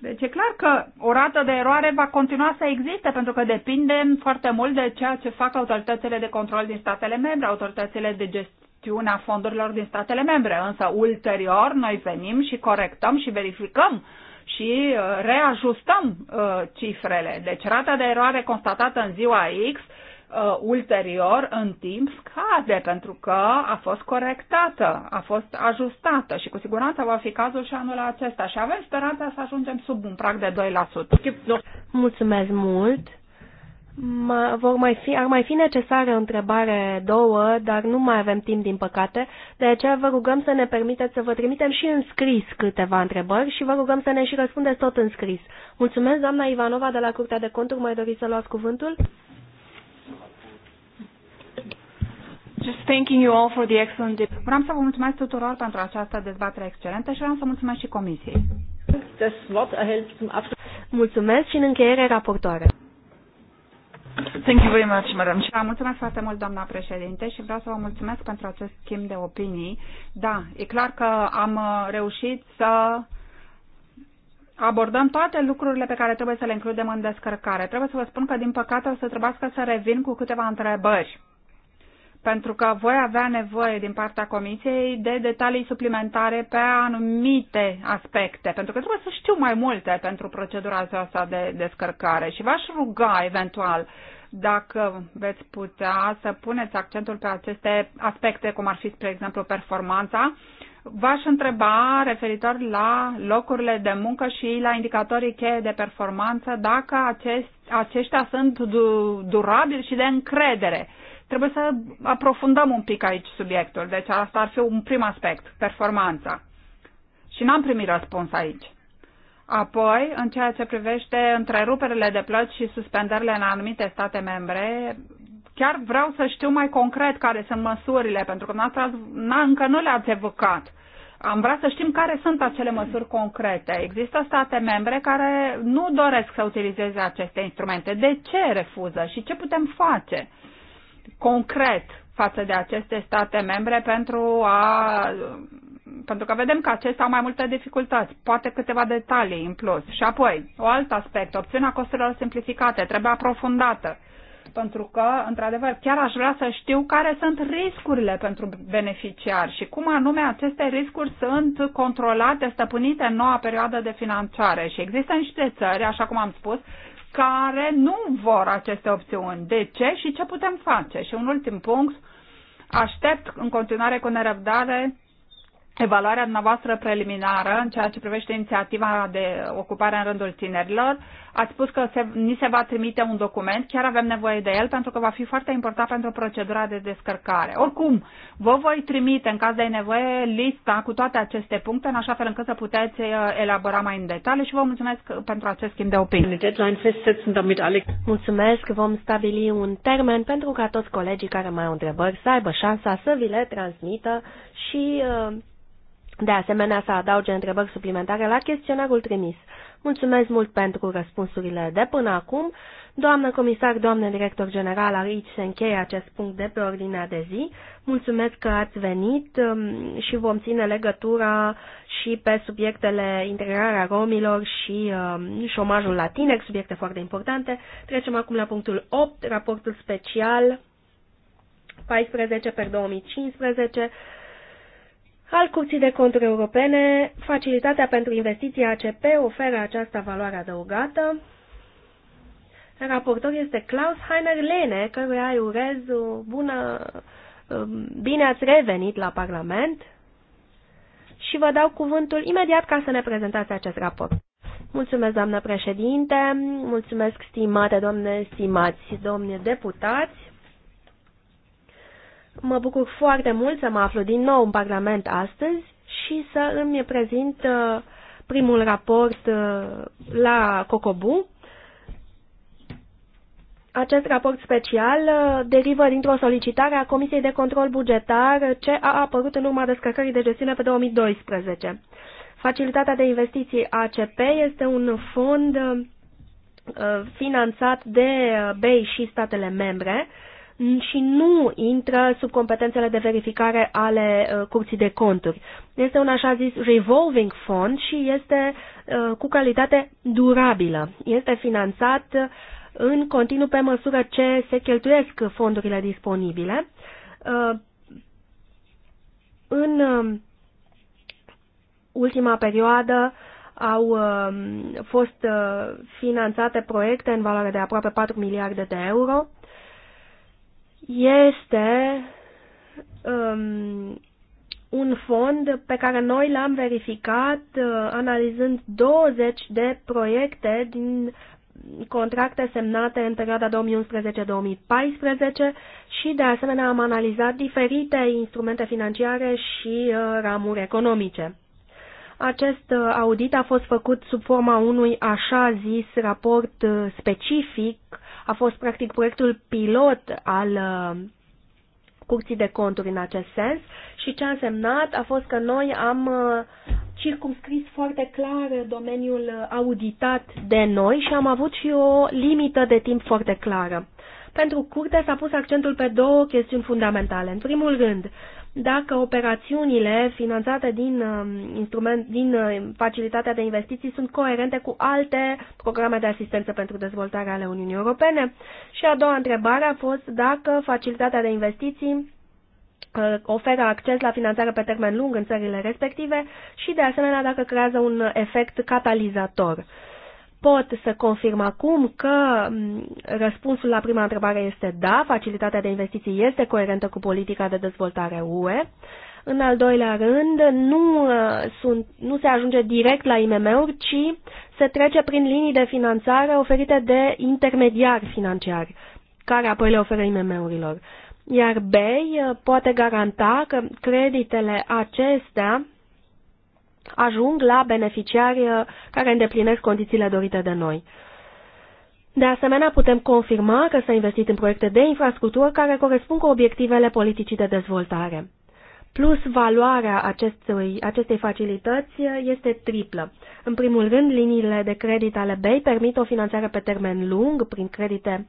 Deci e clar că o rată de eroare va continua să existe, pentru că depinde foarte mult de ceea ce fac autoritățile de control din statele membre, autoritățile de gestiune a fondurilor din statele membre. Însă, ulterior, noi venim și corectăm și verificăm și uh, reajustăm uh, cifrele. Deci, rata de eroare constatată în ziua X uh, ulterior, în timp, scade pentru că a fost corectată, a fost ajustată și cu siguranță va fi cazul și anul acesta și avem speranța să ajungem sub un prag de 2%. Mulțumesc mult! Ma, vor mai fi, ar mai fi necesară o întrebare două, dar nu mai avem timp, din păcate, de aceea vă rugăm să ne permiteți să vă trimitem și în scris câteva întrebări și vă rugăm să ne și răspundeți tot în scris. Mulțumesc, doamna Ivanova de la Curtea de Conturi, mai doriți să luați cuvântul? Just thanking you all for the excellent debate. Vreau să vă mulțumesc tuturor pentru această dezbatere excelentă și vreau să mulțumesc și comisiei. Mulțumesc și în încheiere raportoare. Thank you very much, madam. Vă mulțumesc foarte mult, doamna președinte, și vreau să vă mulțumesc pentru acest schimb de opinii. Da, e clar că am uh, reușit să abordăm toate lucrurile pe care trebuie să le includem în descărcare. Trebuie să vă spun că, din păcate, o să trebuiască să revin cu câteva întrebări pentru că voi avea nevoie din partea comisiei de detalii suplimentare pe anumite aspecte, pentru că trebuie să știu mai multe pentru procedura aceasta de descărcare și v-aș ruga eventual dacă veți putea să puneți accentul pe aceste aspecte, cum ar fi, spre exemplu, performanța, v-aș întreba referitor la locurile de muncă și la indicatorii cheie de performanță, dacă acest, aceștia sunt du durabili și de încredere Trebuie să aprofundăm un pic aici subiectul, deci asta ar fi un prim aspect, performanța. Și n-am primit răspuns aici. Apoi, în ceea ce privește întreruperile de plăți și suspendările în anumite state membre, chiar vreau să știu mai concret care sunt măsurile, pentru că încă nu le-ați evocat. Am vrea să știm care sunt acele măsuri concrete. Există state membre care nu doresc să utilizeze aceste instrumente. De ce refuză și ce putem face? concret față de aceste state membre pentru a pentru că vedem că acestea au mai multe dificultăți, poate câteva detalii în plus. Și apoi, o alt aspect, opțiunea costurilor simplificate trebuie aprofundată, pentru că, într-adevăr, chiar aș vrea să știu care sunt riscurile pentru beneficiari și cum anume aceste riscuri sunt controlate, stăpânite în noua perioadă de finanțare. Și există niște țări, așa cum am spus, care nu vor aceste opțiuni. De ce și ce putem face? Și un ultim punct, aștept în continuare cu nerăbdare evaluarea noastră preliminară în ceea ce privește inițiativa de ocupare în rândul tinerilor. Ați spus că se, ni se va trimite un document, chiar avem nevoie de el pentru că va fi foarte important pentru procedura de descărcare. Oricum, vă voi trimite în caz de nevoie lista cu toate aceste puncte în așa fel încât să puteți uh, elabora mai în detaliu și vă mulțumesc pentru acest schimb de opinii. Mulțumesc, vom stabili un termen pentru ca toți colegii care mai au întrebări să aibă șansa să vi le transmită și uh, de asemenea, să adauge întrebări suplimentare la chestionarul trimis. Mulțumesc mult pentru răspunsurile de până acum. Doamnă comisar, doamnă director general, aici se încheie acest punct de pe ordinea de zi. Mulțumesc că ați venit um, și vom ține legătura și pe subiectele integrarea romilor și um, șomajul la tineri, subiecte foarte importante. Trecem acum la punctul 8, raportul special 14 per 2015 al Curții de Conturi Europene, facilitatea pentru investiții ACP oferă această valoare adăugată. Raportor este Klaus Heiner Lene, căruia îi urez o bună... Um, bine ați revenit la Parlament și vă dau cuvântul imediat ca să ne prezentați acest raport. Mulțumesc, doamnă președinte, mulțumesc, stimate doamne, stimați domne deputați. Mă bucur foarte mult să mă aflu din nou în Parlament astăzi și să îmi prezint uh, primul raport uh, la Cocobu. Acest raport special uh, derivă dintr-o solicitare a Comisiei de Control Bugetar ce a apărut în urma descărcării de gestiune pe 2012. Facilitatea de investiții ACP este un fond finanțat de BEI și statele membre și nu intră sub competențele de verificare ale uh, curții de conturi. Este un așa zis revolving fund și este uh, cu calitate durabilă. Este finanțat uh, în continuu pe măsură ce se cheltuiesc fondurile disponibile. În um, ultima perioadă au um, fost finanțate proiecte în valoare de aproape 4 miliarde de euro este um, un fond pe care noi l-am verificat uh, analizând 20 de proiecte din contracte semnate în perioada 2011-2014 și de asemenea am analizat diferite instrumente financiare și uh, ramuri economice. Acest uh, audit a fost făcut sub forma unui așa zis raport uh, specific, a fost practic proiectul pilot al uh, Curții de Conturi în acest sens și ce a însemnat a fost că noi am circumscris foarte clar domeniul auditat de noi și am avut și o limită de timp foarte clară. Pentru curte s-a pus accentul pe două chestiuni fundamentale. În primul rând, dacă operațiunile finanțate din, um, instrument, din uh, facilitatea de investiții sunt coerente cu alte programe de asistență pentru dezvoltare ale Uniunii Europene. Și a doua întrebare a fost dacă facilitatea de investiții uh, oferă acces la finanțare pe termen lung în țările respective și, de asemenea, dacă creează un efect catalizator pot să confirm acum că răspunsul la prima întrebare este da, facilitatea de investiții este coerentă cu politica de dezvoltare UE. În al doilea rând, nu, uh, sunt, nu se ajunge direct la IMM-uri, ci se trece prin linii de finanțare oferite de intermediari financiari, care apoi le oferă IMM-urilor. Iar BEI uh, poate garanta că creditele acestea ajung la beneficiari uh, care îndeplinesc condițiile dorite de noi. De asemenea, putem confirma că s-a investit în proiecte de infrastructură care corespund cu obiectivele politicii de dezvoltare. Plus, valoarea acestui, acestei facilități uh, este triplă. În primul rând, liniile de credit ale BEI permit o finanțare pe termen lung prin credite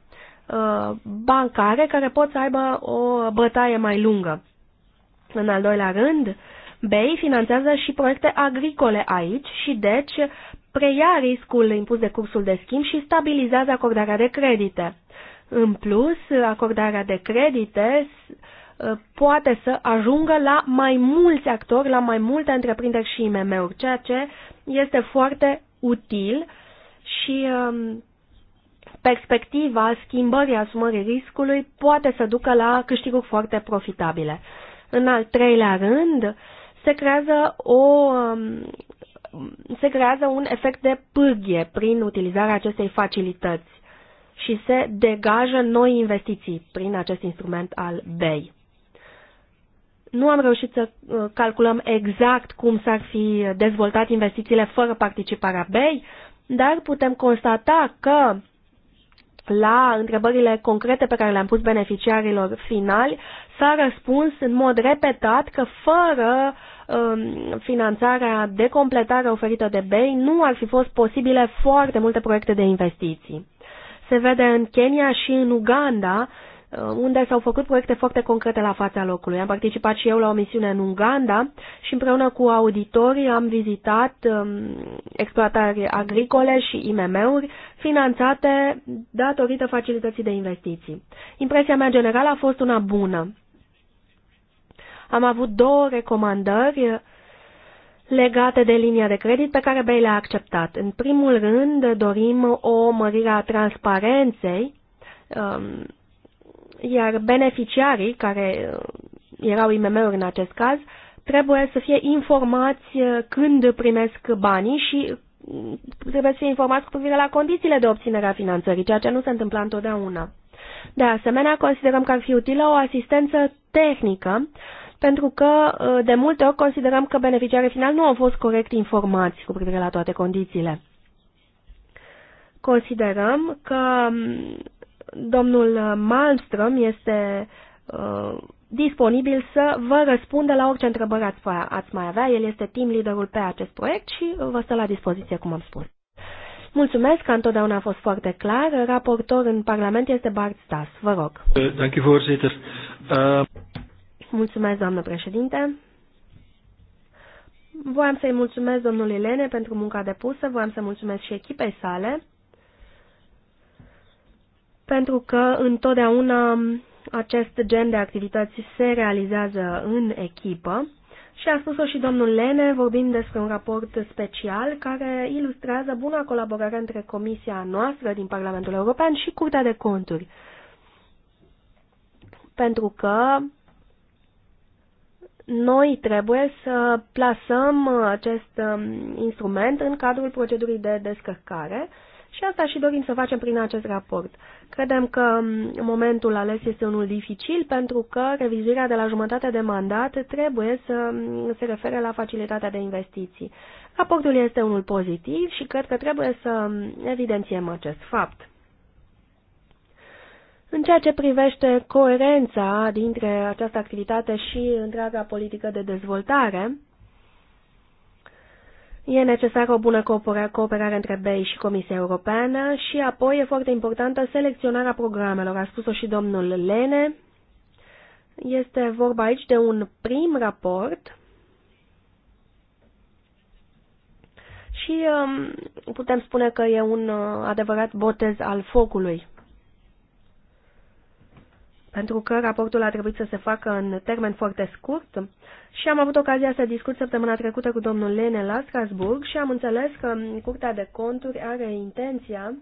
uh, bancare care pot să aibă o bătaie mai lungă. În al doilea rând, BEI finanțează și proiecte agricole aici și deci preia riscul impus de cursul de schimb și stabilizează acordarea de credite. În plus, acordarea de credite uh, poate să ajungă la mai mulți actori, la mai multe întreprinderi și IMM-uri, ceea ce este foarte util și um, perspectiva schimbării asumării riscului poate să ducă la câștiguri foarte profitabile. În al treilea rând, se creează, o, um, se creează un efect de pârghie prin utilizarea acestei facilități și se degajă noi investiții prin acest instrument al BEI. Nu am reușit să uh, calculăm exact cum s-ar fi dezvoltat investițiile fără participarea BEI, dar putem constata că la întrebările concrete pe care le-am pus beneficiarilor finali, s-a răspuns în mod repetat că fără Um, finanțarea de completare oferită de BEI, nu ar fi fost posibile foarte multe proiecte de investiții. Se vede în Kenya și în Uganda, uh, unde s-au făcut proiecte foarte concrete la fața locului. Am participat și eu la o misiune în Uganda și împreună cu auditorii am vizitat um, exploatări agricole și IMM-uri finanțate datorită facilității de investiții. Impresia mea generală a fost una bună. Am avut două recomandări legate de linia de credit pe care Bay le-a acceptat. În primul rând, dorim o mărire a transparenței, um, iar beneficiarii, care uh, erau IMM-uri în acest caz, trebuie să fie informați uh, când primesc banii și mm, trebuie să fie informați cu privire la condițiile de obținere a finanțării, ceea ce nu se întâmplă întotdeauna. De asemenea, considerăm că ar fi utilă o asistență tehnică pentru că uh, de multe ori considerăm că beneficiarii final nu au fost corect informați cu privire la toate condițiile. Considerăm că um, domnul Malmström este uh, disponibil să vă răspundă la orice întrebări ați, ați mai avea. El este team leaderul pe acest proiect și vă stă la dispoziție, cum am spus. Mulțumesc că întotdeauna a fost foarte clar. Raportor în Parlament este Bart Stas. Vă rog. Eh, Danke, voorzitter. Eh, Mulțumesc, doamnă președinte. Voiam să-i mulțumesc domnului Lene pentru munca depusă, voiam să mulțumesc și echipei sale, pentru că întotdeauna acest gen de activități se realizează în echipă. Și a spus-o și domnul Lene, vorbind despre un raport special care ilustrează buna colaborare între Comisia noastră din Parlamentul European și Curtea de Conturi. Pentru că noi trebuie să plasăm acest um, instrument în cadrul procedurii de descărcare și asta și dorim să facem prin acest raport. Credem că um, momentul ales este unul dificil pentru că revizuirea de la jumătate de mandat trebuie să um, se refere la facilitatea de investiții. Raportul este unul pozitiv și cred că trebuie să evidențiem acest fapt. În ceea ce privește coerența dintre această activitate și întreaga politică de dezvoltare, E necesară o bună cooperare între BEI și Comisia Europeană și apoi e foarte importantă selecționarea programelor, a spus-o și domnul Lene. Este vorba aici de un prim raport și um, putem spune că e un uh, adevărat botez al focului pentru că raportul a trebuit să se facă în termen foarte scurt și am avut ocazia să discut săptămâna trecută cu domnul Lene la Strasburg și am înțeles că Curtea de Conturi are intenția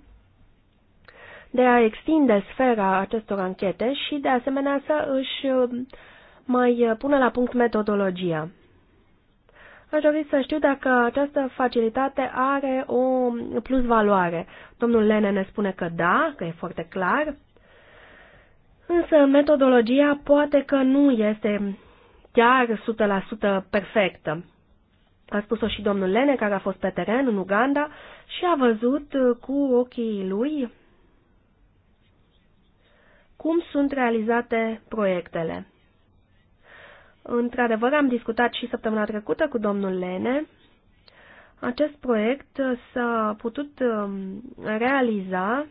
de a extinde sfera acestor anchete și de asemenea să își uh, mai pună la punct metodologia. Aș dori să știu dacă această facilitate are o plus valoare. Domnul Lene ne spune că da, că e foarte clar, Însă metodologia poate că nu este chiar 100% perfectă. A spus-o și domnul Lene, care a fost pe teren în Uganda și a văzut cu ochii lui cum sunt realizate proiectele. Într-adevăr, am discutat și săptămâna trecută cu domnul Lene. Acest proiect s-a putut um, realiza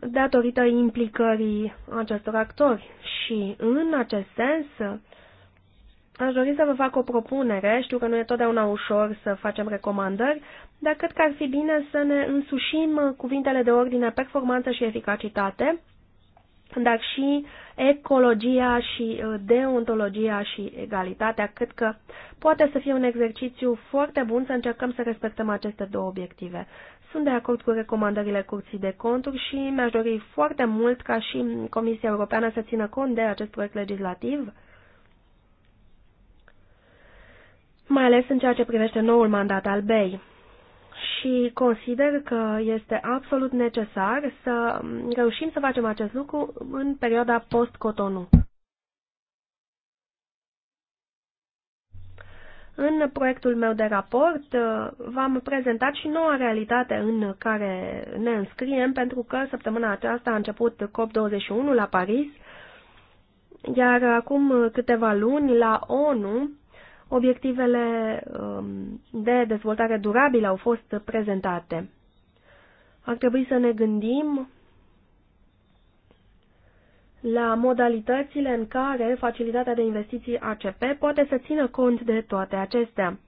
datorită implicării acestor actori. Și în acest sens, aș dori să vă fac o propunere. Știu că nu e totdeauna ușor să facem recomandări, dar cred că ar fi bine să ne însușim cuvintele de ordine performanță și eficacitate, dar și ecologia și uh, deontologia și egalitatea. Cred că poate să fie un exercițiu foarte bun să încercăm să respectăm aceste două obiective. Sunt de acord cu recomandările Curții de Conturi și mi-aș dori foarte mult ca și Comisia Europeană să țină cont de acest proiect legislativ, mai ales în ceea ce privește noul mandat al BEI. Și consider că este absolut necesar să reușim să facem acest lucru în perioada post-Cotonou. În proiectul meu de raport uh, v-am prezentat și noua realitate în care ne înscriem, pentru că săptămâna aceasta a început COP21 la Paris, iar acum câteva luni la ONU, obiectivele um, de dezvoltare durabilă au fost prezentate. Ar trebui să ne gândim la modalitățile în care facilitatea de investiții ACP poate să țină cont de toate acestea.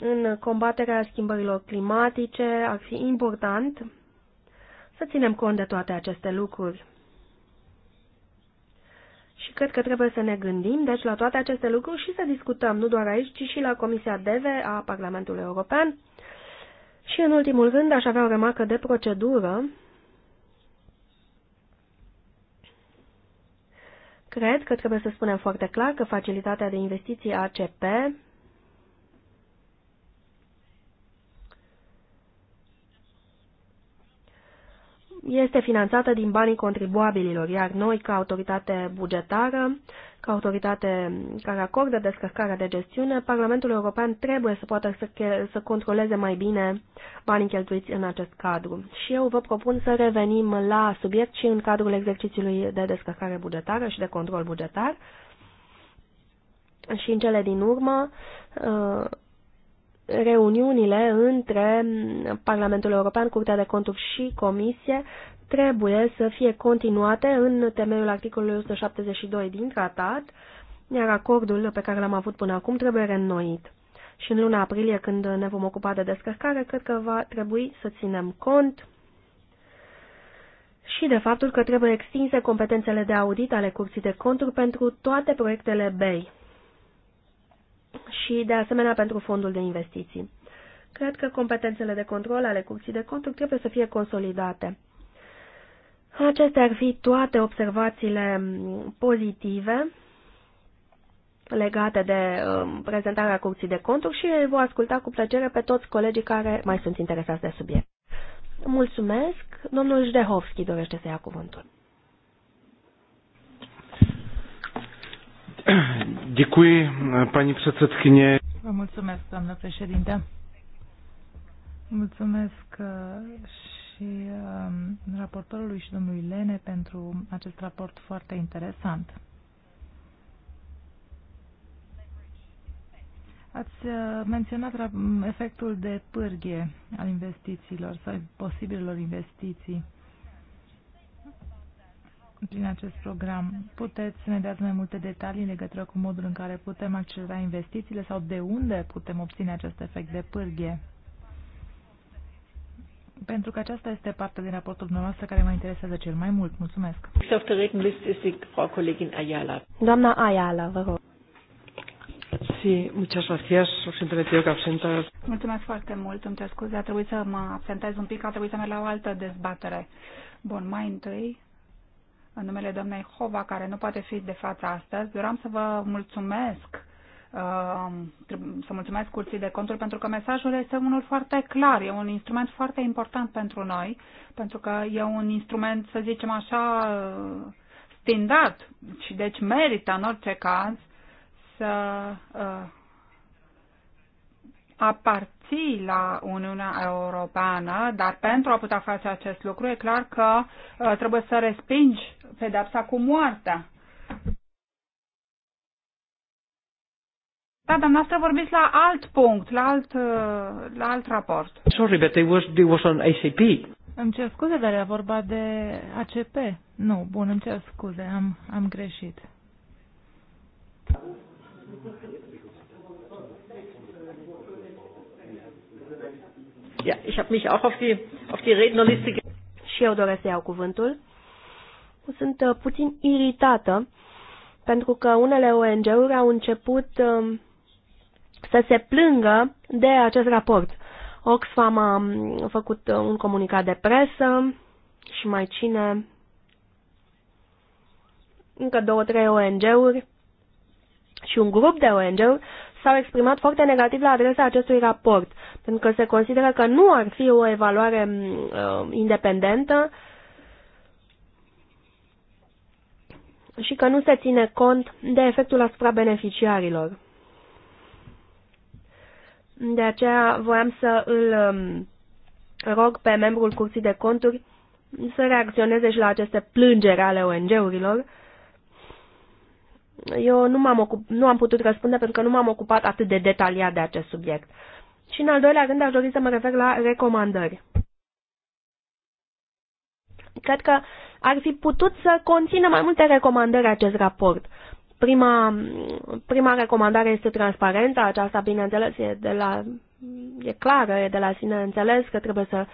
În combaterea schimbărilor climatice ar fi important să ținem cont de toate aceste lucruri. Și cred că trebuie să ne gândim, deci, la toate aceste lucruri și să discutăm, nu doar aici, ci și la Comisia DEVE a Parlamentului European. Și, în ultimul rând, aș avea o remarcă de procedură. Cred că trebuie să spunem foarte clar că facilitatea de investiții ACP este finanțată din banii contribuabililor, iar noi, ca autoritate bugetară, ca autoritate care acordă descărcarea de gestiune, Parlamentul European trebuie să poată să, să controleze mai bine banii cheltuiți în acest cadru. Și eu vă propun să revenim la subiect și în cadrul exercițiului de descărcare bugetară și de control bugetar. Și în cele din urmă, uh, reuniunile între Parlamentul European, Curtea de Conturi și Comisie trebuie să fie continuate în temeiul articolului 172 din tratat, iar acordul pe care l-am avut până acum trebuie reînnoit. Și în luna aprilie, când ne vom ocupa de descărcare, cred că va trebui să ținem cont și de faptul că trebuie extinse competențele de audit ale Curții de Conturi pentru toate proiectele BEI și, de asemenea, pentru fondul de investiții. Cred că competențele de control ale curții de conturi trebuie să fie consolidate. Acestea ar fi toate observațiile pozitive legate de um, prezentarea curții de conturi și voi asculta cu plăcere pe toți colegii care mai sunt interesați de subiect. Mulțumesc. Domnul Jdehovski dorește să ia cuvântul. Děkuji, paní předsedkyně. Vă mulțumesc, doamnă președinte. Mulțumesc uh, și um, raportorului și domnului Lene pentru acest raport foarte interesant. Ați uh, menționat efectul de pârghie al investițiilor sau posibilor investiții prin acest program. Puteți să ne dați mai multe detalii în legătură cu modul în care putem accelera investițiile sau de unde putem obține acest efect de pârghie? Pentru că aceasta este partea din raportul dumneavoastră care mă interesează cel mai mult. Mulțumesc. Doamna Ayala, vă rog. muchas gracias. Mulțumesc foarte mult. Îmi cer scuze, a trebuit să mă absentez un pic, a trebuit să merg la o altă dezbatere. Bun, mai întâi în numele doamnei Hova, care nu poate fi de față astăzi, doream să vă mulțumesc uh, să mulțumesc curții de conturi pentru că mesajul este unul foarte clar, e un instrument foarte important pentru noi, pentru că e un instrument, să zicem așa, standard și deci merită în orice caz să uh, apart, garanții la Uniunea Europeană, dar pentru a putea face acest lucru e clar că uh, trebuie să respingi pedepsa cu moartea. Da, dar noastră vorbiți la alt punct, la alt, uh, la alt raport. Sorry, but it was, it was on ACP. Îmi cer scuze, dar era vorba de ACP. Nu, bun, îmi cer scuze, am, am greșit. ich habe mich auch auf die, auf die Rednerliste Și eu doresc să iau cuvântul. Sunt uh, puțin iritată pentru că unele ONG-uri au început um, să se plângă de acest raport. Oxfam a um, făcut uh, un comunicat de presă și mai cine? Încă două, trei ONG-uri și un grup de ONG-uri s-au exprimat foarte negativ la adresa acestui raport, pentru că se consideră că nu ar fi o evaluare mm, uh, independentă și că nu se ține cont de efectul asupra beneficiarilor. De aceea voiam să îl mm, rog pe membrul Curții de Conturi să reacționeze și la aceste plângeri ale ONG-urilor eu nu, am ocup, nu am putut răspunde pentru că nu m-am ocupat atât de detaliat de acest subiect. Și în al doilea rând aș dori să mă refer la recomandări. Cred că ar fi putut să conțină mai multe recomandări acest raport. Prima, prima recomandare este transparența, aceasta bineînțeles e de la e clară, e de la sine înțeles că trebuie să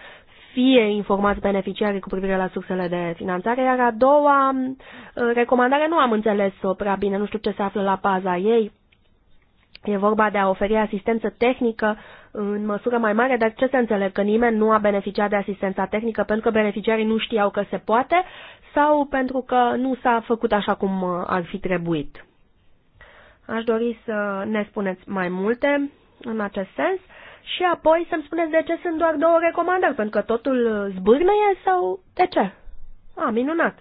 fie informați beneficiarii cu privire la sursele de finanțare, iar a doua uh, recomandare nu am înțeles-o prea bine, nu știu ce se află la baza ei. E vorba de a oferi asistență tehnică în măsură mai mare, dar ce se înțeleg? Că nimeni nu a beneficiat de asistența tehnică pentru că beneficiarii nu știau că se poate sau pentru că nu s-a făcut așa cum uh, ar fi trebuit? Aș dori să ne spuneți mai multe în acest sens. Și apoi să-mi spuneți de ce sunt doar două recomandări, pentru că totul zbârnăie sau de ce? A, minunat.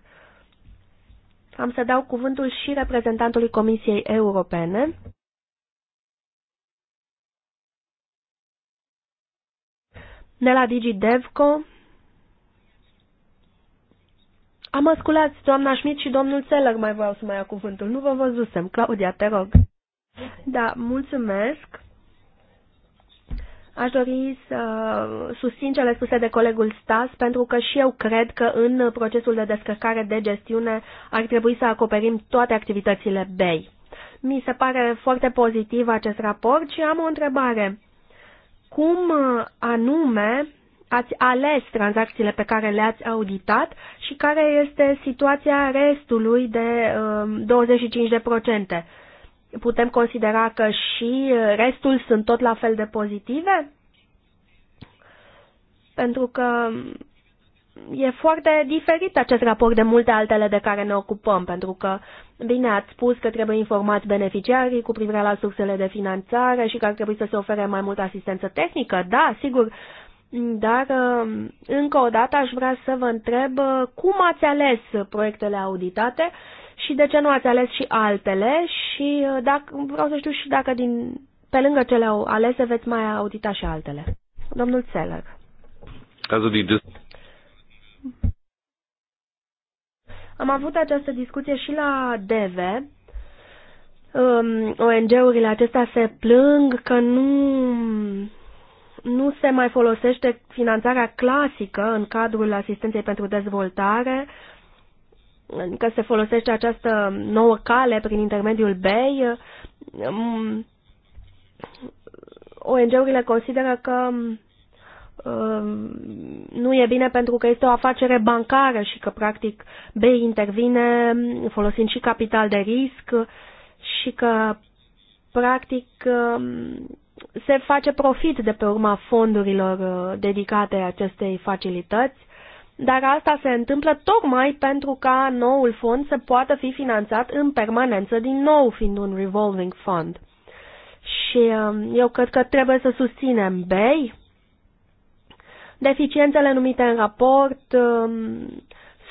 Am să dau cuvântul și reprezentantului Comisiei Europene. De la DigiDevco. Am ascultat doamna Schmidt și domnul Țeler, mai vreau să mai ia cuvântul. Nu vă văzusem. Claudia, te rog. Da, mulțumesc. Aș dori să susțin cele spuse de colegul Stas, pentru că și eu cred că în procesul de descărcare de gestiune ar trebui să acoperim toate activitățile BEI. Mi se pare foarte pozitiv acest raport și am o întrebare. Cum uh, anume ați ales tranzacțiile pe care le-ați auditat și care este situația restului de 25%? Uh, putem considera că și restul sunt tot la fel de pozitive? Pentru că e foarte diferit acest raport de multe altele de care ne ocupăm, pentru că, bine, ați spus că trebuie informați beneficiarii cu privire la sursele de finanțare și că ar trebui să se ofere mai multă asistență tehnică, da, sigur, dar încă o dată aș vrea să vă întreb cum ați ales proiectele auditate și de ce nu ați ales și altele și uh, dacă, vreau să știu și dacă din, pe lângă cele alese veți mai audita și altele. Domnul Țeler. Am avut această discuție și la DV. Um, ONG-urile acestea se plâng că nu, nu se mai folosește finanțarea clasică în cadrul asistenței pentru dezvoltare că adică se folosește această nouă cale prin intermediul BEI, mm, ONG-urile consideră că mm, nu e bine pentru că este o afacere bancară și că practic BEI intervine mm, folosind și capital de risc și că practic se face profit de pe urma fondurilor uh, dedicate acestei facilități dar asta se întâmplă tocmai pentru ca noul fond să poată fi finanțat în permanență din nou, fiind un revolving fund. Și um, eu cred că trebuie să susținem BEI, deficiențele numite în raport, um,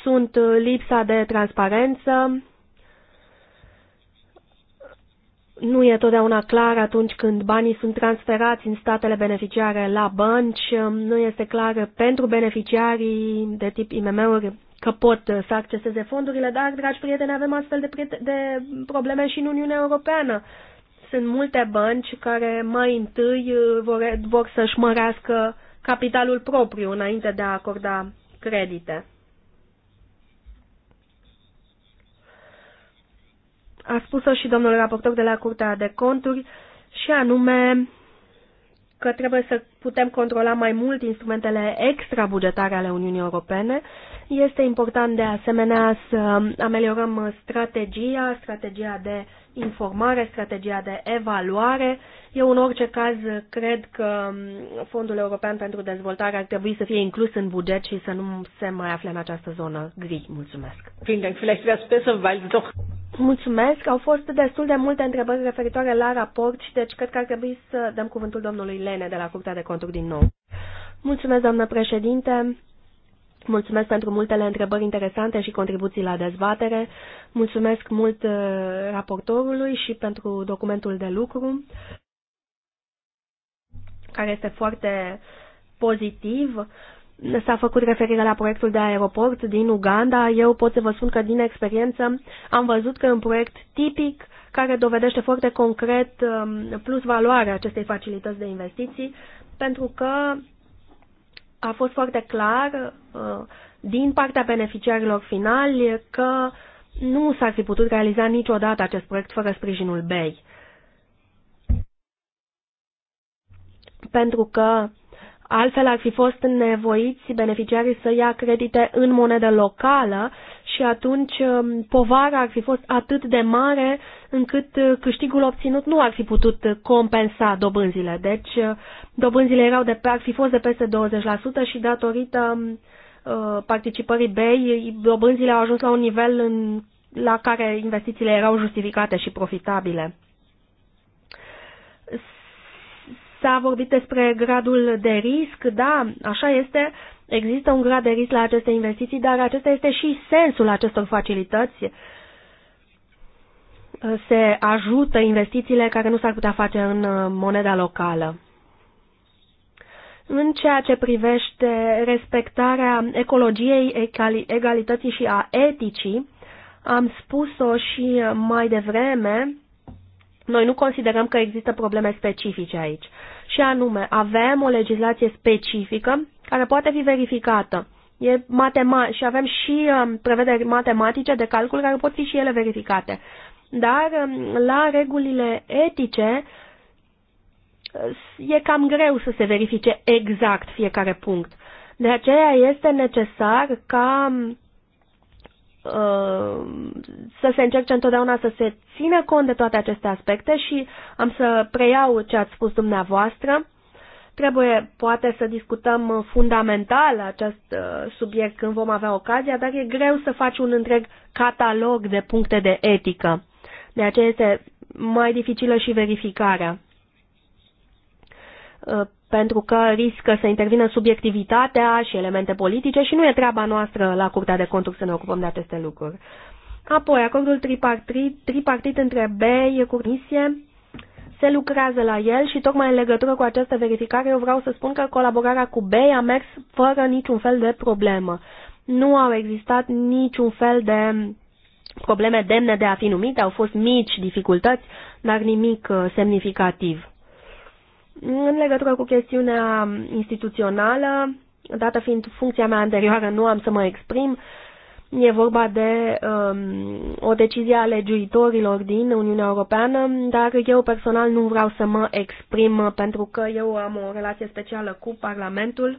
sunt lipsa de transparență, nu e totdeauna clar atunci când banii sunt transferați în statele beneficiare la bănci, nu este clar pentru beneficiarii de tip IMM-uri că pot să acceseze fondurile, dar, dragi prieteni, avem astfel de, de probleme și în Uniunea Europeană. Sunt multe bănci care mai întâi vor, vor să-și mărească capitalul propriu înainte de a acorda credite. a spus-o și domnul raportor de la Curtea de Conturi, și anume că trebuie să putem controla mai mult instrumentele extrabugetare ale Uniunii Europene. Este important de asemenea să ameliorăm strategia, strategia de uh, informare, strategia de evaluare. Eu, în orice caz, cred că Fondul European pentru Dezvoltare ar trebui să fie inclus în buget și să nu se mai afle în această zonă gri. Mulțumesc! Mulțumesc! Au fost destul de multe întrebări referitoare la raport și deci cred că ar trebui să dăm cuvântul domnului Lene de la Curtea de Conturi din nou. Mulțumesc, doamnă președinte! Mulțumesc pentru multele întrebări interesante și contribuții la dezbatere. Mulțumesc mult uh, raportorului și pentru documentul de lucru, care este foarte pozitiv. S-a făcut referire la proiectul de aeroport din Uganda. Eu pot să vă spun că din experiență am văzut că un proiect tipic care dovedește foarte concret um, plus valoarea acestei facilități de investiții, pentru că a fost foarte clar uh, din partea beneficiarilor finali că nu s-ar fi putut realiza niciodată acest proiect fără sprijinul BEI. Pentru că altfel ar fi fost nevoiți beneficiarii să ia credite în monedă locală și atunci um, povara ar fi fost atât de mare încât uh, câștigul obținut nu ar fi putut compensa dobânzile. Deci uh, dobânzile erau de, ar fi fost de peste 20% și datorită um, uh, participării BEI, dobânzile au ajuns la un nivel în, la care investițiile erau justificate și profitabile. S-a vorbit despre gradul de risc, da, așa este, Există un grad de risc la aceste investiții, dar acesta este și sensul acestor facilități. Se ajută investițiile care nu s-ar putea face în uh, moneda locală. În ceea ce privește respectarea ecologiei, egalității și a eticii, am spus-o și mai devreme, noi nu considerăm că există probleme specifice aici. Și anume, avem o legislație specifică care poate fi verificată. E matema și avem și um, prevederi matematice de calcul care pot fi și ele verificate. Dar um, la regulile etice uh, e cam greu să se verifice exact fiecare punct. De aceea este necesar ca um, uh, să se încerce întotdeauna să se țină cont de toate aceste aspecte și am să preiau ce ați spus dumneavoastră. Trebuie poate să discutăm uh, fundamental acest uh, subiect când vom avea ocazia, dar e greu să faci un întreg catalog de puncte de etică. De aceea este mai dificilă și verificarea. Uh, pentru că riscă să intervină subiectivitatea și elemente politice și nu e treaba noastră la Curtea de Conturi să ne ocupăm de aceste lucruri. Apoi, acordul tripartit, tripartit între BEI, Comisie, se lucrează la el și tocmai în legătură cu această verificare eu vreau să spun că colaborarea cu BEI a mers fără niciun fel de problemă. Nu au existat niciun fel de probleme demne de a fi numite, au fost mici dificultăți, dar nimic uh, semnificativ. În legătură cu chestiunea instituțională, dată fiind funcția mea anterioară, nu am să mă exprim, uh, E vorba de um, o decizie a legiuitorilor din Uniunea Europeană, dar eu personal nu vreau să mă exprim pentru că eu am o relație specială cu Parlamentul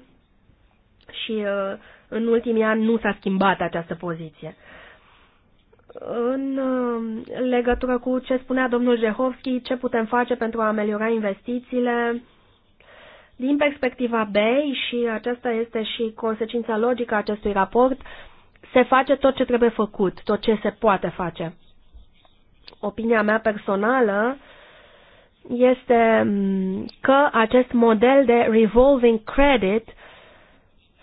și uh, în ultimii ani nu s-a schimbat această poziție. În uh, legătură cu ce spunea domnul Jehovski, ce putem face pentru a ameliora investițiile, din perspectiva BEI, și aceasta este și consecința logică a acestui raport, uh, se face tot ce trebuie făcut, tot ce se poate face. Opinia mea personală este mm, că acest model de revolving credit,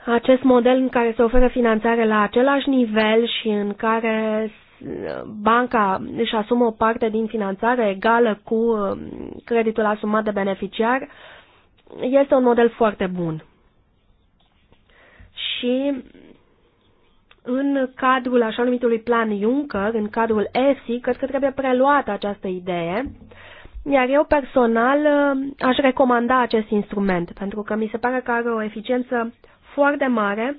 acest model în care se oferă finanțare la același nivel și în care mm, banca își asumă o parte din finanțare egală cu mm, creditul asumat de beneficiar, este un model foarte bun. Și în cadrul așa numitului plan Juncker, în cadrul ESI, cred că trebuie preluată această idee, iar eu personal uh, aș recomanda acest instrument, pentru că mi se pare că are o eficiență foarte mare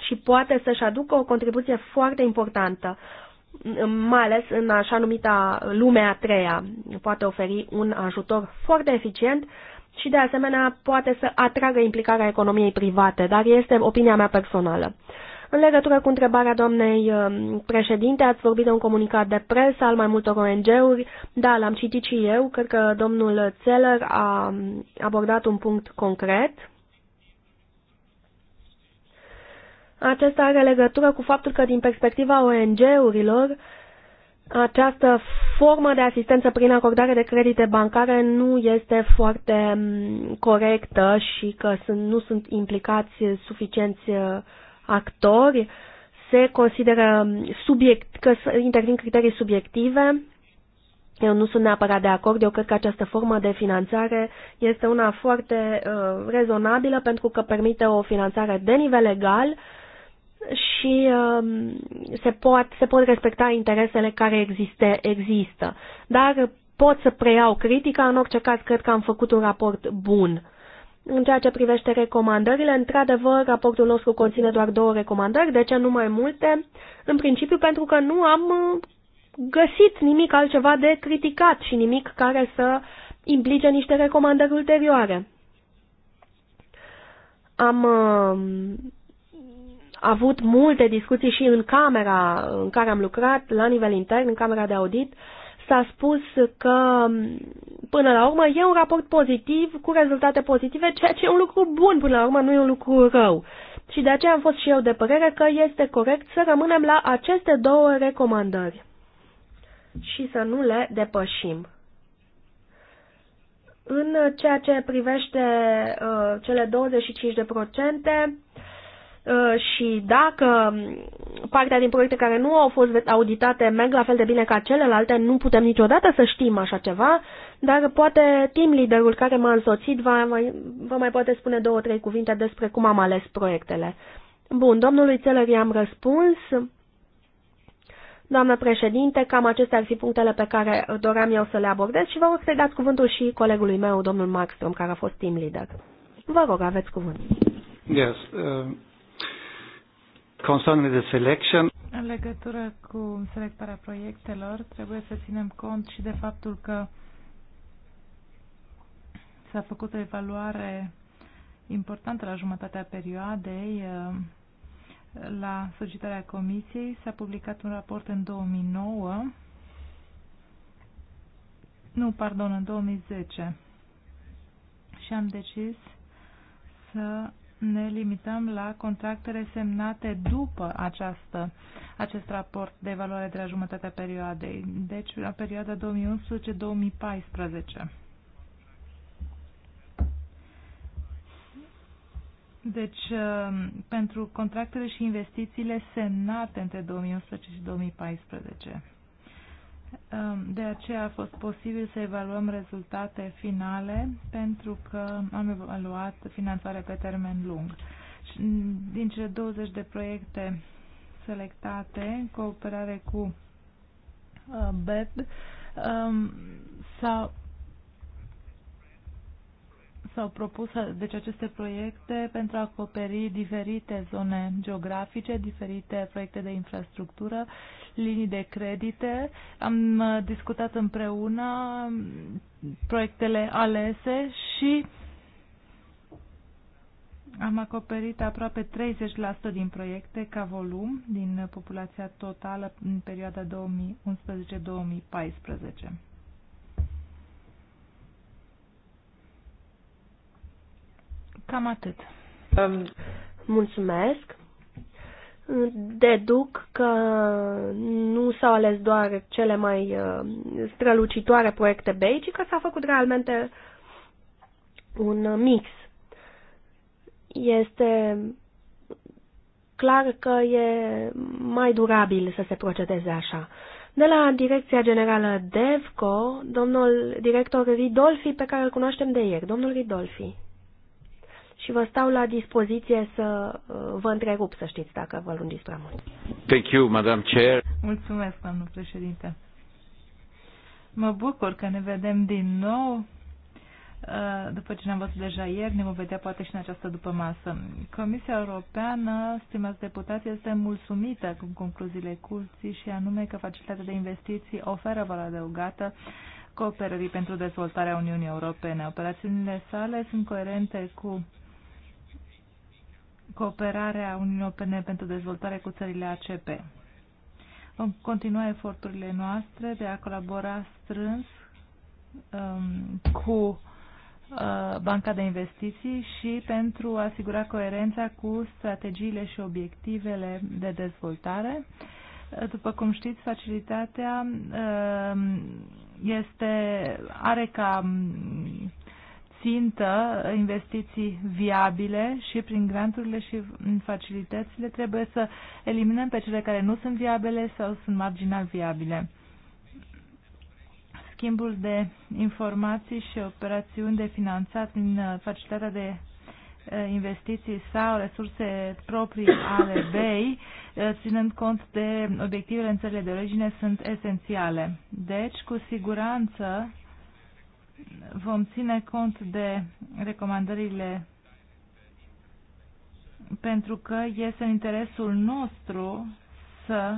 și poate să-și aducă o contribuție foarte importantă, mai ales în așa numita lume a treia. Poate oferi un ajutor foarte eficient și de asemenea poate să atragă implicarea economiei private, dar este opinia mea personală. În legătură cu întrebarea doamnei um, președinte, ați vorbit de un comunicat de presă al mai multor ONG-uri. Da, l-am citit și eu. Cred că domnul Zeller a um, abordat un punct concret. Acesta are legătură cu faptul că, din perspectiva ONG-urilor, această formă de asistență prin acordare de credite bancare nu este foarte um, corectă și că sunt, nu sunt implicați suficienți uh, actori se consideră subiect, că intervin criterii subiective. Eu nu sunt neapărat de acord, eu cred că această formă de finanțare este una foarte uh, rezonabilă pentru că permite o finanțare de nivel legal și uh, se, pot, se pot respecta interesele care existe, există. Dar pot să preiau critica, în orice caz cred că am făcut un raport bun. În ceea ce privește recomandările, într-adevăr, raportul nostru conține doar două recomandări, de ce nu mai multe? În principiu pentru că nu am uh, găsit nimic altceva de criticat și nimic care să implice niște recomandări ulterioare. Am uh, avut multe discuții și în camera în care am lucrat, la nivel intern, în camera de audit, uh, s-a spus că, până la urmă, e un raport pozitiv, cu rezultate pozitive, ceea ce e un lucru bun, până la urmă, nu e un lucru rău. Și de aceea am fost și eu de părere că este corect să rămânem la aceste două recomandări și să nu le depășim. În ceea ce privește uh, cele 25%, Uh, și dacă partea din proiecte care nu au fost auditate merg la fel de bine ca celelalte, nu putem niciodată să știm așa ceva, dar poate team leaderul care m-a însoțit va mai, vă mai poate spune două, trei cuvinte despre cum am ales proiectele. Bun, domnului Țelăr i-am răspuns. Doamnă președinte, cam acestea ar fi punctele pe care doream eu să le abordez și vă rog să dați cuvântul și colegului meu, domnul Maxstrom, care a fost team leader. Vă rog, aveți cuvânt. Yes, uh, concerning the selection. În legătură cu selectarea proiectelor, trebuie să ținem cont și de faptul că s-a făcut o evaluare importantă la jumătatea perioadei uh, la solicitarea comisiei. S-a publicat un raport în 2009, nu, pardon, în 2010 și am decis să ne limităm la contractele semnate după această, acest raport de evaluare de la jumătatea perioadei, deci la perioada 2011-2014. Deci, uh, pentru contractele și investițiile semnate între 2011 și 2014. Ehm, de aceea a fost posibil să evaluăm rezultate finale pentru că am evaluat finanțare pe termen lung. Mm, din cele 20 de proiecte selectate în cooperare cu uh, BED ehm, s-au s-au propus uh, deci aceste proiecte pentru a acoperi diferite zone geografice, diferite proiecte de infrastructură linii de credite. Am uh, discutat împreună um, proiectele alese și am acoperit aproape 30% din proiecte ca volum din populația totală în perioada 2011-2014. Cam atât. Um, mulțumesc. Deduc că nu s-au ales doar cele mai uh, strălucitoare proiecte bei, ci că s-a făcut realmente un mix. Este clar că e mai durabil să se procedeze așa. De la Direcția Generală DEVCO, domnul director Ridolfi, pe care îl cunoaștem de ieri. Domnul Ridolfi și vă stau la dispoziție să uh, vă întrerup, să știți, dacă vă lungiți prea mult. Thank you, Madam Chair. Mulțumesc, doamnă președinte. Mă bucur că ne vedem din nou. Uh, după ce ne-am văzut deja ieri, ne vom vedea poate și în această după masă. Comisia Europeană, stimați deputați, este mulțumită cu concluziile curții și anume că facilitatea de investiții oferă valoare adăugată cooperării pentru dezvoltarea Uniunii Europene. Operațiunile sale sunt coerente cu cooperarea Uniunii Europene pentru dezvoltare cu țările ACP. Vom continua eforturile noastre de a colabora strâns um, cu uh, Banca de Investiții și pentru a asigura coerența cu strategiile și obiectivele de dezvoltare. După cum știți, facilitatea uh, este, are ca țintă investiții viabile și prin granturile și facilitățile trebuie să eliminăm pe cele care nu sunt viabile sau sunt marginal viabile. Schimbul de informații și operațiuni de finanțat prin uh, facilitatea de uh, investiții sau resurse proprii ale BEI, uh, ținând cont de obiectivele în țările de origine, sunt esențiale. Deci, cu siguranță, vom ține cont de recomandările pentru că este în interesul nostru să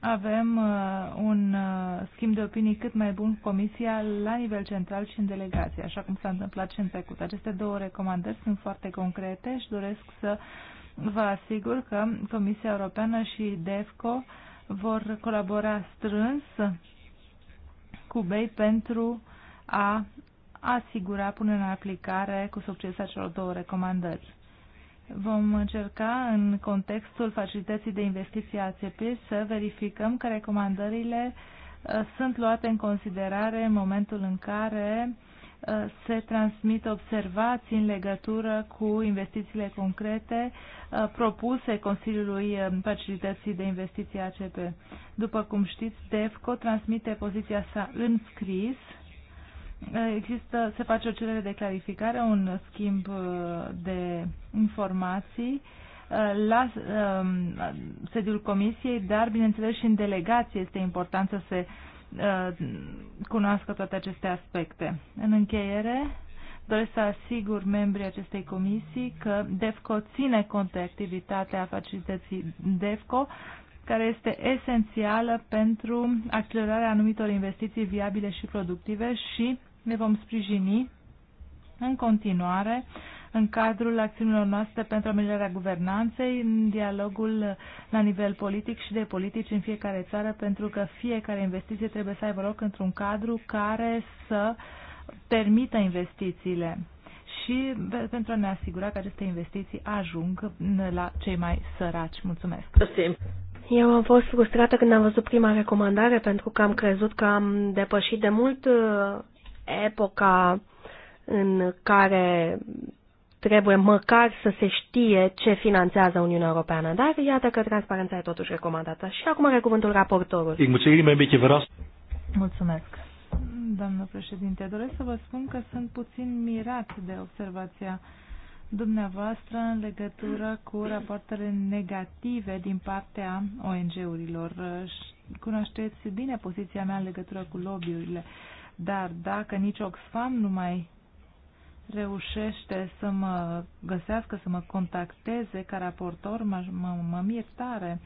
avem uh, un uh, schimb de opinii cât mai bun cu Comisia la nivel central și în delegație, așa cum s-a întâmplat și în trecut. Aceste două recomandări sunt foarte concrete și doresc să vă asigur că Comisia Europeană și DEFCO vor colabora strâns Cubei pentru a asigura punerea în aplicare cu succes a celor două recomandări. Vom încerca, în contextul facilității de investiții ACP, să verificăm că recomandările uh, sunt luate în considerare în momentul în care se transmit observații în legătură cu investițiile concrete uh, propuse Consiliului uh, Facilității de Investiții ACP. După cum știți, DEFCO transmite poziția sa în scris. Uh, există, se face o cerere de clarificare, un schimb de informații la um, sediul comisiei, dar bineînțeles și în delegație este important să se Uh, cunoască toate aceste aspecte. În încheiere, doresc să asigur membrii acestei comisii că DEFCO ține cont de activitatea facilității DEFCO, care este esențială pentru accelerarea anumitor investiții viabile și productive și ne vom sprijini în continuare în cadrul acțiunilor noastre pentru ameliorarea guvernanței, în dialogul la nivel politic și de politici în fiecare țară, pentru că fiecare investiție trebuie să aibă loc într-un cadru care să permită investițiile și pentru a ne asigura că aceste investiții ajung la cei mai săraci. Mulțumesc! Eu am fost frustrată când am văzut prima recomandare pentru că am crezut că am depășit de mult uh, epoca în care trebuie măcar să se știe ce finanțează Uniunea Europeană. Dar iată că transparența e totuși recomandată. Și acum are cuvântul raportorul. Mulțumesc. Doamnă președinte, doresc să vă spun că sunt puțin mirat de observația dumneavoastră în legătură cu rapoartele negative din partea ONG-urilor. Cunoașteți bine poziția mea în legătură cu lobby-urile, dar dacă nici Oxfam nu mai reușește să mă găsească, să mă contacteze ca raportor, mă, mă, mă mir tare.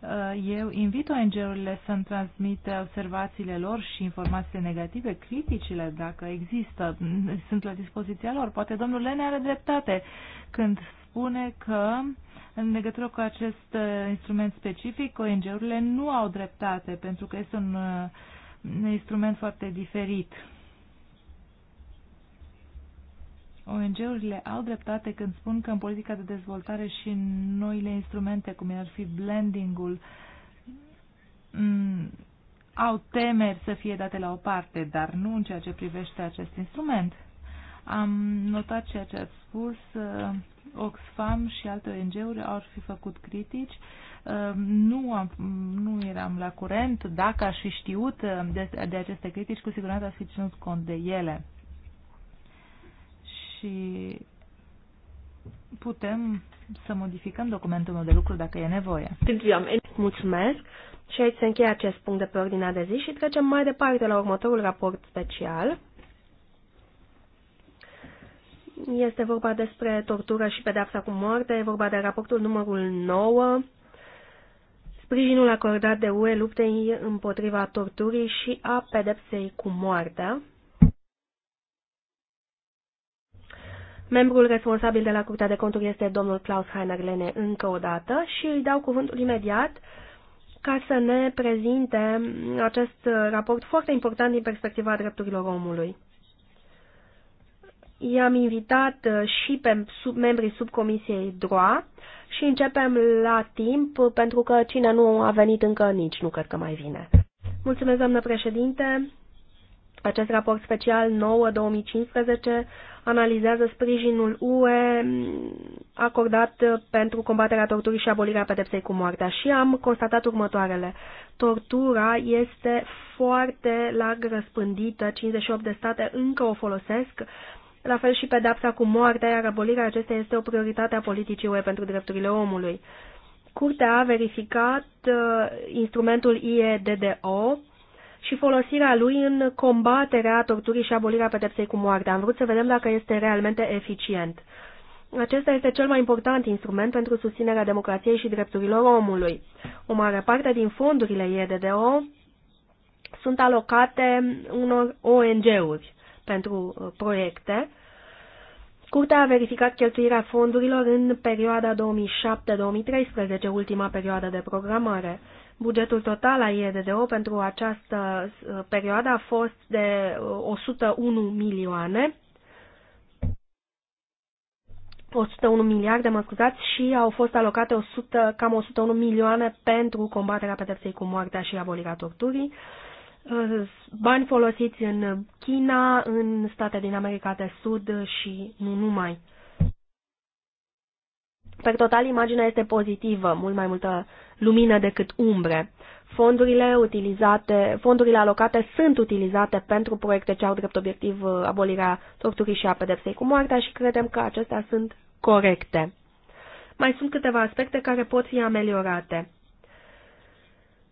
Uh, eu invit ONG-urile să-mi transmită observațiile lor și informațiile negative, criticile, dacă există, sunt la dispoziția lor. Poate domnul Lene are dreptate când spune că în legătură cu acest uh, instrument specific, ONG-urile nu au dreptate pentru că este un uh, instrument foarte diferit ONG-urile au dreptate când spun că în politica de dezvoltare și în noile instrumente, cum ar fi blending-ul, mm, au temeri să fie date la o parte, dar nu în ceea ce privește acest instrument. Am notat ceea ce ați spus, uh, Oxfam și alte ONG-uri ar fi făcut critici. Uh, nu, am, nu eram la curent, dacă aș fi știut uh, de, de aceste critici, cu siguranță aș fi ținut cont de ele și putem să modificăm documentul meu de lucru dacă e nevoie. Mulțumesc și aici se încheie acest punct de pe ordinea de zi și trecem mai departe la următorul raport special. Este vorba despre tortură și pedepsa cu moarte, e vorba de raportul numărul 9, sprijinul acordat de UE luptei împotriva torturii și a pedepsei cu moartea. Membrul responsabil de la Curtea de Conturi este domnul Klaus Heiner Lene încă o dată și îi dau cuvântul imediat ca să ne prezinte acest raport foarte important din perspectiva drepturilor omului. I-am invitat și pe sub, membrii subcomisiei DROA și începem la timp, pentru că cine nu a venit încă nici, nu cred că mai vine. Mulțumesc, doamnă președinte. Acest raport special 9-2015 analizează sprijinul UE acordat pentru combaterea torturii și abolirea pedepsei cu moartea și am constatat următoarele. Tortura este foarte larg răspândită, 58 de state încă o folosesc, la fel și pedepsa cu moartea, iar abolirea acesteia este o prioritate a politicii UE pentru drepturile omului. Curtea a verificat uh, instrumentul IEDDO, și folosirea lui în combaterea torturii și abolirea pedepsei cu moartea. Am vrut să vedem dacă este realmente eficient. Acesta este cel mai important instrument pentru susținerea democrației și drepturilor omului. O mare parte din fondurile EDDO sunt alocate unor ONG-uri pentru uh, proiecte. Curtea a verificat cheltuirea fondurilor în perioada 2007-2013, ultima perioadă de programare. Bugetul total al IEDDO pentru această uh, perioadă a fost de 101 uh, milioane. 101 miliarde, mă scuzați, și au fost alocate 100, cam 101 milioane pentru combaterea pedepsei cu moartea și abolirea torturii. Uh, bani folosiți în China, în state din America de Sud și nu numai. Pe total, imaginea este pozitivă, mult mai multă lumină decât umbre. Fondurile, utilizate, fondurile alocate sunt utilizate pentru proiecte ce au drept obiectiv uh, abolirea torturii și a pedepsei cu moartea și credem că acestea sunt corecte. Mai sunt câteva aspecte care pot fi ameliorate.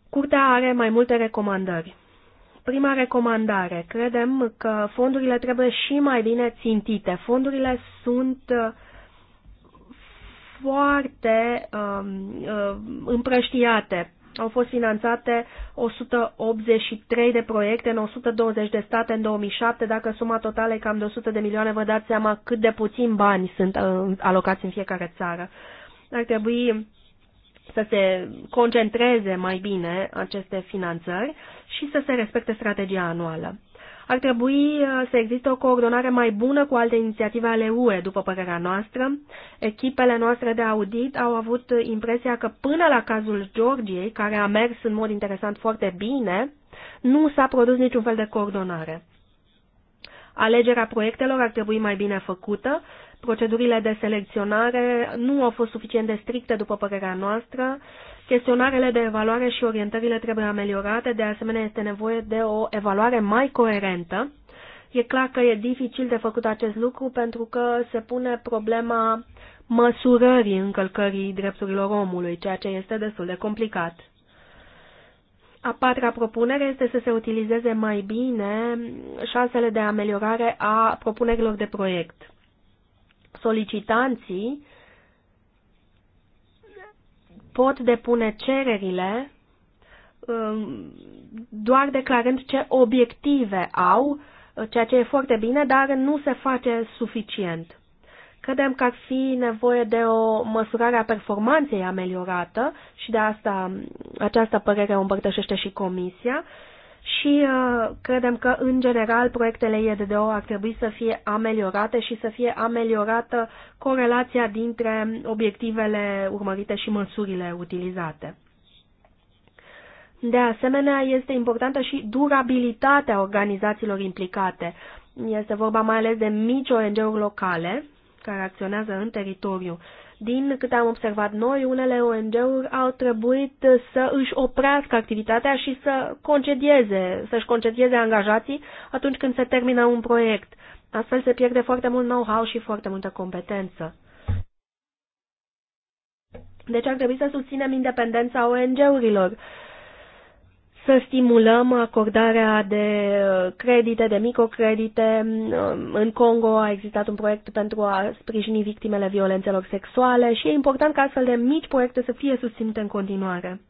Curtea are mai multe recomandări. Prima recomandare. Credem că fondurile trebuie și mai bine țintite. Fondurile sunt uh, foarte um, uh, împrăștiate. Au fost finanțate 183 de proiecte în 120 de state în 2007. Dacă suma totală e cam de 100 de milioane, vă dați seama cât de puțin bani sunt uh, alocați în fiecare țară. Ar trebui să se concentreze mai bine aceste finanțări și să se respecte strategia anuală. Ar trebui uh, să existe o coordonare mai bună cu alte inițiative ale UE, după părerea noastră. Echipele noastre de audit au avut impresia că până la cazul Georgiei, care a mers în mod interesant foarte bine, nu s-a produs niciun fel de coordonare. Alegerea proiectelor ar trebui mai bine făcută, procedurile de selecționare nu au fost suficient de stricte, după părerea noastră, Chestionarele de evaluare și orientările trebuie ameliorate, de asemenea este nevoie de o evaluare mai coerentă. E clar că e dificil de făcut acest lucru pentru că se pune problema măsurării încălcării drepturilor omului, ceea ce este destul de complicat. A patra propunere este să se utilizeze mai bine șansele de ameliorare a propunerilor de proiect. Solicitanții pot depune cererile um, doar declarând ce obiective au, ceea ce e foarte bine, dar nu se face suficient. Credem că ar fi nevoie de o măsurare a performanței ameliorată și de asta această părere o împărtășește și Comisia și uh, credem că, în general, proiectele IEDDO ar trebui să fie ameliorate și să fie ameliorată corelația dintre obiectivele urmărite și măsurile utilizate. De asemenea, este importantă și durabilitatea organizațiilor implicate. Este vorba mai ales de mici ONG-uri locale care acționează în teritoriu din câte am observat noi, unele ONG-uri au trebuit să își oprească activitatea și să concedieze, să-și concedieze angajații atunci când se termină un proiect. Astfel se pierde foarte mult know-how și foarte multă competență. Deci ar trebui să susținem independența ONG-urilor să stimulăm acordarea de uh, credite, de microcredite. Um, în Congo a existat un proiect pentru a sprijini victimele violențelor sexuale și e important ca astfel de mici proiecte să fie susținute în continuare.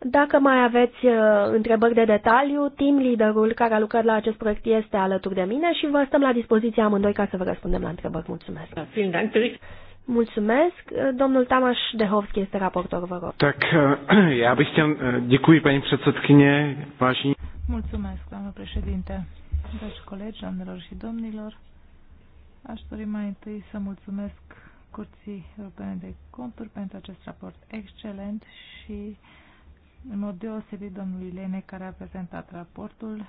Dacă mai aveți uh, întrebări de detaliu, team leaderul care a lucrat la acest proiect este alături de mine și vă stăm la dispoziție amândoi ca să vă răspundem la întrebări. Mulțumesc! Da, Mulțumesc. Domnul Tamaș Dehovski este raportor, vă rog. Tak, eh, já bych chtěl, eh, děkuji paní předsedkyně, vážení. Mulțumesc, doamnă președinte, dragi colegi, doamnelor și domnilor. Aș dori mai întâi să mulțumesc Curții Europene de Conturi pentru acest raport excelent și în mod deosebit domnului Lene care a prezentat raportul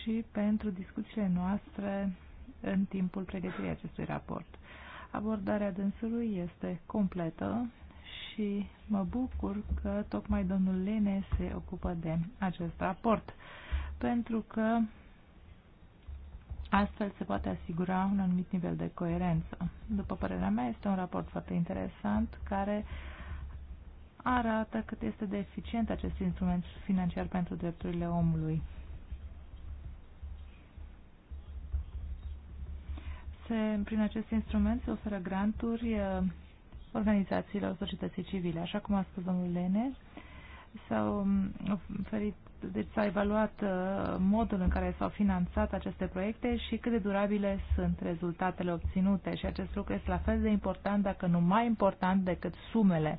și pentru discuțiile noastre în timpul pregătirii acestui raport. Abordarea dânsului este completă și mă bucur că tocmai domnul Lene se ocupă de acest raport, pentru că astfel se poate asigura un anumit nivel de coerență. După părerea mea, este un raport foarte interesant care arată cât este de eficient acest instrument financiar pentru drepturile omului se, prin acest instrument se oferă granturi uh, organizațiilor societății civile. Așa cum a spus domnul Lene, s-au um, oferit, deci s-a evaluat uh, modul în care s-au finanțat aceste proiecte și cât de durabile sunt rezultatele obținute și acest lucru este la fel de important, dacă nu mai important decât sumele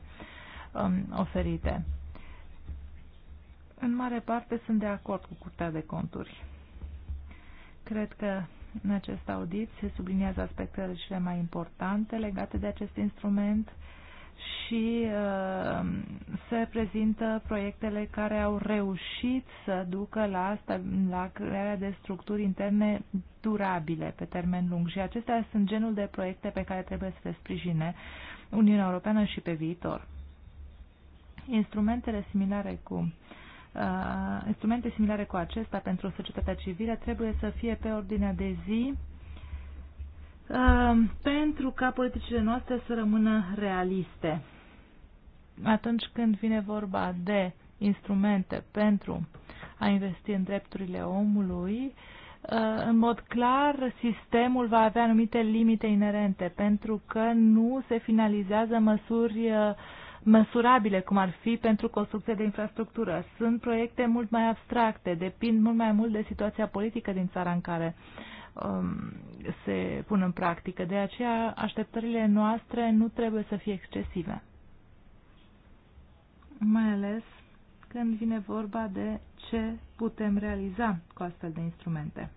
um, oferite. În mare parte sunt de acord cu Curtea de Conturi. Cred că în acest audit se subliniază aspectele cele mai importante legate de acest instrument și uh, se prezintă proiectele care au reușit să ducă la, asta, la crearea de structuri interne durabile pe termen lung. Și acestea sunt genul de proiecte pe care trebuie să le sprijine Uniunea Europeană și pe viitor. Instrumentele similare cu uh, uh, instrumente similare cu acesta pentru societatea civilă trebuie să fie pe ordinea de zi uh, pentru ca politicile noastre să rămână realiste. Atunci când vine vorba de instrumente pentru a investi în drepturile omului, uh, în mod clar, sistemul va avea anumite limite inerente, pentru că nu se finalizează măsuri uh, măsurabile, cum ar fi pentru construcție de infrastructură. Sunt proiecte mult mai abstracte, depind mult mai mult de situația politică din țara în care um, se pun în practică. De aceea, așteptările noastre nu trebuie să fie excesive. Mai ales când vine vorba de ce putem realiza cu astfel de instrumente.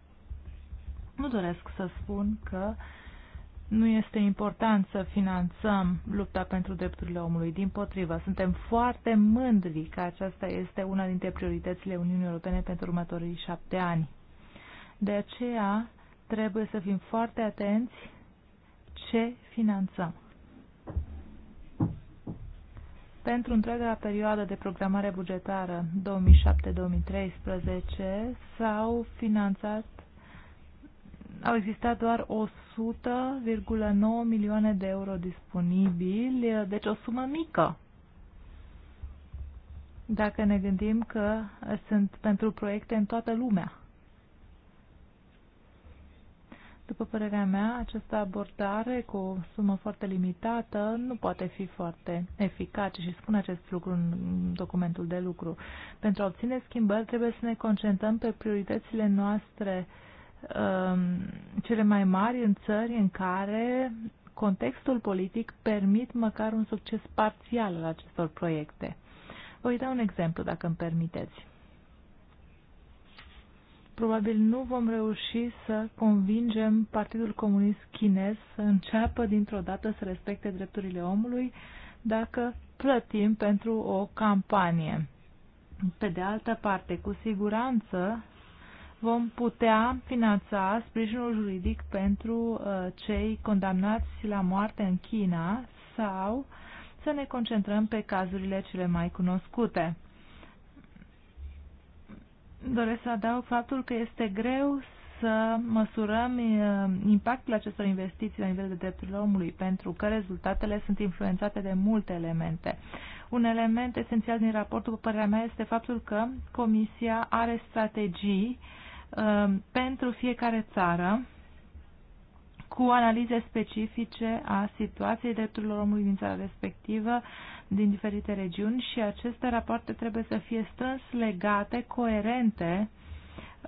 Nu doresc să spun că uh, nu este important să finanțăm lupta pentru drepturile omului. Din potrivă, suntem foarte mândri că aceasta este una dintre prioritățile Uniunii Europene pentru următorii șapte ani. De aceea, trebuie să fim foarte atenți ce finanțăm. Pentru întreaga perioadă de programare bugetară 2007-2013 s-au finanțat au existat doar 100,9 milioane de euro disponibili, deci o sumă mică. Dacă ne gândim că sunt pentru proiecte în toată lumea. După părerea mea, această abordare cu o sumă foarte limitată nu poate fi foarte eficace și spun acest lucru în documentul de lucru. Pentru a obține schimbări trebuie să ne concentrăm pe prioritățile noastre uh, Um, cele mai mari în țări în care contextul politic permit măcar un succes parțial al acestor proiecte. Voi da un exemplu, dacă îmi permiteți. Probabil nu vom reuși să convingem Partidul Comunist Chinez să înceapă dintr-o dată să respecte drepturile omului dacă plătim pentru o campanie. Pe de altă parte, cu siguranță vom putea finanța sprijinul juridic pentru uh, cei condamnați la moarte în China sau să ne concentrăm pe cazurile cele mai cunoscute. Doresc să adaug faptul că este greu să măsurăm uh, impactul acestor investiții la nivel de drepturile omului, pentru că rezultatele sunt influențate de multe elemente. Un element esențial din raportul, cu părerea mea, este faptul că Comisia are strategii uh, Um, pentru fiecare țară cu analize specifice a situației drepturilor omului din țara respectivă, din diferite regiuni și aceste rapoarte trebuie să fie strâns legate, coerente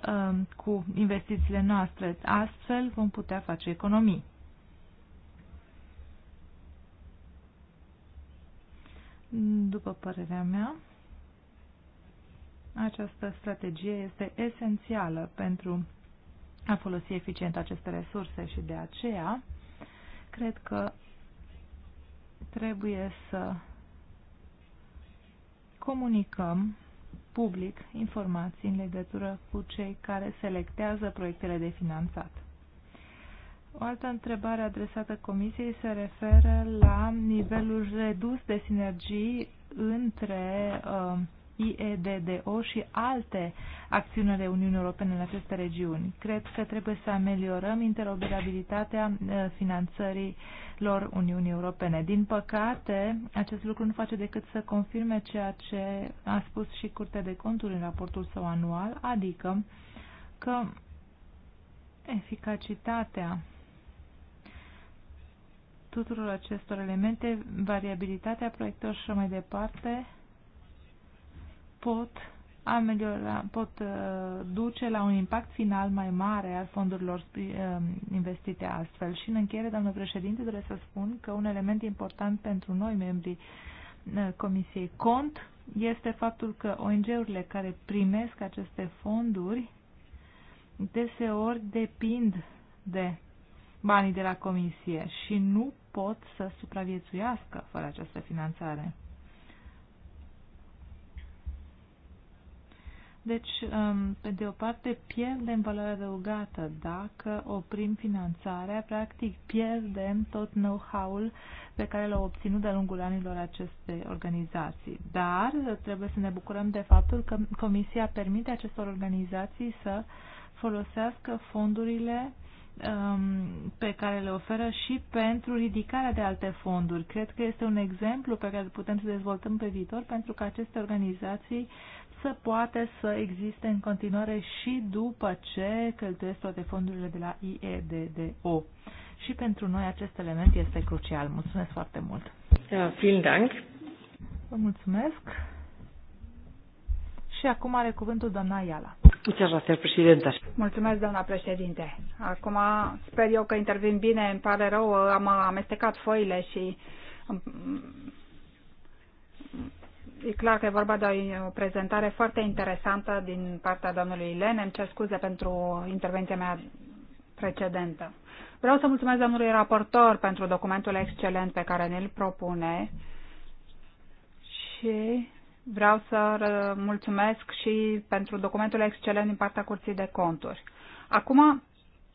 um, cu investițiile noastre. Astfel vom putea face economii. După părerea mea, această strategie este esențială pentru a folosi eficient aceste resurse și de aceea cred că trebuie să comunicăm public informații în legătură cu cei care selectează proiectele de finanțat. O altă întrebare adresată Comisiei se referă la nivelul redus de sinergii între uh, IEDDO și alte acțiuni ale Uniunii Europene în aceste regiuni. Cred că trebuie să ameliorăm interoperabilitatea uh, finanțării lor Uniunii Europene. Din păcate, acest lucru nu face decât să confirme ceea ce a spus și Curtea de Conturi în raportul său anual, adică că eficacitatea tuturor acestor elemente, variabilitatea proiectelor și mai departe, pot ameliora, pot uh, duce la un impact final mai mare al fondurilor um, investite astfel. Și în încheiere, doamnă președinte, trebuie să spun că un element important pentru noi, membrii uh, Comisiei Cont, este faptul că ONG-urile care primesc aceste fonduri deseori depind de banii de la Comisie și nu pot să supraviețuiască fără această finanțare. Deci, um, pe de o parte, pierdem valoarea adăugată. Dacă oprim finanțarea, practic pierdem tot know-how-ul pe care l-au obținut de-a lungul anilor aceste organizații. Dar trebuie să ne bucurăm de faptul că Comisia permite acestor organizații să folosească fondurile um, pe care le oferă și pentru ridicarea de alte fonduri. Cred că este un exemplu pe care îl putem să dezvoltăm pe viitor pentru că aceste organizații uh, să poate să existe în continuare și după ce cheltuiesc toate fondurile de la IEDDO. Și pentru noi acest element este crucial. Mulțumesc foarte mult! Ja, da, vielen Dank! Vă mulțumesc! Și acum are cuvântul doamna Iala. Mulțumesc, doamna președinte. Acum sper eu că intervin bine, îmi pare rău, am amestecat foile și e clar că e vorba de o prezentare foarte interesantă din partea domnului Lene. Îmi cer scuze pentru intervenția mea precedentă. Vreau să mulțumesc domnului raportor pentru documentul excelent pe care ne-l propune și vreau să mulțumesc și pentru documentul excelent din partea Curții de Conturi. Acum,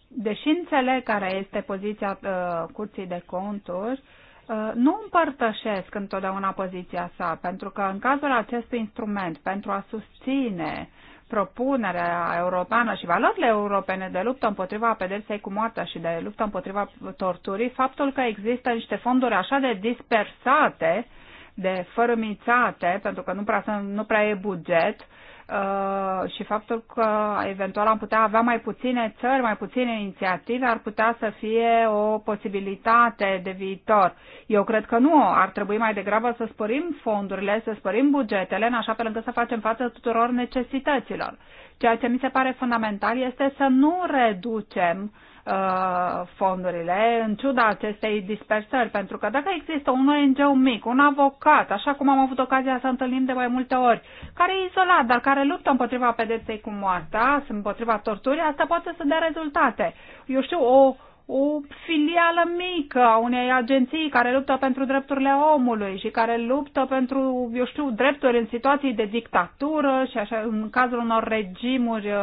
deși înțeleg care este poziția uh, Curții de Conturi, uh, Uh, nu împărtășesc întotdeauna poziția sa, pentru că în cazul acestui instrument, pentru a susține propunerea europeană și valorile europene de luptă împotriva pedepsei cu moartea și de luptă împotriva torturii, faptul că există niște fonduri așa de dispersate, de fărâmițate, pentru că nu prea, sunt, nu prea e buget, Uh, și faptul că eventual am putea avea mai puține țări, mai puține inițiative, ar putea să fie o posibilitate de viitor. Eu cred că nu, ar trebui mai degrabă să spărim fondurile, să spărim bugetele, în așa fel încât să facem față tuturor necesităților. Ceea ce mi se pare fundamental este să nu reducem uh, Uh, fondurile, în ciuda acestei dispersări, pentru că dacă există un ONG mic, un avocat, așa cum am avut ocazia să întâlnim de mai multe ori, care e izolat, dar care luptă împotriva pedepsei cu moartea, împotriva torturii, asta poate să dea rezultate. Eu știu, o, o filială mică a unei agenții care luptă pentru drepturile omului și care luptă pentru, eu știu, drepturi în situații de dictatură și așa, în cazul unor regimuri uh,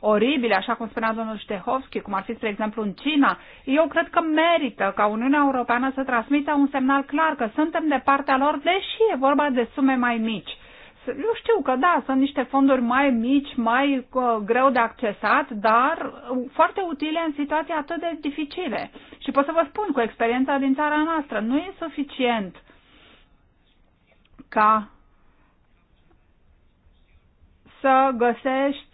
oribile, așa cum spunea domnul Ștehovski, cum ar fi, spre exemplu, în China, eu cred că merită ca Uniunea Europeană să transmită un semnal clar că suntem de partea lor, deși e vorba de sume mai mici. Eu știu că da, sunt niște fonduri mai mici, mai uh, greu de accesat, dar uh, foarte utile în situații atât de dificile. Și pot să vă spun cu experiența din țara noastră, nu e suficient ca să găsești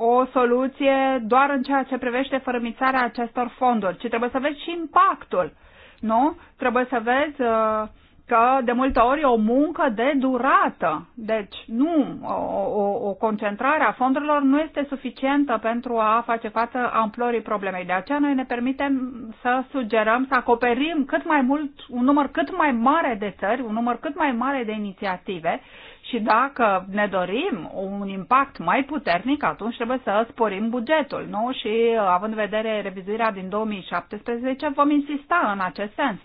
o soluție doar în ceea ce privește fărămițarea acestor fonduri, ci trebuie să vezi și impactul, nu? Trebuie să vezi uh, că de multe ori e o muncă de durată. Deci, nu, o, o, o concentrare a fondurilor nu este suficientă pentru a face față amplorii problemei. De aceea noi ne permitem să sugerăm, să acoperim cât mai mult, un număr cât mai mare de țări, un număr cât mai mare de inițiative și dacă ne dorim un impact mai puternic, atunci trebuie să sporim bugetul, nu? Și uh, având în vedere revizuirea din 2017, vom insista în acest sens.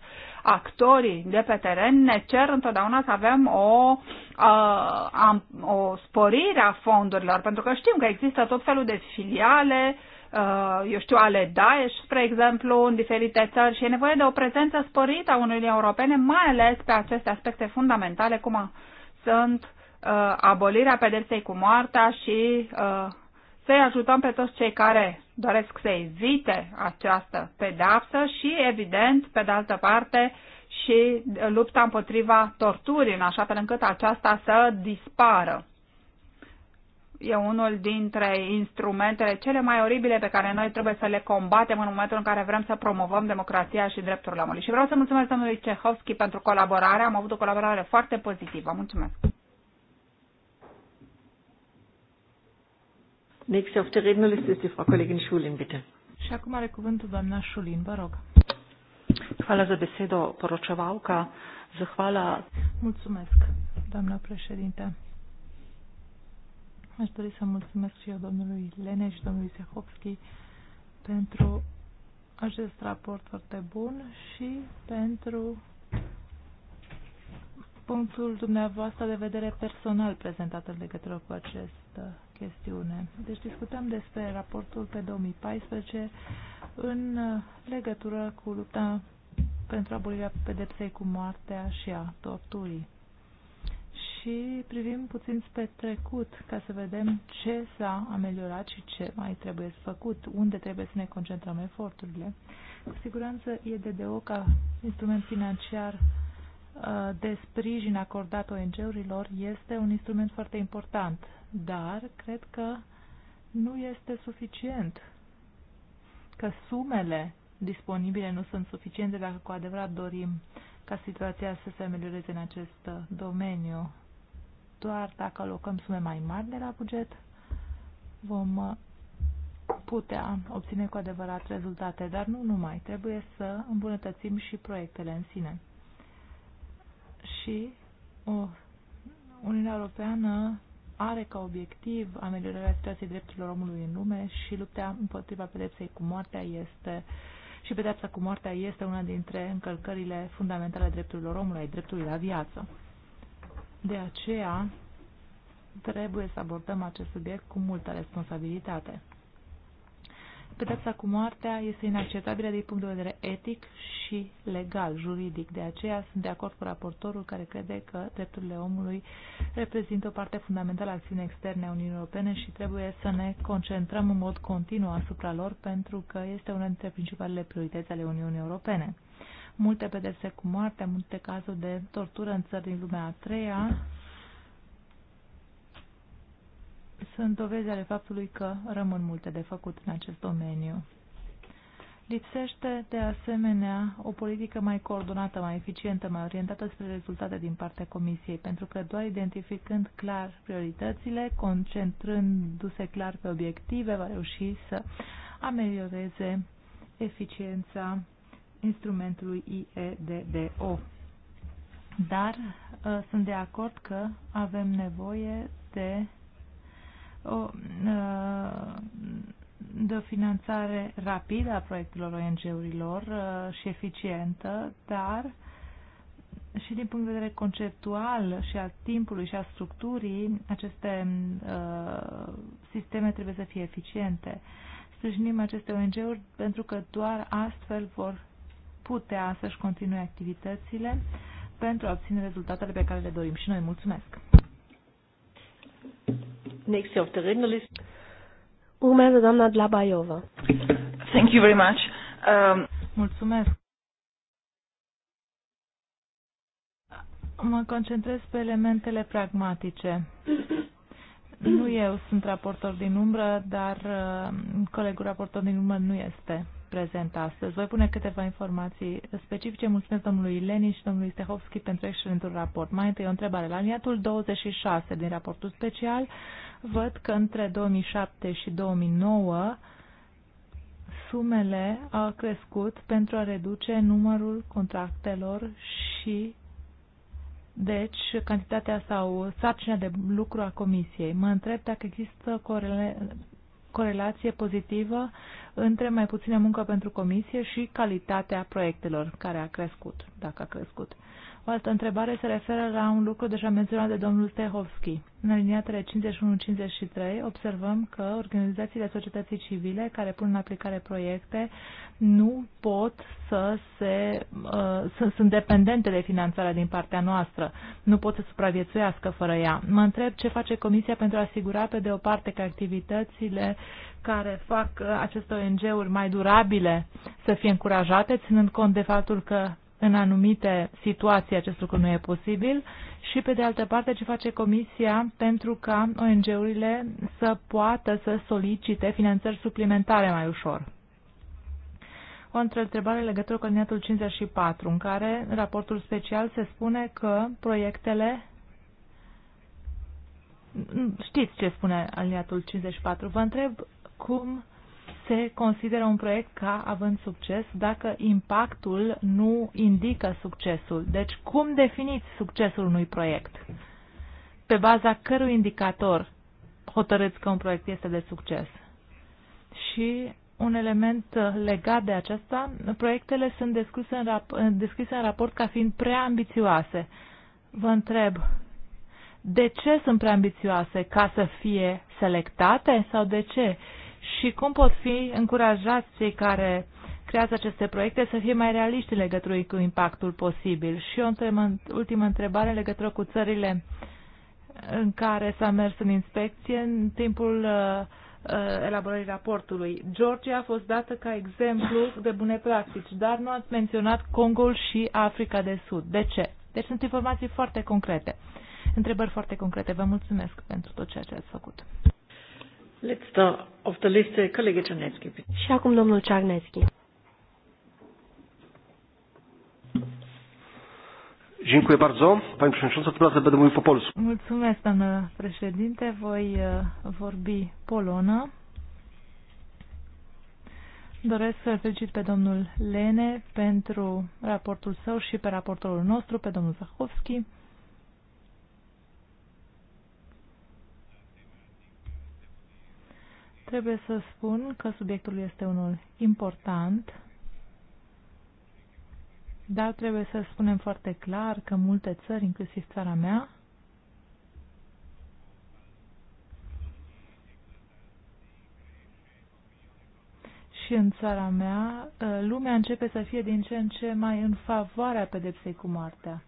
Actorii de pe teren ne cer întotdeauna să avem o, uh, a, o sporire a fondurilor, pentru că știm că există tot felul de filiale, uh, eu știu, ale Daesh, spre exemplu, în diferite țări și e nevoie de o prezență sporită a Uniunii Europene, mai ales pe aceste aspecte fundamentale, cum a sunt uh, abolirea pedepsei cu moartea și uh, să-i ajutăm pe toți cei care doresc să evite această pedapsă și, evident, pe de altă parte, și lupta împotriva torturii, în așa fel încât aceasta să dispară e unul dintre instrumentele cele mai oribile pe care noi trebuie să le combatem în momentul în care vrem să promovăm democrația și drepturile omului. Și vreau să mulțumesc domnului Cehovski pentru colaborare. Am avut o colaborare foarte pozitivă. Mulțumesc! Nächste auf der Rednerliste ist die Frau Kollegin Schulin, bitte. Și acum are cuvântul doamna Șulin, vă rog. Hvala za besedo, poročevalka. Zahvala. Mulțumesc, doamna președinte. Aș dori să mulțumesc și eu domnului Lene și domnului Sehovski pentru acest raport foarte bun și pentru punctul dumneavoastră de vedere personal prezentat în legătură cu această chestiune. Deci discutăm despre raportul pe 2014 în legătură cu lupta pentru abolirea pedepsei cu moartea și a torturii și privim puțin spre trecut ca să vedem ce s-a ameliorat și ce mai trebuie să făcut, unde trebuie să ne concentrăm eforturile. Cu siguranță deo ca instrument financiar uh, de sprijin acordat ONG-urilor este un instrument foarte important, dar cred că nu este suficient, că sumele disponibile nu sunt suficiente dacă cu adevărat dorim ca situația să se amelioreze în acest uh, domeniu doar dacă alocăm sume mai mari de la buget, vom uh, putea obține cu adevărat rezultate, dar nu numai, trebuie să îmbunătățim și proiectele în sine. Și o, Uniunea Europeană are ca obiectiv ameliorarea situației drepturilor omului în lume și lupta împotriva pedepsei cu moartea este și pedepsa cu moartea este una dintre încălcările fundamentale a drepturilor omului, dreptului la viață. De aceea trebuie să abordăm acest subiect cu multă responsabilitate. Pedepsa cu moartea este inacceptabilă din punct de vedere etic și legal, juridic. De aceea sunt de acord cu raportorul care crede că drepturile omului reprezintă o parte fundamentală a acțiunii externe a Uniunii Europene și trebuie să ne concentrăm în mod continuu asupra lor pentru că este una dintre principalele priorități ale Uniunii Europene multe pedepse cu moartea, multe cazuri de tortură în țări din lumea a treia. Sunt dovezi ale faptului că rămân multe de făcut în acest domeniu. Lipsește, de asemenea, o politică mai coordonată, mai eficientă, mai orientată spre rezultate din partea Comisiei, pentru că doar identificând clar prioritățile, concentrându-se clar pe obiective, va reuși să amelioreze eficiența instrumentului IEDDO. Dar uh, sunt de acord că avem nevoie de o, uh, de o finanțare rapidă a proiectelor ONG-urilor uh, și eficientă, dar și din punct de vedere conceptual și al timpului și a structurii, aceste uh, sisteme trebuie să fie eficiente. Sprijinim aceste ONG-uri pentru că doar astfel vor putea să-și continue activitățile pentru a obține rezultatele pe care le dorim. Și noi mulțumesc! Next of the journalist. Urmează doamna Dlabaiova. Thank you very much. Um... Mulțumesc. Mă concentrez pe elementele pragmatice. Nu eu sunt raportor din umbră, dar uh, colegul raportor din umbră nu este prezent astăzi. Voi pune câteva informații specifice. Mulțumesc domnului Lenin și domnului Stehovski pentru excelentul raport. Mai întâi o întrebare. La liniatul 26 din raportul special văd că între 2007 și 2009 sumele au crescut pentru a reduce numărul contractelor și deci, cantitatea sau sarcina de lucru a comisiei. Mă întreb dacă există corele, corelație pozitivă între mai puțină muncă pentru comisie și calitatea proiectelor care a crescut, dacă a crescut. O altă întrebare se referă la un lucru deja menționat de domnul Tehovski. În aliniatele 51-53 observăm că organizațiile societății civile care pun în aplicare proiecte nu pot să se... Uh, sunt dependente de finanțarea din partea noastră. Nu pot să supraviețuiască fără ea. Mă întreb ce face Comisia pentru a asigura pe de o parte că activitățile care fac uh, aceste ONG-uri mai durabile să fie încurajate, ținând cont de faptul că în anumite situații acest lucru nu e posibil și, pe de altă parte, ce face Comisia pentru ca ONG-urile să poată să solicite finanțări suplimentare mai ușor. O întrebare legătură cu alineatul 54, în care în raportul special se spune că proiectele Știți ce spune aliniatul 54. Vă întreb cum se consideră un proiect ca având succes dacă impactul nu indică succesul. Deci cum definiți succesul unui proiect? Pe baza cărui indicator hotărâți că un proiect este de succes? Și un element legat de aceasta, proiectele sunt descrise în, rap- descrise în raport ca fiind prea ambițioase. Vă întreb, de ce sunt prea ambițioase? Ca să fie selectate sau de ce? și cum pot fi încurajați cei care creează aceste proiecte să fie mai realiști legături cu impactul posibil. Și o ultimă întrebare legătură cu țările în care s-a mers în inspecție în timpul uh, uh, elaborării raportului. Georgia a fost dată ca exemplu de bune practici, dar nu ați menționat Congol și Africa de Sud. De ce? Deci sunt informații foarte concrete. Întrebări foarte concrete. Vă mulțumesc pentru tot ceea ce ați făcut. Letzter auf der Liste, Kollege uh, Czarnecki, bitte. Și acum domnul Czarnecki. Dziękuję bardzo. Pani Przewodnicząca, tym razem będę mówił po polsku. Mulțumesc, doamnă președinte. Voi vorbi polonă. Doresc să-l felicit pe domnul Lene pentru raportul său și pe raportul nostru, pe domnul Zachowski. Trebuie să spun că subiectul este unul important, dar trebuie să spunem foarte clar că multe țări, inclusiv țara mea, și în țara mea, lumea începe să fie din ce în ce mai în favoarea pedepsei cu moartea.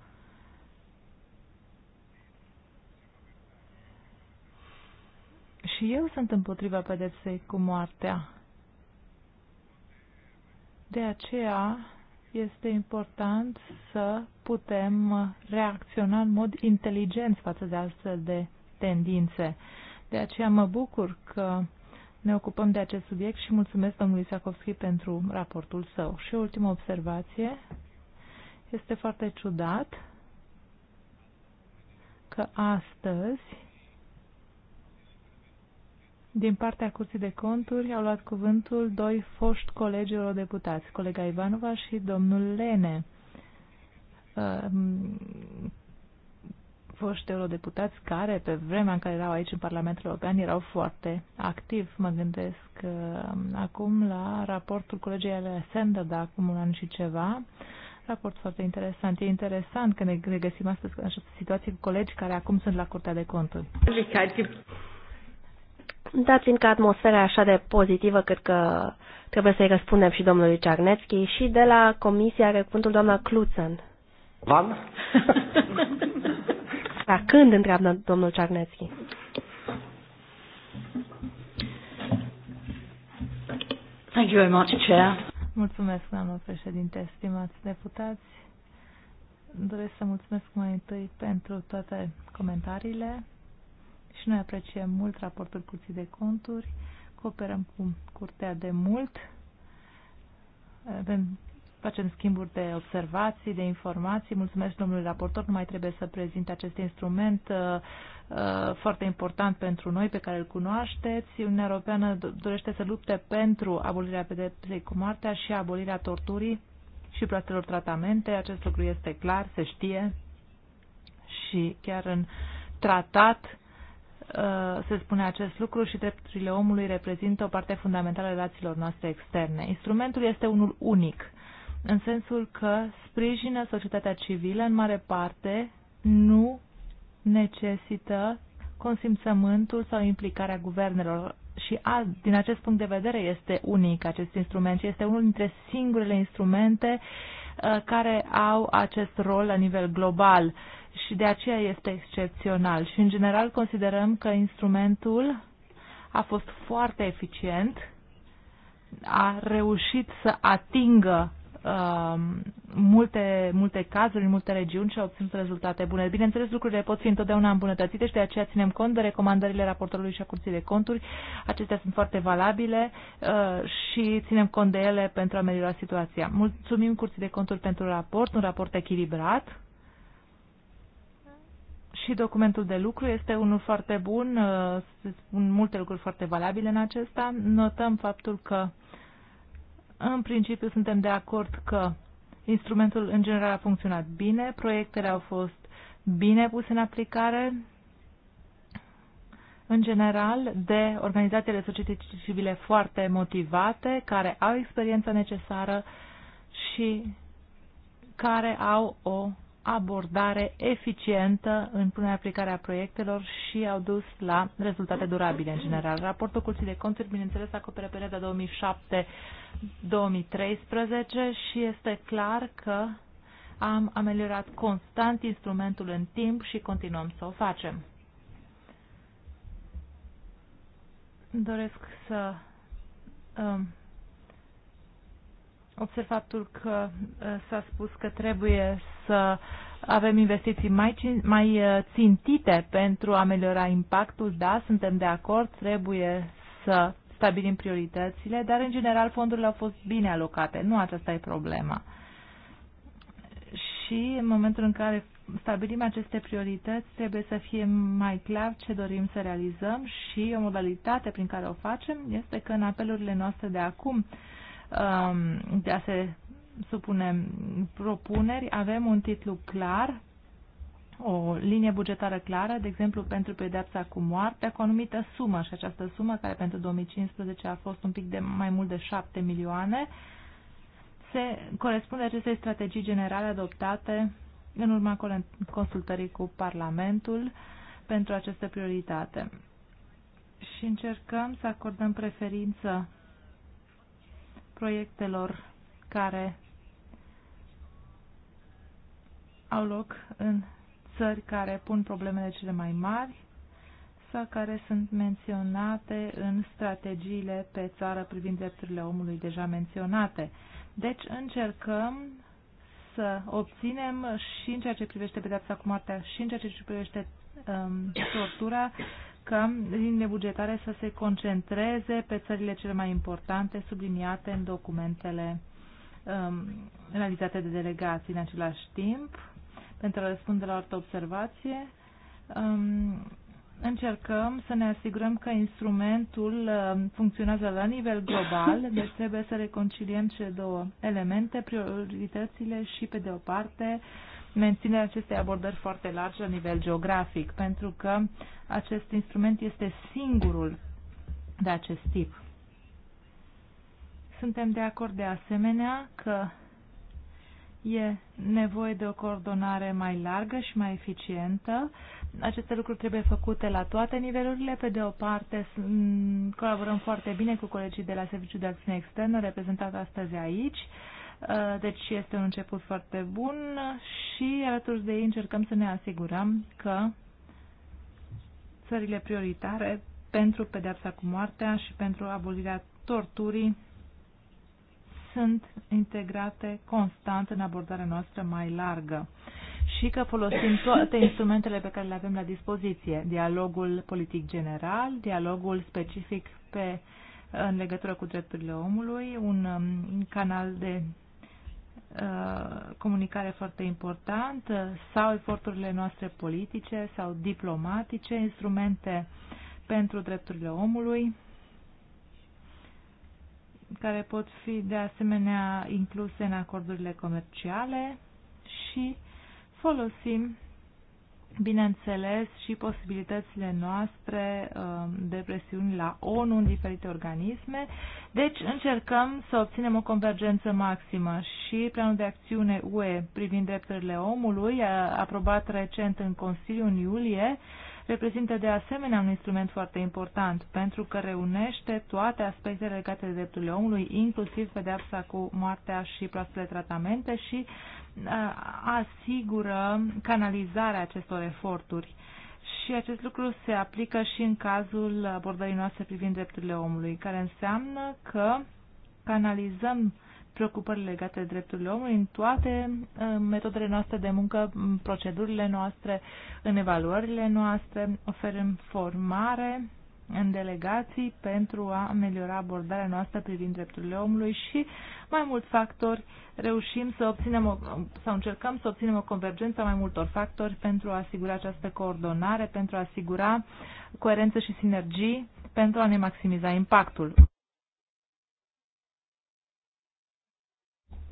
și eu sunt împotriva pedepsei cu moartea. De aceea este important să putem reacționa în mod inteligent față de astfel de tendințe. De aceea mă bucur că ne ocupăm de acest subiect și mulțumesc domnului Sakovski pentru raportul său. Și ultima observație. Este foarte ciudat că astăzi din partea Curții de Conturi au luat cuvântul doi foști colegi eurodeputați, colega Ivanova și domnul Lene, um, foști eurodeputați care, pe vremea în care erau aici în Parlamentul European, erau foarte activi. Mă gândesc um, acum la raportul colegii Alessandra de acum un an și ceva, raport foarte interesant. E interesant că ne găsim astăzi în această situație cu colegi care acum sunt la Curtea de Conturi dar fiindcă atmosfera e așa de pozitivă, cred că trebuie să-i răspundem și domnului Cernețchi și de la comisia are cuvântul doamna Cluțăn. Van? Dar când întreabă domnul Cernețchi? Thank you very much, Chair. Mulțumesc, doamnă președinte, stimați deputați. Doresc să mulțumesc mai întâi pentru toate comentariile și noi apreciem mult raportul Curții de Conturi, cooperăm cu Curtea de mult, avem, facem schimburi de observații, de informații. Mulțumesc domnului raportor, nu mai trebuie să prezint acest instrument uh, uh, foarte important pentru noi, pe care îl cunoașteți. Uniunea Europeană dorește să lupte pentru abolirea pedepsei cu moartea și abolirea torturii și proastelor tratamente. Acest lucru este clar, se știe și chiar în tratat Uh, se spune acest lucru și drepturile omului reprezintă o parte fundamentală a relațiilor noastre externe. Instrumentul este unul unic, în sensul că sprijină societatea civilă în mare parte, nu necesită consimțământul sau implicarea guvernelor. Și a, din acest punct de vedere este unic acest instrument și este unul dintre singurele instrumente uh, care au acest rol la nivel global și de aceea este excepțional. Și în general considerăm că instrumentul a fost foarte eficient, a reușit să atingă uh, multe, multe cazuri, multe regiuni și a obținut rezultate bune. Bineînțeles, lucrurile pot fi întotdeauna îmbunătățite și de aceea ținem cont de recomandările raportorului și a Curții de Conturi. Acestea sunt foarte valabile uh, și ținem cont de ele pentru a meliora situația. Mulțumim Curții de Conturi pentru raport, un raport echilibrat și documentul de lucru este unul foarte bun, se uh, spun multe lucruri foarte valabile în acesta. Notăm faptul că în principiu suntem de acord că instrumentul în general a funcționat bine, proiectele au fost bine puse în aplicare, în general, de organizațiile societății civile foarte motivate, care au experiența necesară și care au o abordare eficientă în punerea aplicarea proiectelor și au dus la rezultate durabile în general. Raportul Curții de Conturi, bineînțeles, acoperă perioada 2007-2013 și este clar că am ameliorat constant instrumentul în timp și continuăm să o facem. Doresc să um, observ faptul că uh, s-a spus că trebuie să avem investiții mai, mai uh, țintite pentru a ameliora impactul. Da, suntem de acord, trebuie să stabilim prioritățile, dar în general fondurile au fost bine alocate. Nu aceasta e problema. Și în momentul în care stabilim aceste priorități, trebuie să fie mai clar ce dorim să realizăm și o modalitate prin care o facem este că în apelurile noastre de acum Um, de a se supune propuneri, avem un titlu clar, o linie bugetară clară, de exemplu pentru pedepsa cu moartea, cu o anumită sumă și această sumă, care pentru 2015 a fost un pic de mai mult de 7 milioane, se corespunde acestei strategii generale adoptate în urma consultării cu Parlamentul pentru aceste prioritate. Și încercăm să acordăm preferință proiectelor care au loc în țări care pun problemele cele mai mari sau care sunt menționate în strategiile pe țară privind drepturile omului deja menționate. Deci încercăm să obținem și în ceea ce privește pedepsa cu moartea și în ceea ce privește um, tortura că liniile bugetare să se concentreze pe țările cele mai importante subliniate în documentele um, realizate de delegații în același timp. Pentru a răspunde la o observație, um, încercăm să ne asigurăm că instrumentul um, funcționează la nivel global, deci trebuie să reconciliem cele două elemente, prioritățile și, pe de o parte, uh, menținerea acestei abordări foarte largi la nivel geografic, pentru că acest instrument este singurul de acest tip. Suntem de acord de asemenea că e nevoie de o coordonare mai largă și mai eficientă. Aceste lucruri trebuie făcute la toate nivelurile. Pe de o parte, colaborăm foarte bine cu colegii de la Serviciul de Acțiune Externă, reprezentat astăzi aici. Uh, deci este un început foarte bun și alături de ei încercăm să ne asigurăm că țările prioritare pentru pedepsa cu moartea și pentru abolirea torturii sunt integrate constant în abordarea noastră mai largă și că folosim toate instrumentele pe care le avem la dispoziție. Dialogul politic general, dialogul specific pe, în legătură cu drepturile omului, un um, canal de Uh, comunicare foarte importantă sau eforturile noastre politice sau diplomatice, instrumente pentru drepturile omului, care pot fi de asemenea incluse în acordurile comerciale și folosim bineînțeles, și posibilitățile noastre um, de presiuni la ONU în diferite organisme. Deci încercăm să obținem o convergență maximă și planul de acțiune UE privind drepturile omului, aprobat recent în Consiliu în iulie, reprezintă de asemenea un instrument foarte important pentru că reunește toate aspectele legate de drepturile omului, inclusiv pedeapsa cu moartea și proastele tratamente și Uh, asigură canalizarea acestor eforturi. Și acest lucru se aplică și în cazul abordării noastre privind drepturile omului, care înseamnă că canalizăm preocupările legate de drepturile omului în toate uh, metodele noastre de muncă, în procedurile noastre, în evaluările noastre, oferim formare în delegații pentru a ameliora abordarea noastră privind drepturile omului și mai mulți factori reușim să obținem o, sau încercăm să obținem o convergență a mai multor factori pentru a asigura această coordonare, pentru a asigura coerență și sinergii, pentru a ne maximiza impactul.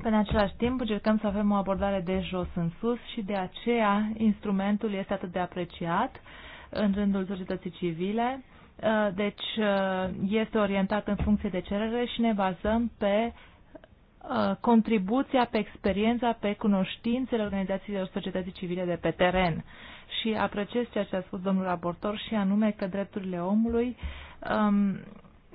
În același timp, încercăm să avem o abordare de jos în sus și de aceea instrumentul este atât de apreciat în rândul societății civile Uh, deci uh, este orientat în funcție de cerere și ne bazăm pe uh, contribuția, pe experiența, pe cunoștințele organizațiilor societății civile de pe teren. Și apreciez ceea ce a spus domnul raportor și anume că drepturile omului, um,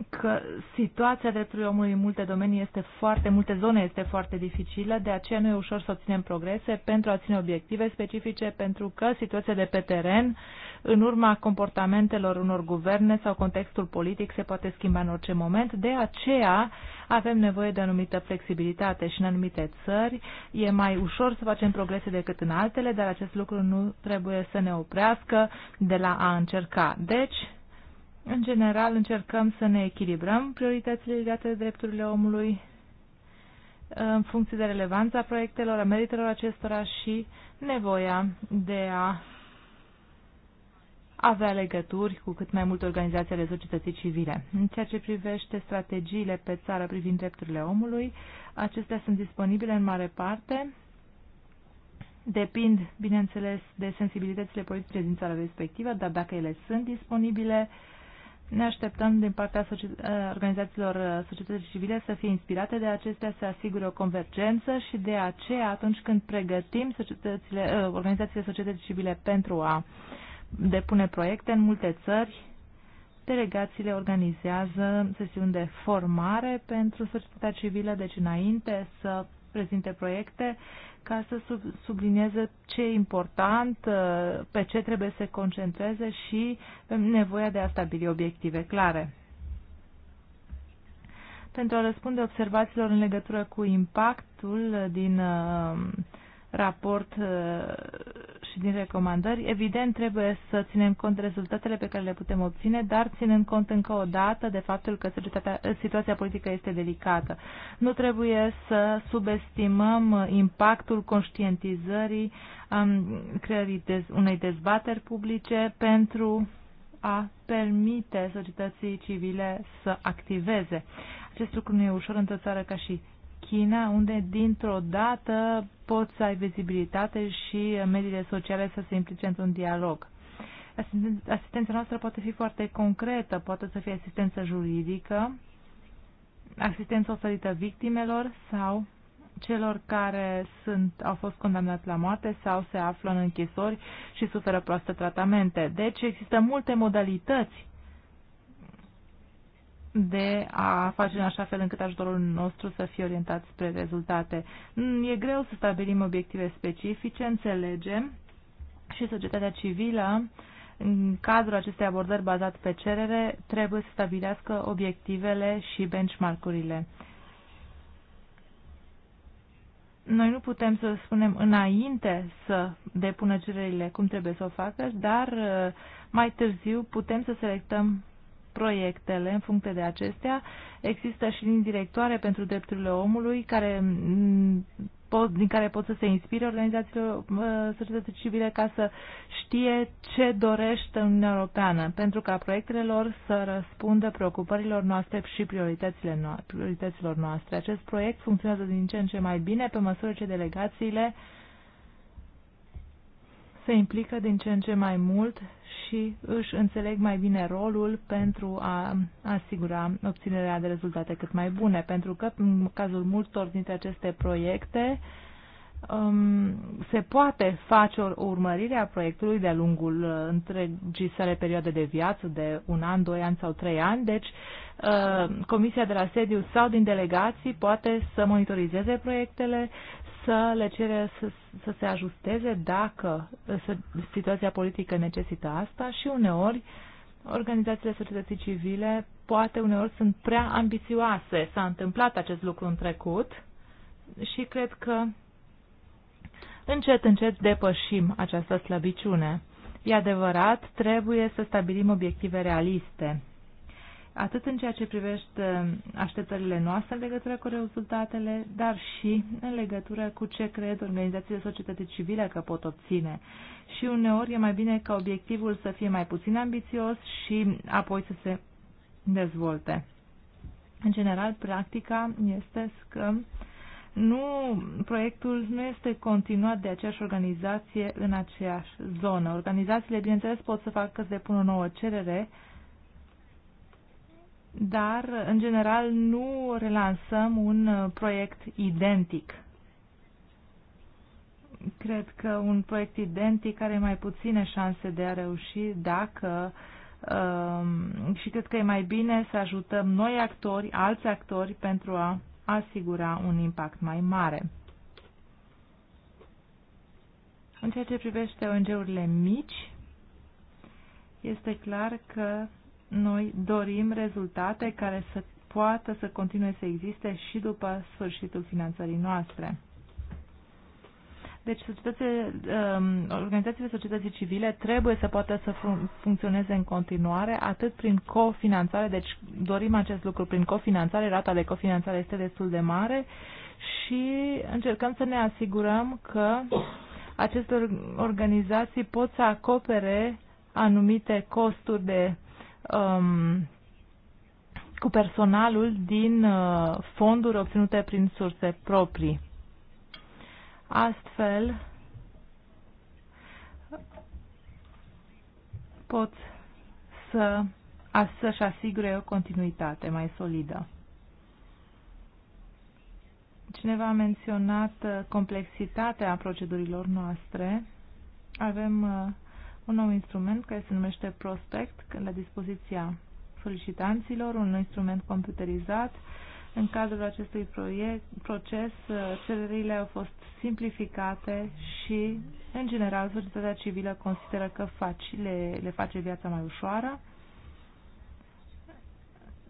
că situația drepturilor omului în multe domenii este foarte, multe zone este foarte dificilă, de aceea nu e ușor să obținem progrese pentru a ține obiective specifice, pentru că situația de pe teren uh, în urma comportamentelor unor guverne sau contextul politic se poate schimba în orice moment. De aceea avem nevoie de anumită flexibilitate și în anumite țări e mai ușor să facem progrese decât în altele, dar acest lucru nu trebuie să ne oprească de la a încerca. Deci, în general, încercăm să ne echilibrăm prioritățile legate de drepturile omului în funcție de relevanța proiectelor, a meritelor acestora și nevoia de a avea legături cu cât mai multe organizații ale societății civile. În ceea ce privește strategiile pe țară privind drepturile omului, acestea sunt disponibile în mare parte, depind, bineînțeles, de sensibilitățile politice din țara respectivă, dar dacă ele sunt disponibile, ne așteptăm din partea uh, organizațiilor uh, societății civile să fie inspirate de acestea, să asigure o convergență și de aceea atunci când pregătim societățile, uh, organizațiile societății civile pentru a uh, depune proiecte în multe țări. Delegațiile organizează sesiuni de formare pentru societatea civilă, deci înainte să prezinte proiecte ca să sub, sublinieze ce e important, uh, pe ce trebuie să se concentreze și nevoia de a stabili obiective clare. Pentru a răspunde observațiilor în legătură cu impactul din uh, raport uh, și din recomandări. Evident, trebuie să ținem cont de rezultatele pe care le putem obține, dar ținem cont încă o dată de faptul că uh, situația politică este delicată. Nu trebuie să subestimăm uh, impactul conștientizării um, creării unei dezbateri publice pentru a permite societății civile să activeze. Acest lucru nu e ușor într-o țară ca și China, unde dintr-o dată poți să ai vizibilitate și mediile sociale să se implice într-un dialog. Asistența noastră poate fi foarte concretă, poate să fie asistență juridică, asistență oferită victimelor sau celor care sunt, au fost condamnați la moarte sau se află în închisori și suferă proaste tratamente. Deci există multe modalități de a face în așa fel încât ajutorul nostru să fie orientat spre rezultate. Mm, e greu să stabilim obiective specifice, înțelegem și societatea civilă în cadrul acestei abordări bazat pe cerere trebuie să stabilească obiectivele și benchmark-urile. Noi nu putem să spunem înainte să depună cererile cum trebuie să o facă, dar uh, mai târziu putem să selectăm proiectele. În funcție de acestea, există și linii directoare pentru drepturile omului care mm, pot, din care pot să se inspire organizațiile uh, societății civile ca să știe ce dorește Uniunea Europeană, pentru ca proiectele lor să răspundă preocupărilor noastre și prioritățile no priorităților noastre. Acest proiect funcționează din ce în ce mai bine pe măsură ce delegațiile uh, se implică din ce în ce mai mult și își înțeleg mai bine rolul pentru a asigura obținerea de rezultate cât mai bune, pentru că în cazul multor dintre aceste proiecte um, se poate face o urmărire a proiectului de-a lungul uh, întregii sale perioade de viață, de un an, doi ani sau trei ani, deci uh, comisia de la sediu sau din delegații poate să monitorizeze proiectele, să le cere să, să se ajusteze dacă să, situația politică necesită asta și uneori organizațiile societății civile poate uneori sunt prea ambițioase. S-a întâmplat acest lucru în trecut și cred că încet, încet depășim această slăbiciune. E adevărat, trebuie să stabilim obiective realiste atât în ceea ce privește așteptările noastre în legătură cu rezultatele, dar și în legătură cu ce cred organizațiile societății civile că pot obține. Și uneori e mai bine ca obiectivul să fie mai puțin ambițios și apoi să se dezvolte. În general, practica este că nu, proiectul nu este continuat de aceeași organizație în aceeași zonă. Organizațiile, bineînțeles, pot să facă să depună o nouă cerere, dar, în general, nu relansăm un uh, proiect identic. Cred că un proiect identic are mai puține șanse de a reuși dacă um, și cred că e mai bine să ajutăm noi actori, alți actori, pentru a asigura un impact mai mare. În ceea ce privește ONG-urile mici, este clar că noi dorim rezultate care să poată să continue să existe și după sfârșitul finanțării noastre. Deci um, organizațiile societății civile trebuie să poată să funcționeze în continuare atât prin cofinanțare, deci dorim acest lucru prin cofinanțare, rata de cofinanțare este destul de mare și încercăm să ne asigurăm că aceste organizații pot să acopere anumite costuri de um, cu personalul din uh, fonduri obținute prin surse proprii. Astfel, pot să să-și asigure o continuitate mai solidă. Cineva a menționat uh, complexitatea procedurilor noastre. Avem uh, un nou instrument care se numește Prospect la dispoziția solicitanților, un instrument computerizat. În cadrul acestui proiect, proces, cererile au fost simplificate și, în general, societatea civilă consideră că faci, le, le face viața mai ușoară.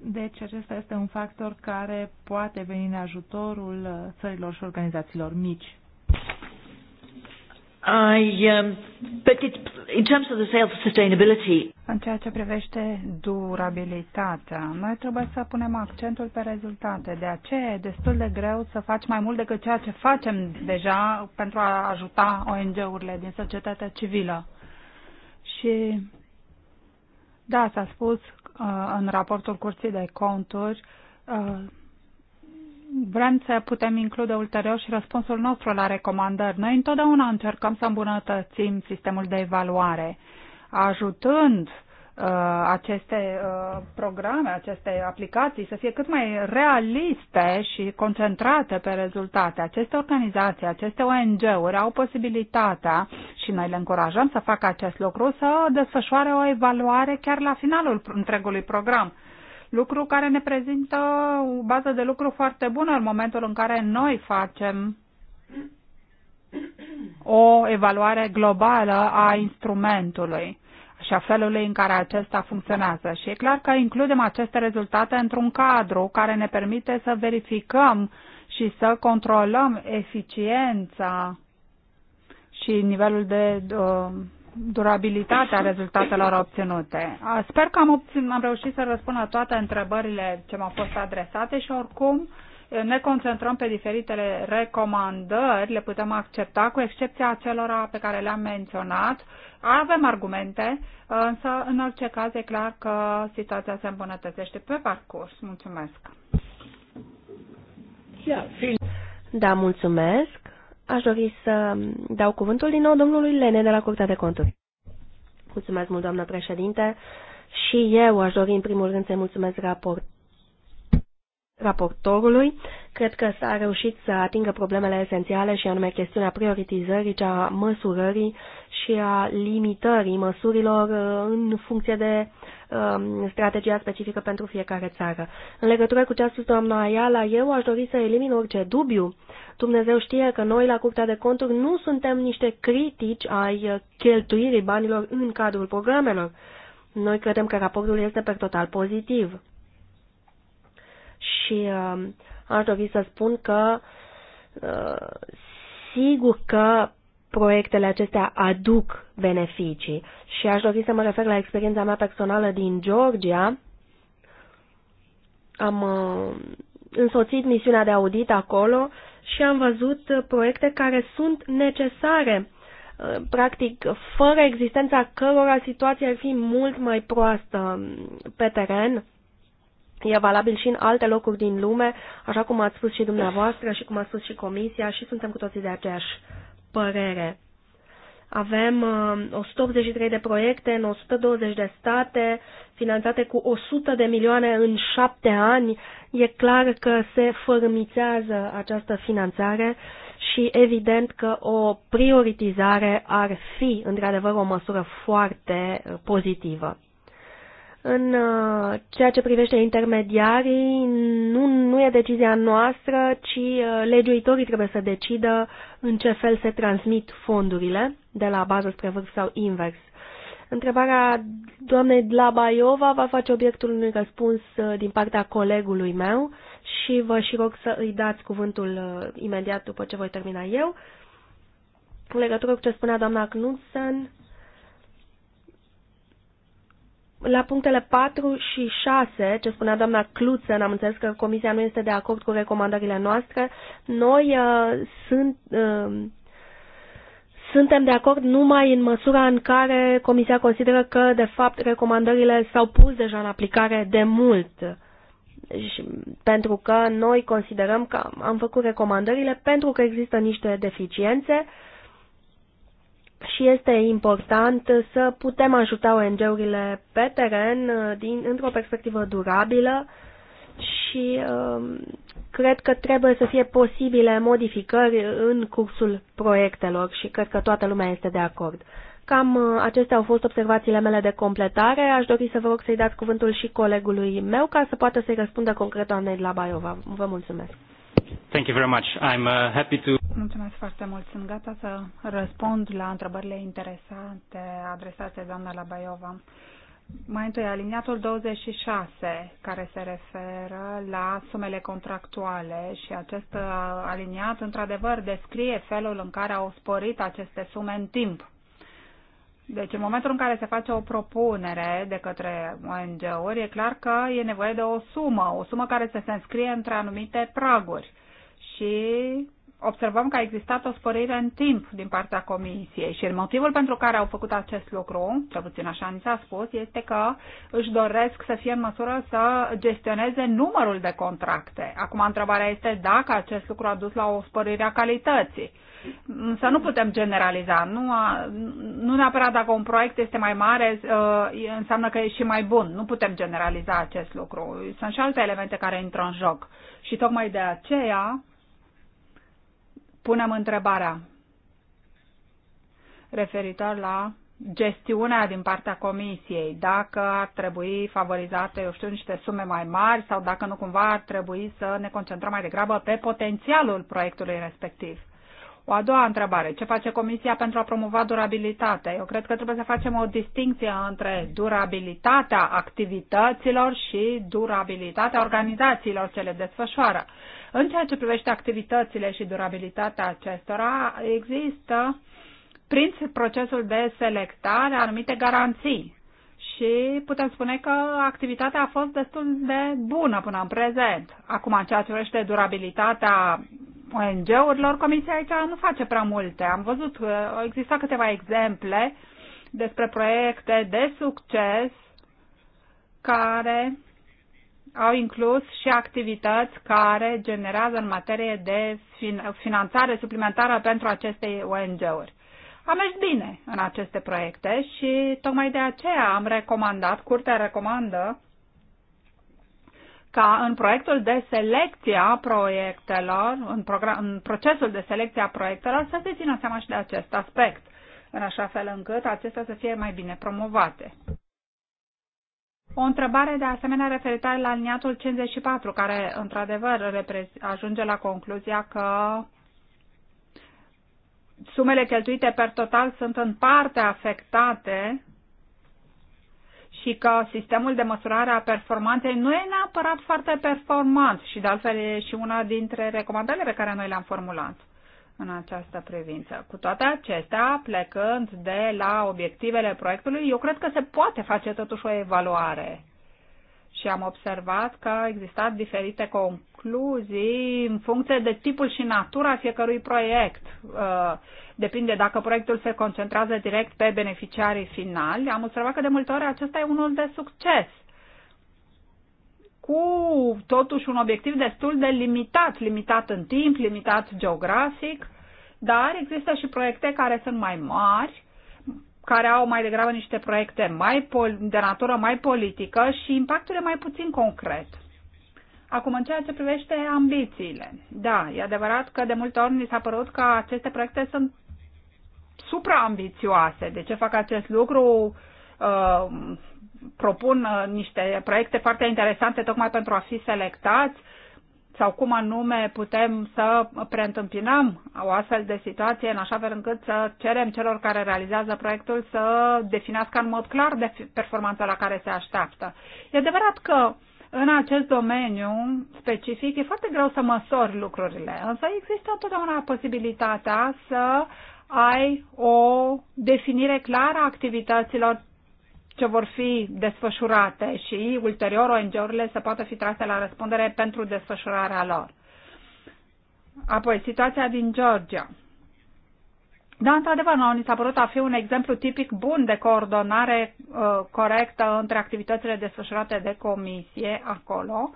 Deci acesta este un factor care poate veni în ajutorul țărilor și organizațiilor mici. I, um, but it, in terms of the self-sustainability, în ceea ce privește durabilitatea, noi trebuie să punem accentul pe rezultate. De aceea e destul de greu să faci mai mult decât ceea ce facem deja pentru a ajuta ONG-urile din societatea civilă. Și da, s-a spus uh, în raportul Curții de Conturi uh, vrem să putem include ulterior și răspunsul nostru la recomandări. Noi întotdeauna încercăm să îmbunătățim sistemul de evaluare, ajutând uh, aceste uh, programe, aceste aplicații să fie cât mai realiste și concentrate pe rezultate. Aceste organizații, aceste ONG-uri au posibilitatea, și noi le încurajăm să facă acest lucru, să desfășoare o evaluare chiar la finalul întregului program lucru care ne prezintă o bază de lucru foarte bună în momentul în care noi facem o evaluare globală a instrumentului și a felului în care acesta funcționează. Și e clar că includem aceste rezultate într-un cadru care ne permite să verificăm și să controlăm eficiența și nivelul de uh, durabilitatea rezultatelor obținute. Sper că am, obțin, am reușit să răspund la toate întrebările ce m-au fost adresate și oricum eh, ne concentrăm pe diferitele recomandări, le putem accepta cu excepția celor pe care le-am menționat. Avem argumente, însă în orice caz e clar că situația se îmbunătățește pe parcurs. Mulțumesc! Da, mulțumesc! Aș dori să dau cuvântul din nou domnului Lene de la Curtea de Conturi. Mulțumesc mult, doamnă președinte. Și eu aș dori în primul rând să mulțumesc raport raportorului. Cred că s-a reușit să atingă problemele esențiale și anume chestiunea prioritizării, cea a măsurării și a limitării măsurilor uh, în funcție de um, strategia specifică pentru fiecare țară. În legătură cu ce a spus doamna Ayala, eu aș dori să elimin orice dubiu. Dumnezeu știe că noi la Curtea de Conturi nu suntem niște critici ai cheltuirii banilor în cadrul programelor. Noi credem că raportul este pe total pozitiv și uh, um, ar dori să spun că uh, sigur că proiectele acestea aduc beneficii și aș dori să mă refer la experiența mea personală din Georgia. Am uh, însoțit misiunea de audit acolo și am văzut proiecte care sunt necesare uh, practic, fără existența cărora situația ar fi mult mai proastă pe teren E valabil și în alte locuri din lume, așa cum ați spus și dumneavoastră și cum a spus și Comisia și suntem cu toții de aceeași părere. Avem 183 uh, de proiecte în 120 de state, finanțate cu 100 de milioane în șapte ani. E clar că se fărâmițează această finanțare și evident că o prioritizare ar fi, într-adevăr, o măsură foarte uh, pozitivă. În uh, ceea ce privește intermediarii, nu, nu e decizia noastră, ci uh, legiuitorii trebuie să decidă în ce fel se transmit fondurile, de la bază spre vârf sau invers. Întrebarea doamnei Dlabaiova va face obiectul unui răspuns uh, din partea colegului meu și vă și rog să îi dați cuvântul imediat după ce voi termina eu. În legătură cu ce spunea doamna Knudsen, la punctele 4 și 6, ce spunea doamna Cluță, am înțeles că Comisia nu este de acord cu recomandările noastre, noi uh, sunt, uh, suntem de acord numai în măsura în care Comisia consideră că, de fapt, recomandările s-au pus deja în aplicare de mult. Și pentru că noi considerăm că am făcut recomandările pentru că există niște deficiențe uh, și este important să putem ajuta ONG-urile pe teren uh, din, într-o perspectivă durabilă și um, cred că trebuie să fie posibile modificări în cursul proiectelor și cred că toată lumea este de acord. Cam uh, acestea au fost observațiile mele de completare. Aș dori să vă rog să-i dați cuvântul și colegului meu ca să poată să-i răspundă concret doamnei de la Baiova. Vă mulțumesc. Thank you very much. I'm uh, happy to... Mulțumesc foarte mult. Sunt gata să răspund la întrebările interesante adresate doamna Labaiova. Mai întâi, aliniatul 26, care se referă la sumele contractuale și acest uh, aliniat, într-adevăr, descrie felul în care au sporit aceste sume în timp. Deci, în momentul în care se face o propunere de către ONG-uri, e clar că e nevoie de o sumă, o sumă care să se înscrie între anumite praguri și observăm că a existat o sporire în timp din partea Comisiei și motivul pentru care au făcut acest lucru, cel puțin așa ni s-a spus, este că își doresc să fie în măsură să gestioneze numărul de contracte. Acum întrebarea este dacă acest lucru a dus la o sporire a calității. Să nu putem generaliza. Nu, a, nu neapărat dacă un proiect este mai mare, uh, înseamnă că e și mai bun. Nu putem generaliza acest lucru. Sunt și alte elemente care intră în joc. Și tocmai de aceea punem întrebarea referitor la gestiunea din partea comisiei, dacă ar trebui favorizate, eu știu, niște sume mai mari sau dacă nu cumva ar trebui să ne concentrăm mai degrabă pe potențialul proiectului respectiv. O a doua întrebare, ce face Comisia pentru a promova durabilitatea? Eu cred că trebuie să facem o distinție între durabilitatea activităților și durabilitatea organizațiilor ce le desfășoară. În ceea ce privește activitățile și durabilitatea acestora, există prin procesul de selectare anumite garanții și putem spune că activitatea a fost destul de bună până în prezent. Acum, în ceea ce privește durabilitatea ONG-urilor, Comisia aici nu face prea multe. Am văzut, au existat câteva exemple despre proiecte de succes care au inclus și activități care generează în materie de finanțare suplimentară pentru aceste ONG-uri. Am mers bine în aceste proiecte și tocmai de aceea am recomandat, curtea recomandă ca în proiectul de selecție a proiectelor, în, program, în procesul de selecție a proiectelor, să se țină seama și de acest aspect, în așa fel încât acestea să fie mai bine promovate. O întrebare de asemenea referitoare la aliniatul 54, care într-adevăr ajunge la concluzia că sumele cheltuite per total sunt în parte afectate și că sistemul de măsurare a performanței nu e neapărat foarte performant și de altfel e și una dintre recomandările pe care noi le-am formulat în această privință. Cu toate acestea, plecând de la obiectivele proiectului, eu cred că se poate face totuși o evaluare. Și am observat că au existat diferite concluzii în funcție de tipul și natura fiecărui proiect. Uh, depinde dacă proiectul se concentrează direct pe beneficiarii finali. Am observat că de multe ori acesta e unul de succes cu totuși un obiectiv destul de limitat, limitat în timp, limitat geografic, dar există și proiecte care sunt mai mari, care au mai degrabă niște proiecte mai de natură mai politică și impactul e mai puțin concret. Acum, în ceea ce privește ambițiile, da, e adevărat că de multe ori ni s-a părut că aceste proiecte sunt supraambițioase. De ce fac acest lucru? Uh, propun uh, niște proiecte foarte interesante tocmai pentru a fi selectați sau cum anume putem să preîntâmpinăm o astfel de situație în așa fel încât să cerem celor care realizează proiectul să definească în mod clar de performanța la care se așteaptă. E adevărat că în acest domeniu specific e foarte greu să măsori lucrurile, însă există întotdeauna posibilitatea să ai o definire clară a activităților ce vor fi desfășurate și ulterior ONG-urile să poată fi trase la răspundere pentru desfășurarea lor. Apoi, situația din Georgia. Da, într-adevăr, nouă ni s-a părut a fi un exemplu tipic bun de coordonare uh, corectă între activitățile desfășurate de comisie acolo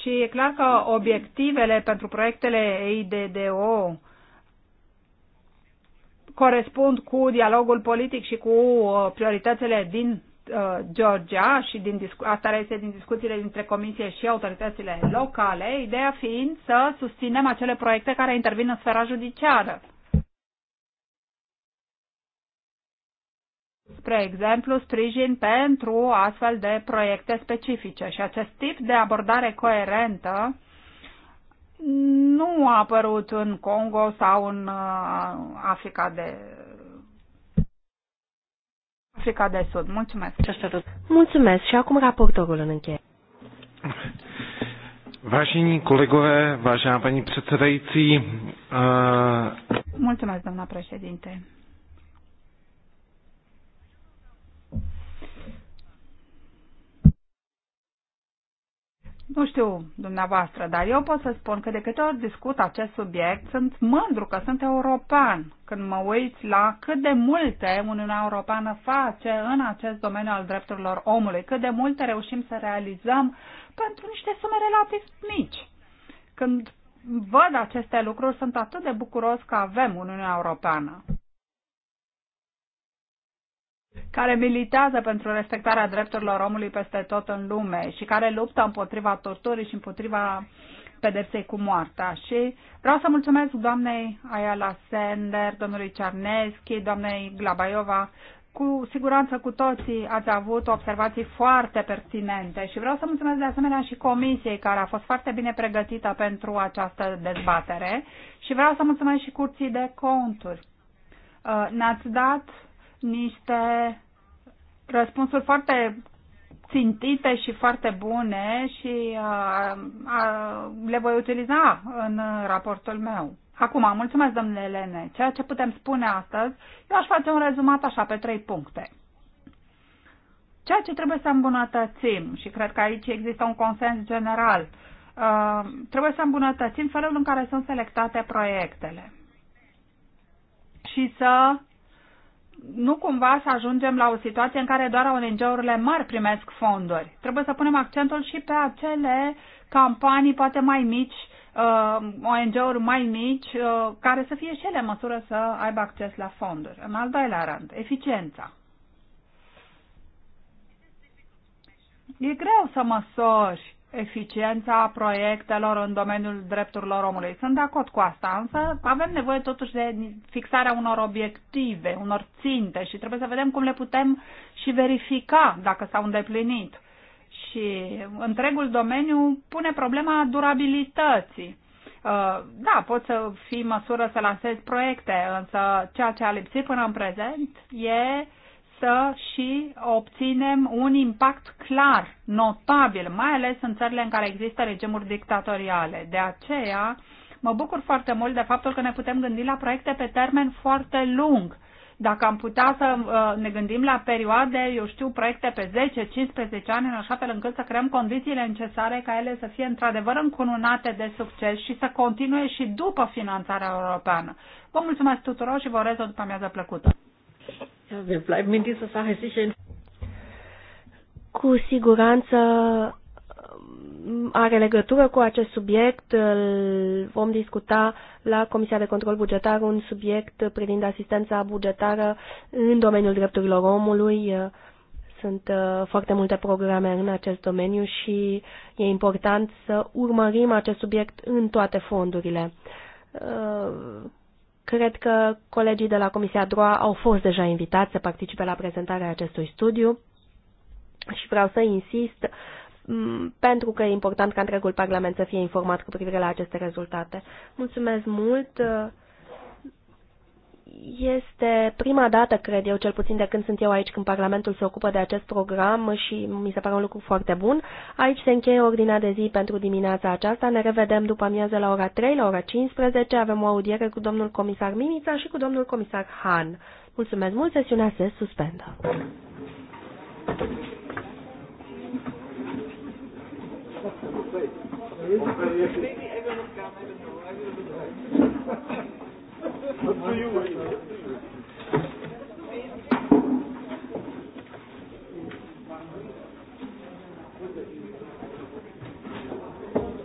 și e clar că obiectivele pentru proiectele EIDDO corespund cu dialogul politic și cu uh, prioritățile din Uh, Georgia și din asta este din discuțiile dintre comisie și autoritățile locale, ideea fiind să susținem acele proiecte care intervin în sfera judiciară. Spre exemplu, sprijin pentru astfel de proiecte specifice și acest tip de abordare coerentă nu a apărut în Congo sau în uh, Africa de Africa de Sud. Mulțumesc. Mulțumesc. Și acum raportorul în încheiere. Vážení kolegové, vážená paní předsedající. Uh... Mulțumesc, doamna președinte. nu știu dumneavoastră, dar eu pot să spun că de câte ori discut acest subiect, sunt mândru că sunt european. Când mă uit la cât de multe Uniunea Europeană face în acest domeniu al drepturilor omului, cât de multe reușim să realizăm pentru niște sume relativ mici. Când văd aceste lucruri, sunt atât de bucuros că avem Uniunea Europeană care militează pentru respectarea drepturilor omului peste tot în lume și care luptă împotriva torturii și împotriva pedepsei cu moartea. Și vreau să mulțumesc doamnei Ayala Sender, domnului Cerneschi, doamnei Glabaiova, cu siguranță cu toții ați avut observații foarte pertinente și vreau să mulțumesc de asemenea și comisiei care a fost foarte bine pregătită pentru această dezbatere și vreau să mulțumesc și curții de conturi. Uh, ne-ați dat niște răspunsuri foarte țintite și foarte bune și uh, uh, le voi utiliza în raportul meu. Acum, mulțumesc, domnule Elene. Ceea ce putem spune astăzi, eu aș face un rezumat așa pe trei puncte. Ceea ce trebuie să îmbunătățim, și cred că aici există un consens general, uh, trebuie să îmbunătățim felul în care sunt selectate proiectele și să nu cumva să ajungem la o situație în care doar ONG-urile mari primesc fonduri. Trebuie să punem accentul și pe acele campanii poate mai mici, uh, ONG-uri mai mici, uh, care să fie și ele în măsură să aibă acces la fonduri. În al doilea rând, eficiența. E greu să măsori eficiența proiectelor în domeniul drepturilor omului. Sunt de acord cu asta, însă avem nevoie totuși de fixarea unor obiective, unor ținte și trebuie să vedem cum le putem și verifica dacă s-au îndeplinit. Și întregul domeniu pune problema durabilității. Uh, da, poți să fii măsură să lansezi proiecte, însă ceea ce a lipsit până în prezent e să și obținem un impact clar, notabil, mai ales în țările în care există regimuri dictatoriale. De aceea, mă bucur foarte mult de faptul că ne putem gândi la proiecte pe termen foarte lung. Dacă am putea să uh, ne gândim la perioade, eu știu, proiecte pe 10-15 ani, în așa fel încât să creăm condițiile necesare ca ele să fie într-adevăr încununate de succes și să continue și după finanțarea europeană. Vă mulțumesc tuturor și vă urez o după amiază plăcută! Ja, wir bleiben in dieser Sache sicher. Cu siguranță are legătură cu acest subiect. Vom discuta la Comisia de Control Bugetar un subiect privind asistența bugetară în domeniul drepturilor omului. Sunt uh, foarte multe programe în acest domeniu și e important să urmărim acest subiect în toate fondurile uh, Cred că colegii de la Comisia DROA au fost deja invitați să participe la prezentarea acestui studiu și vreau să insist pentru că e important ca întregul Parlament să fie informat cu privire la aceste rezultate. Mulțumesc mult! Este prima dată, cred eu, cel puțin de când sunt eu aici, când Parlamentul se ocupă de acest program și mi se pare un lucru foarte bun. Aici se încheie ordinea de zi pentru dimineața aceasta. Ne revedem după amiază la ora 3, la ora 15. Avem o audiere cu domnul comisar Minița și cu domnul comisar Han. Mulțumesc mult, sesiunea se suspendă. Thank you. Up to you.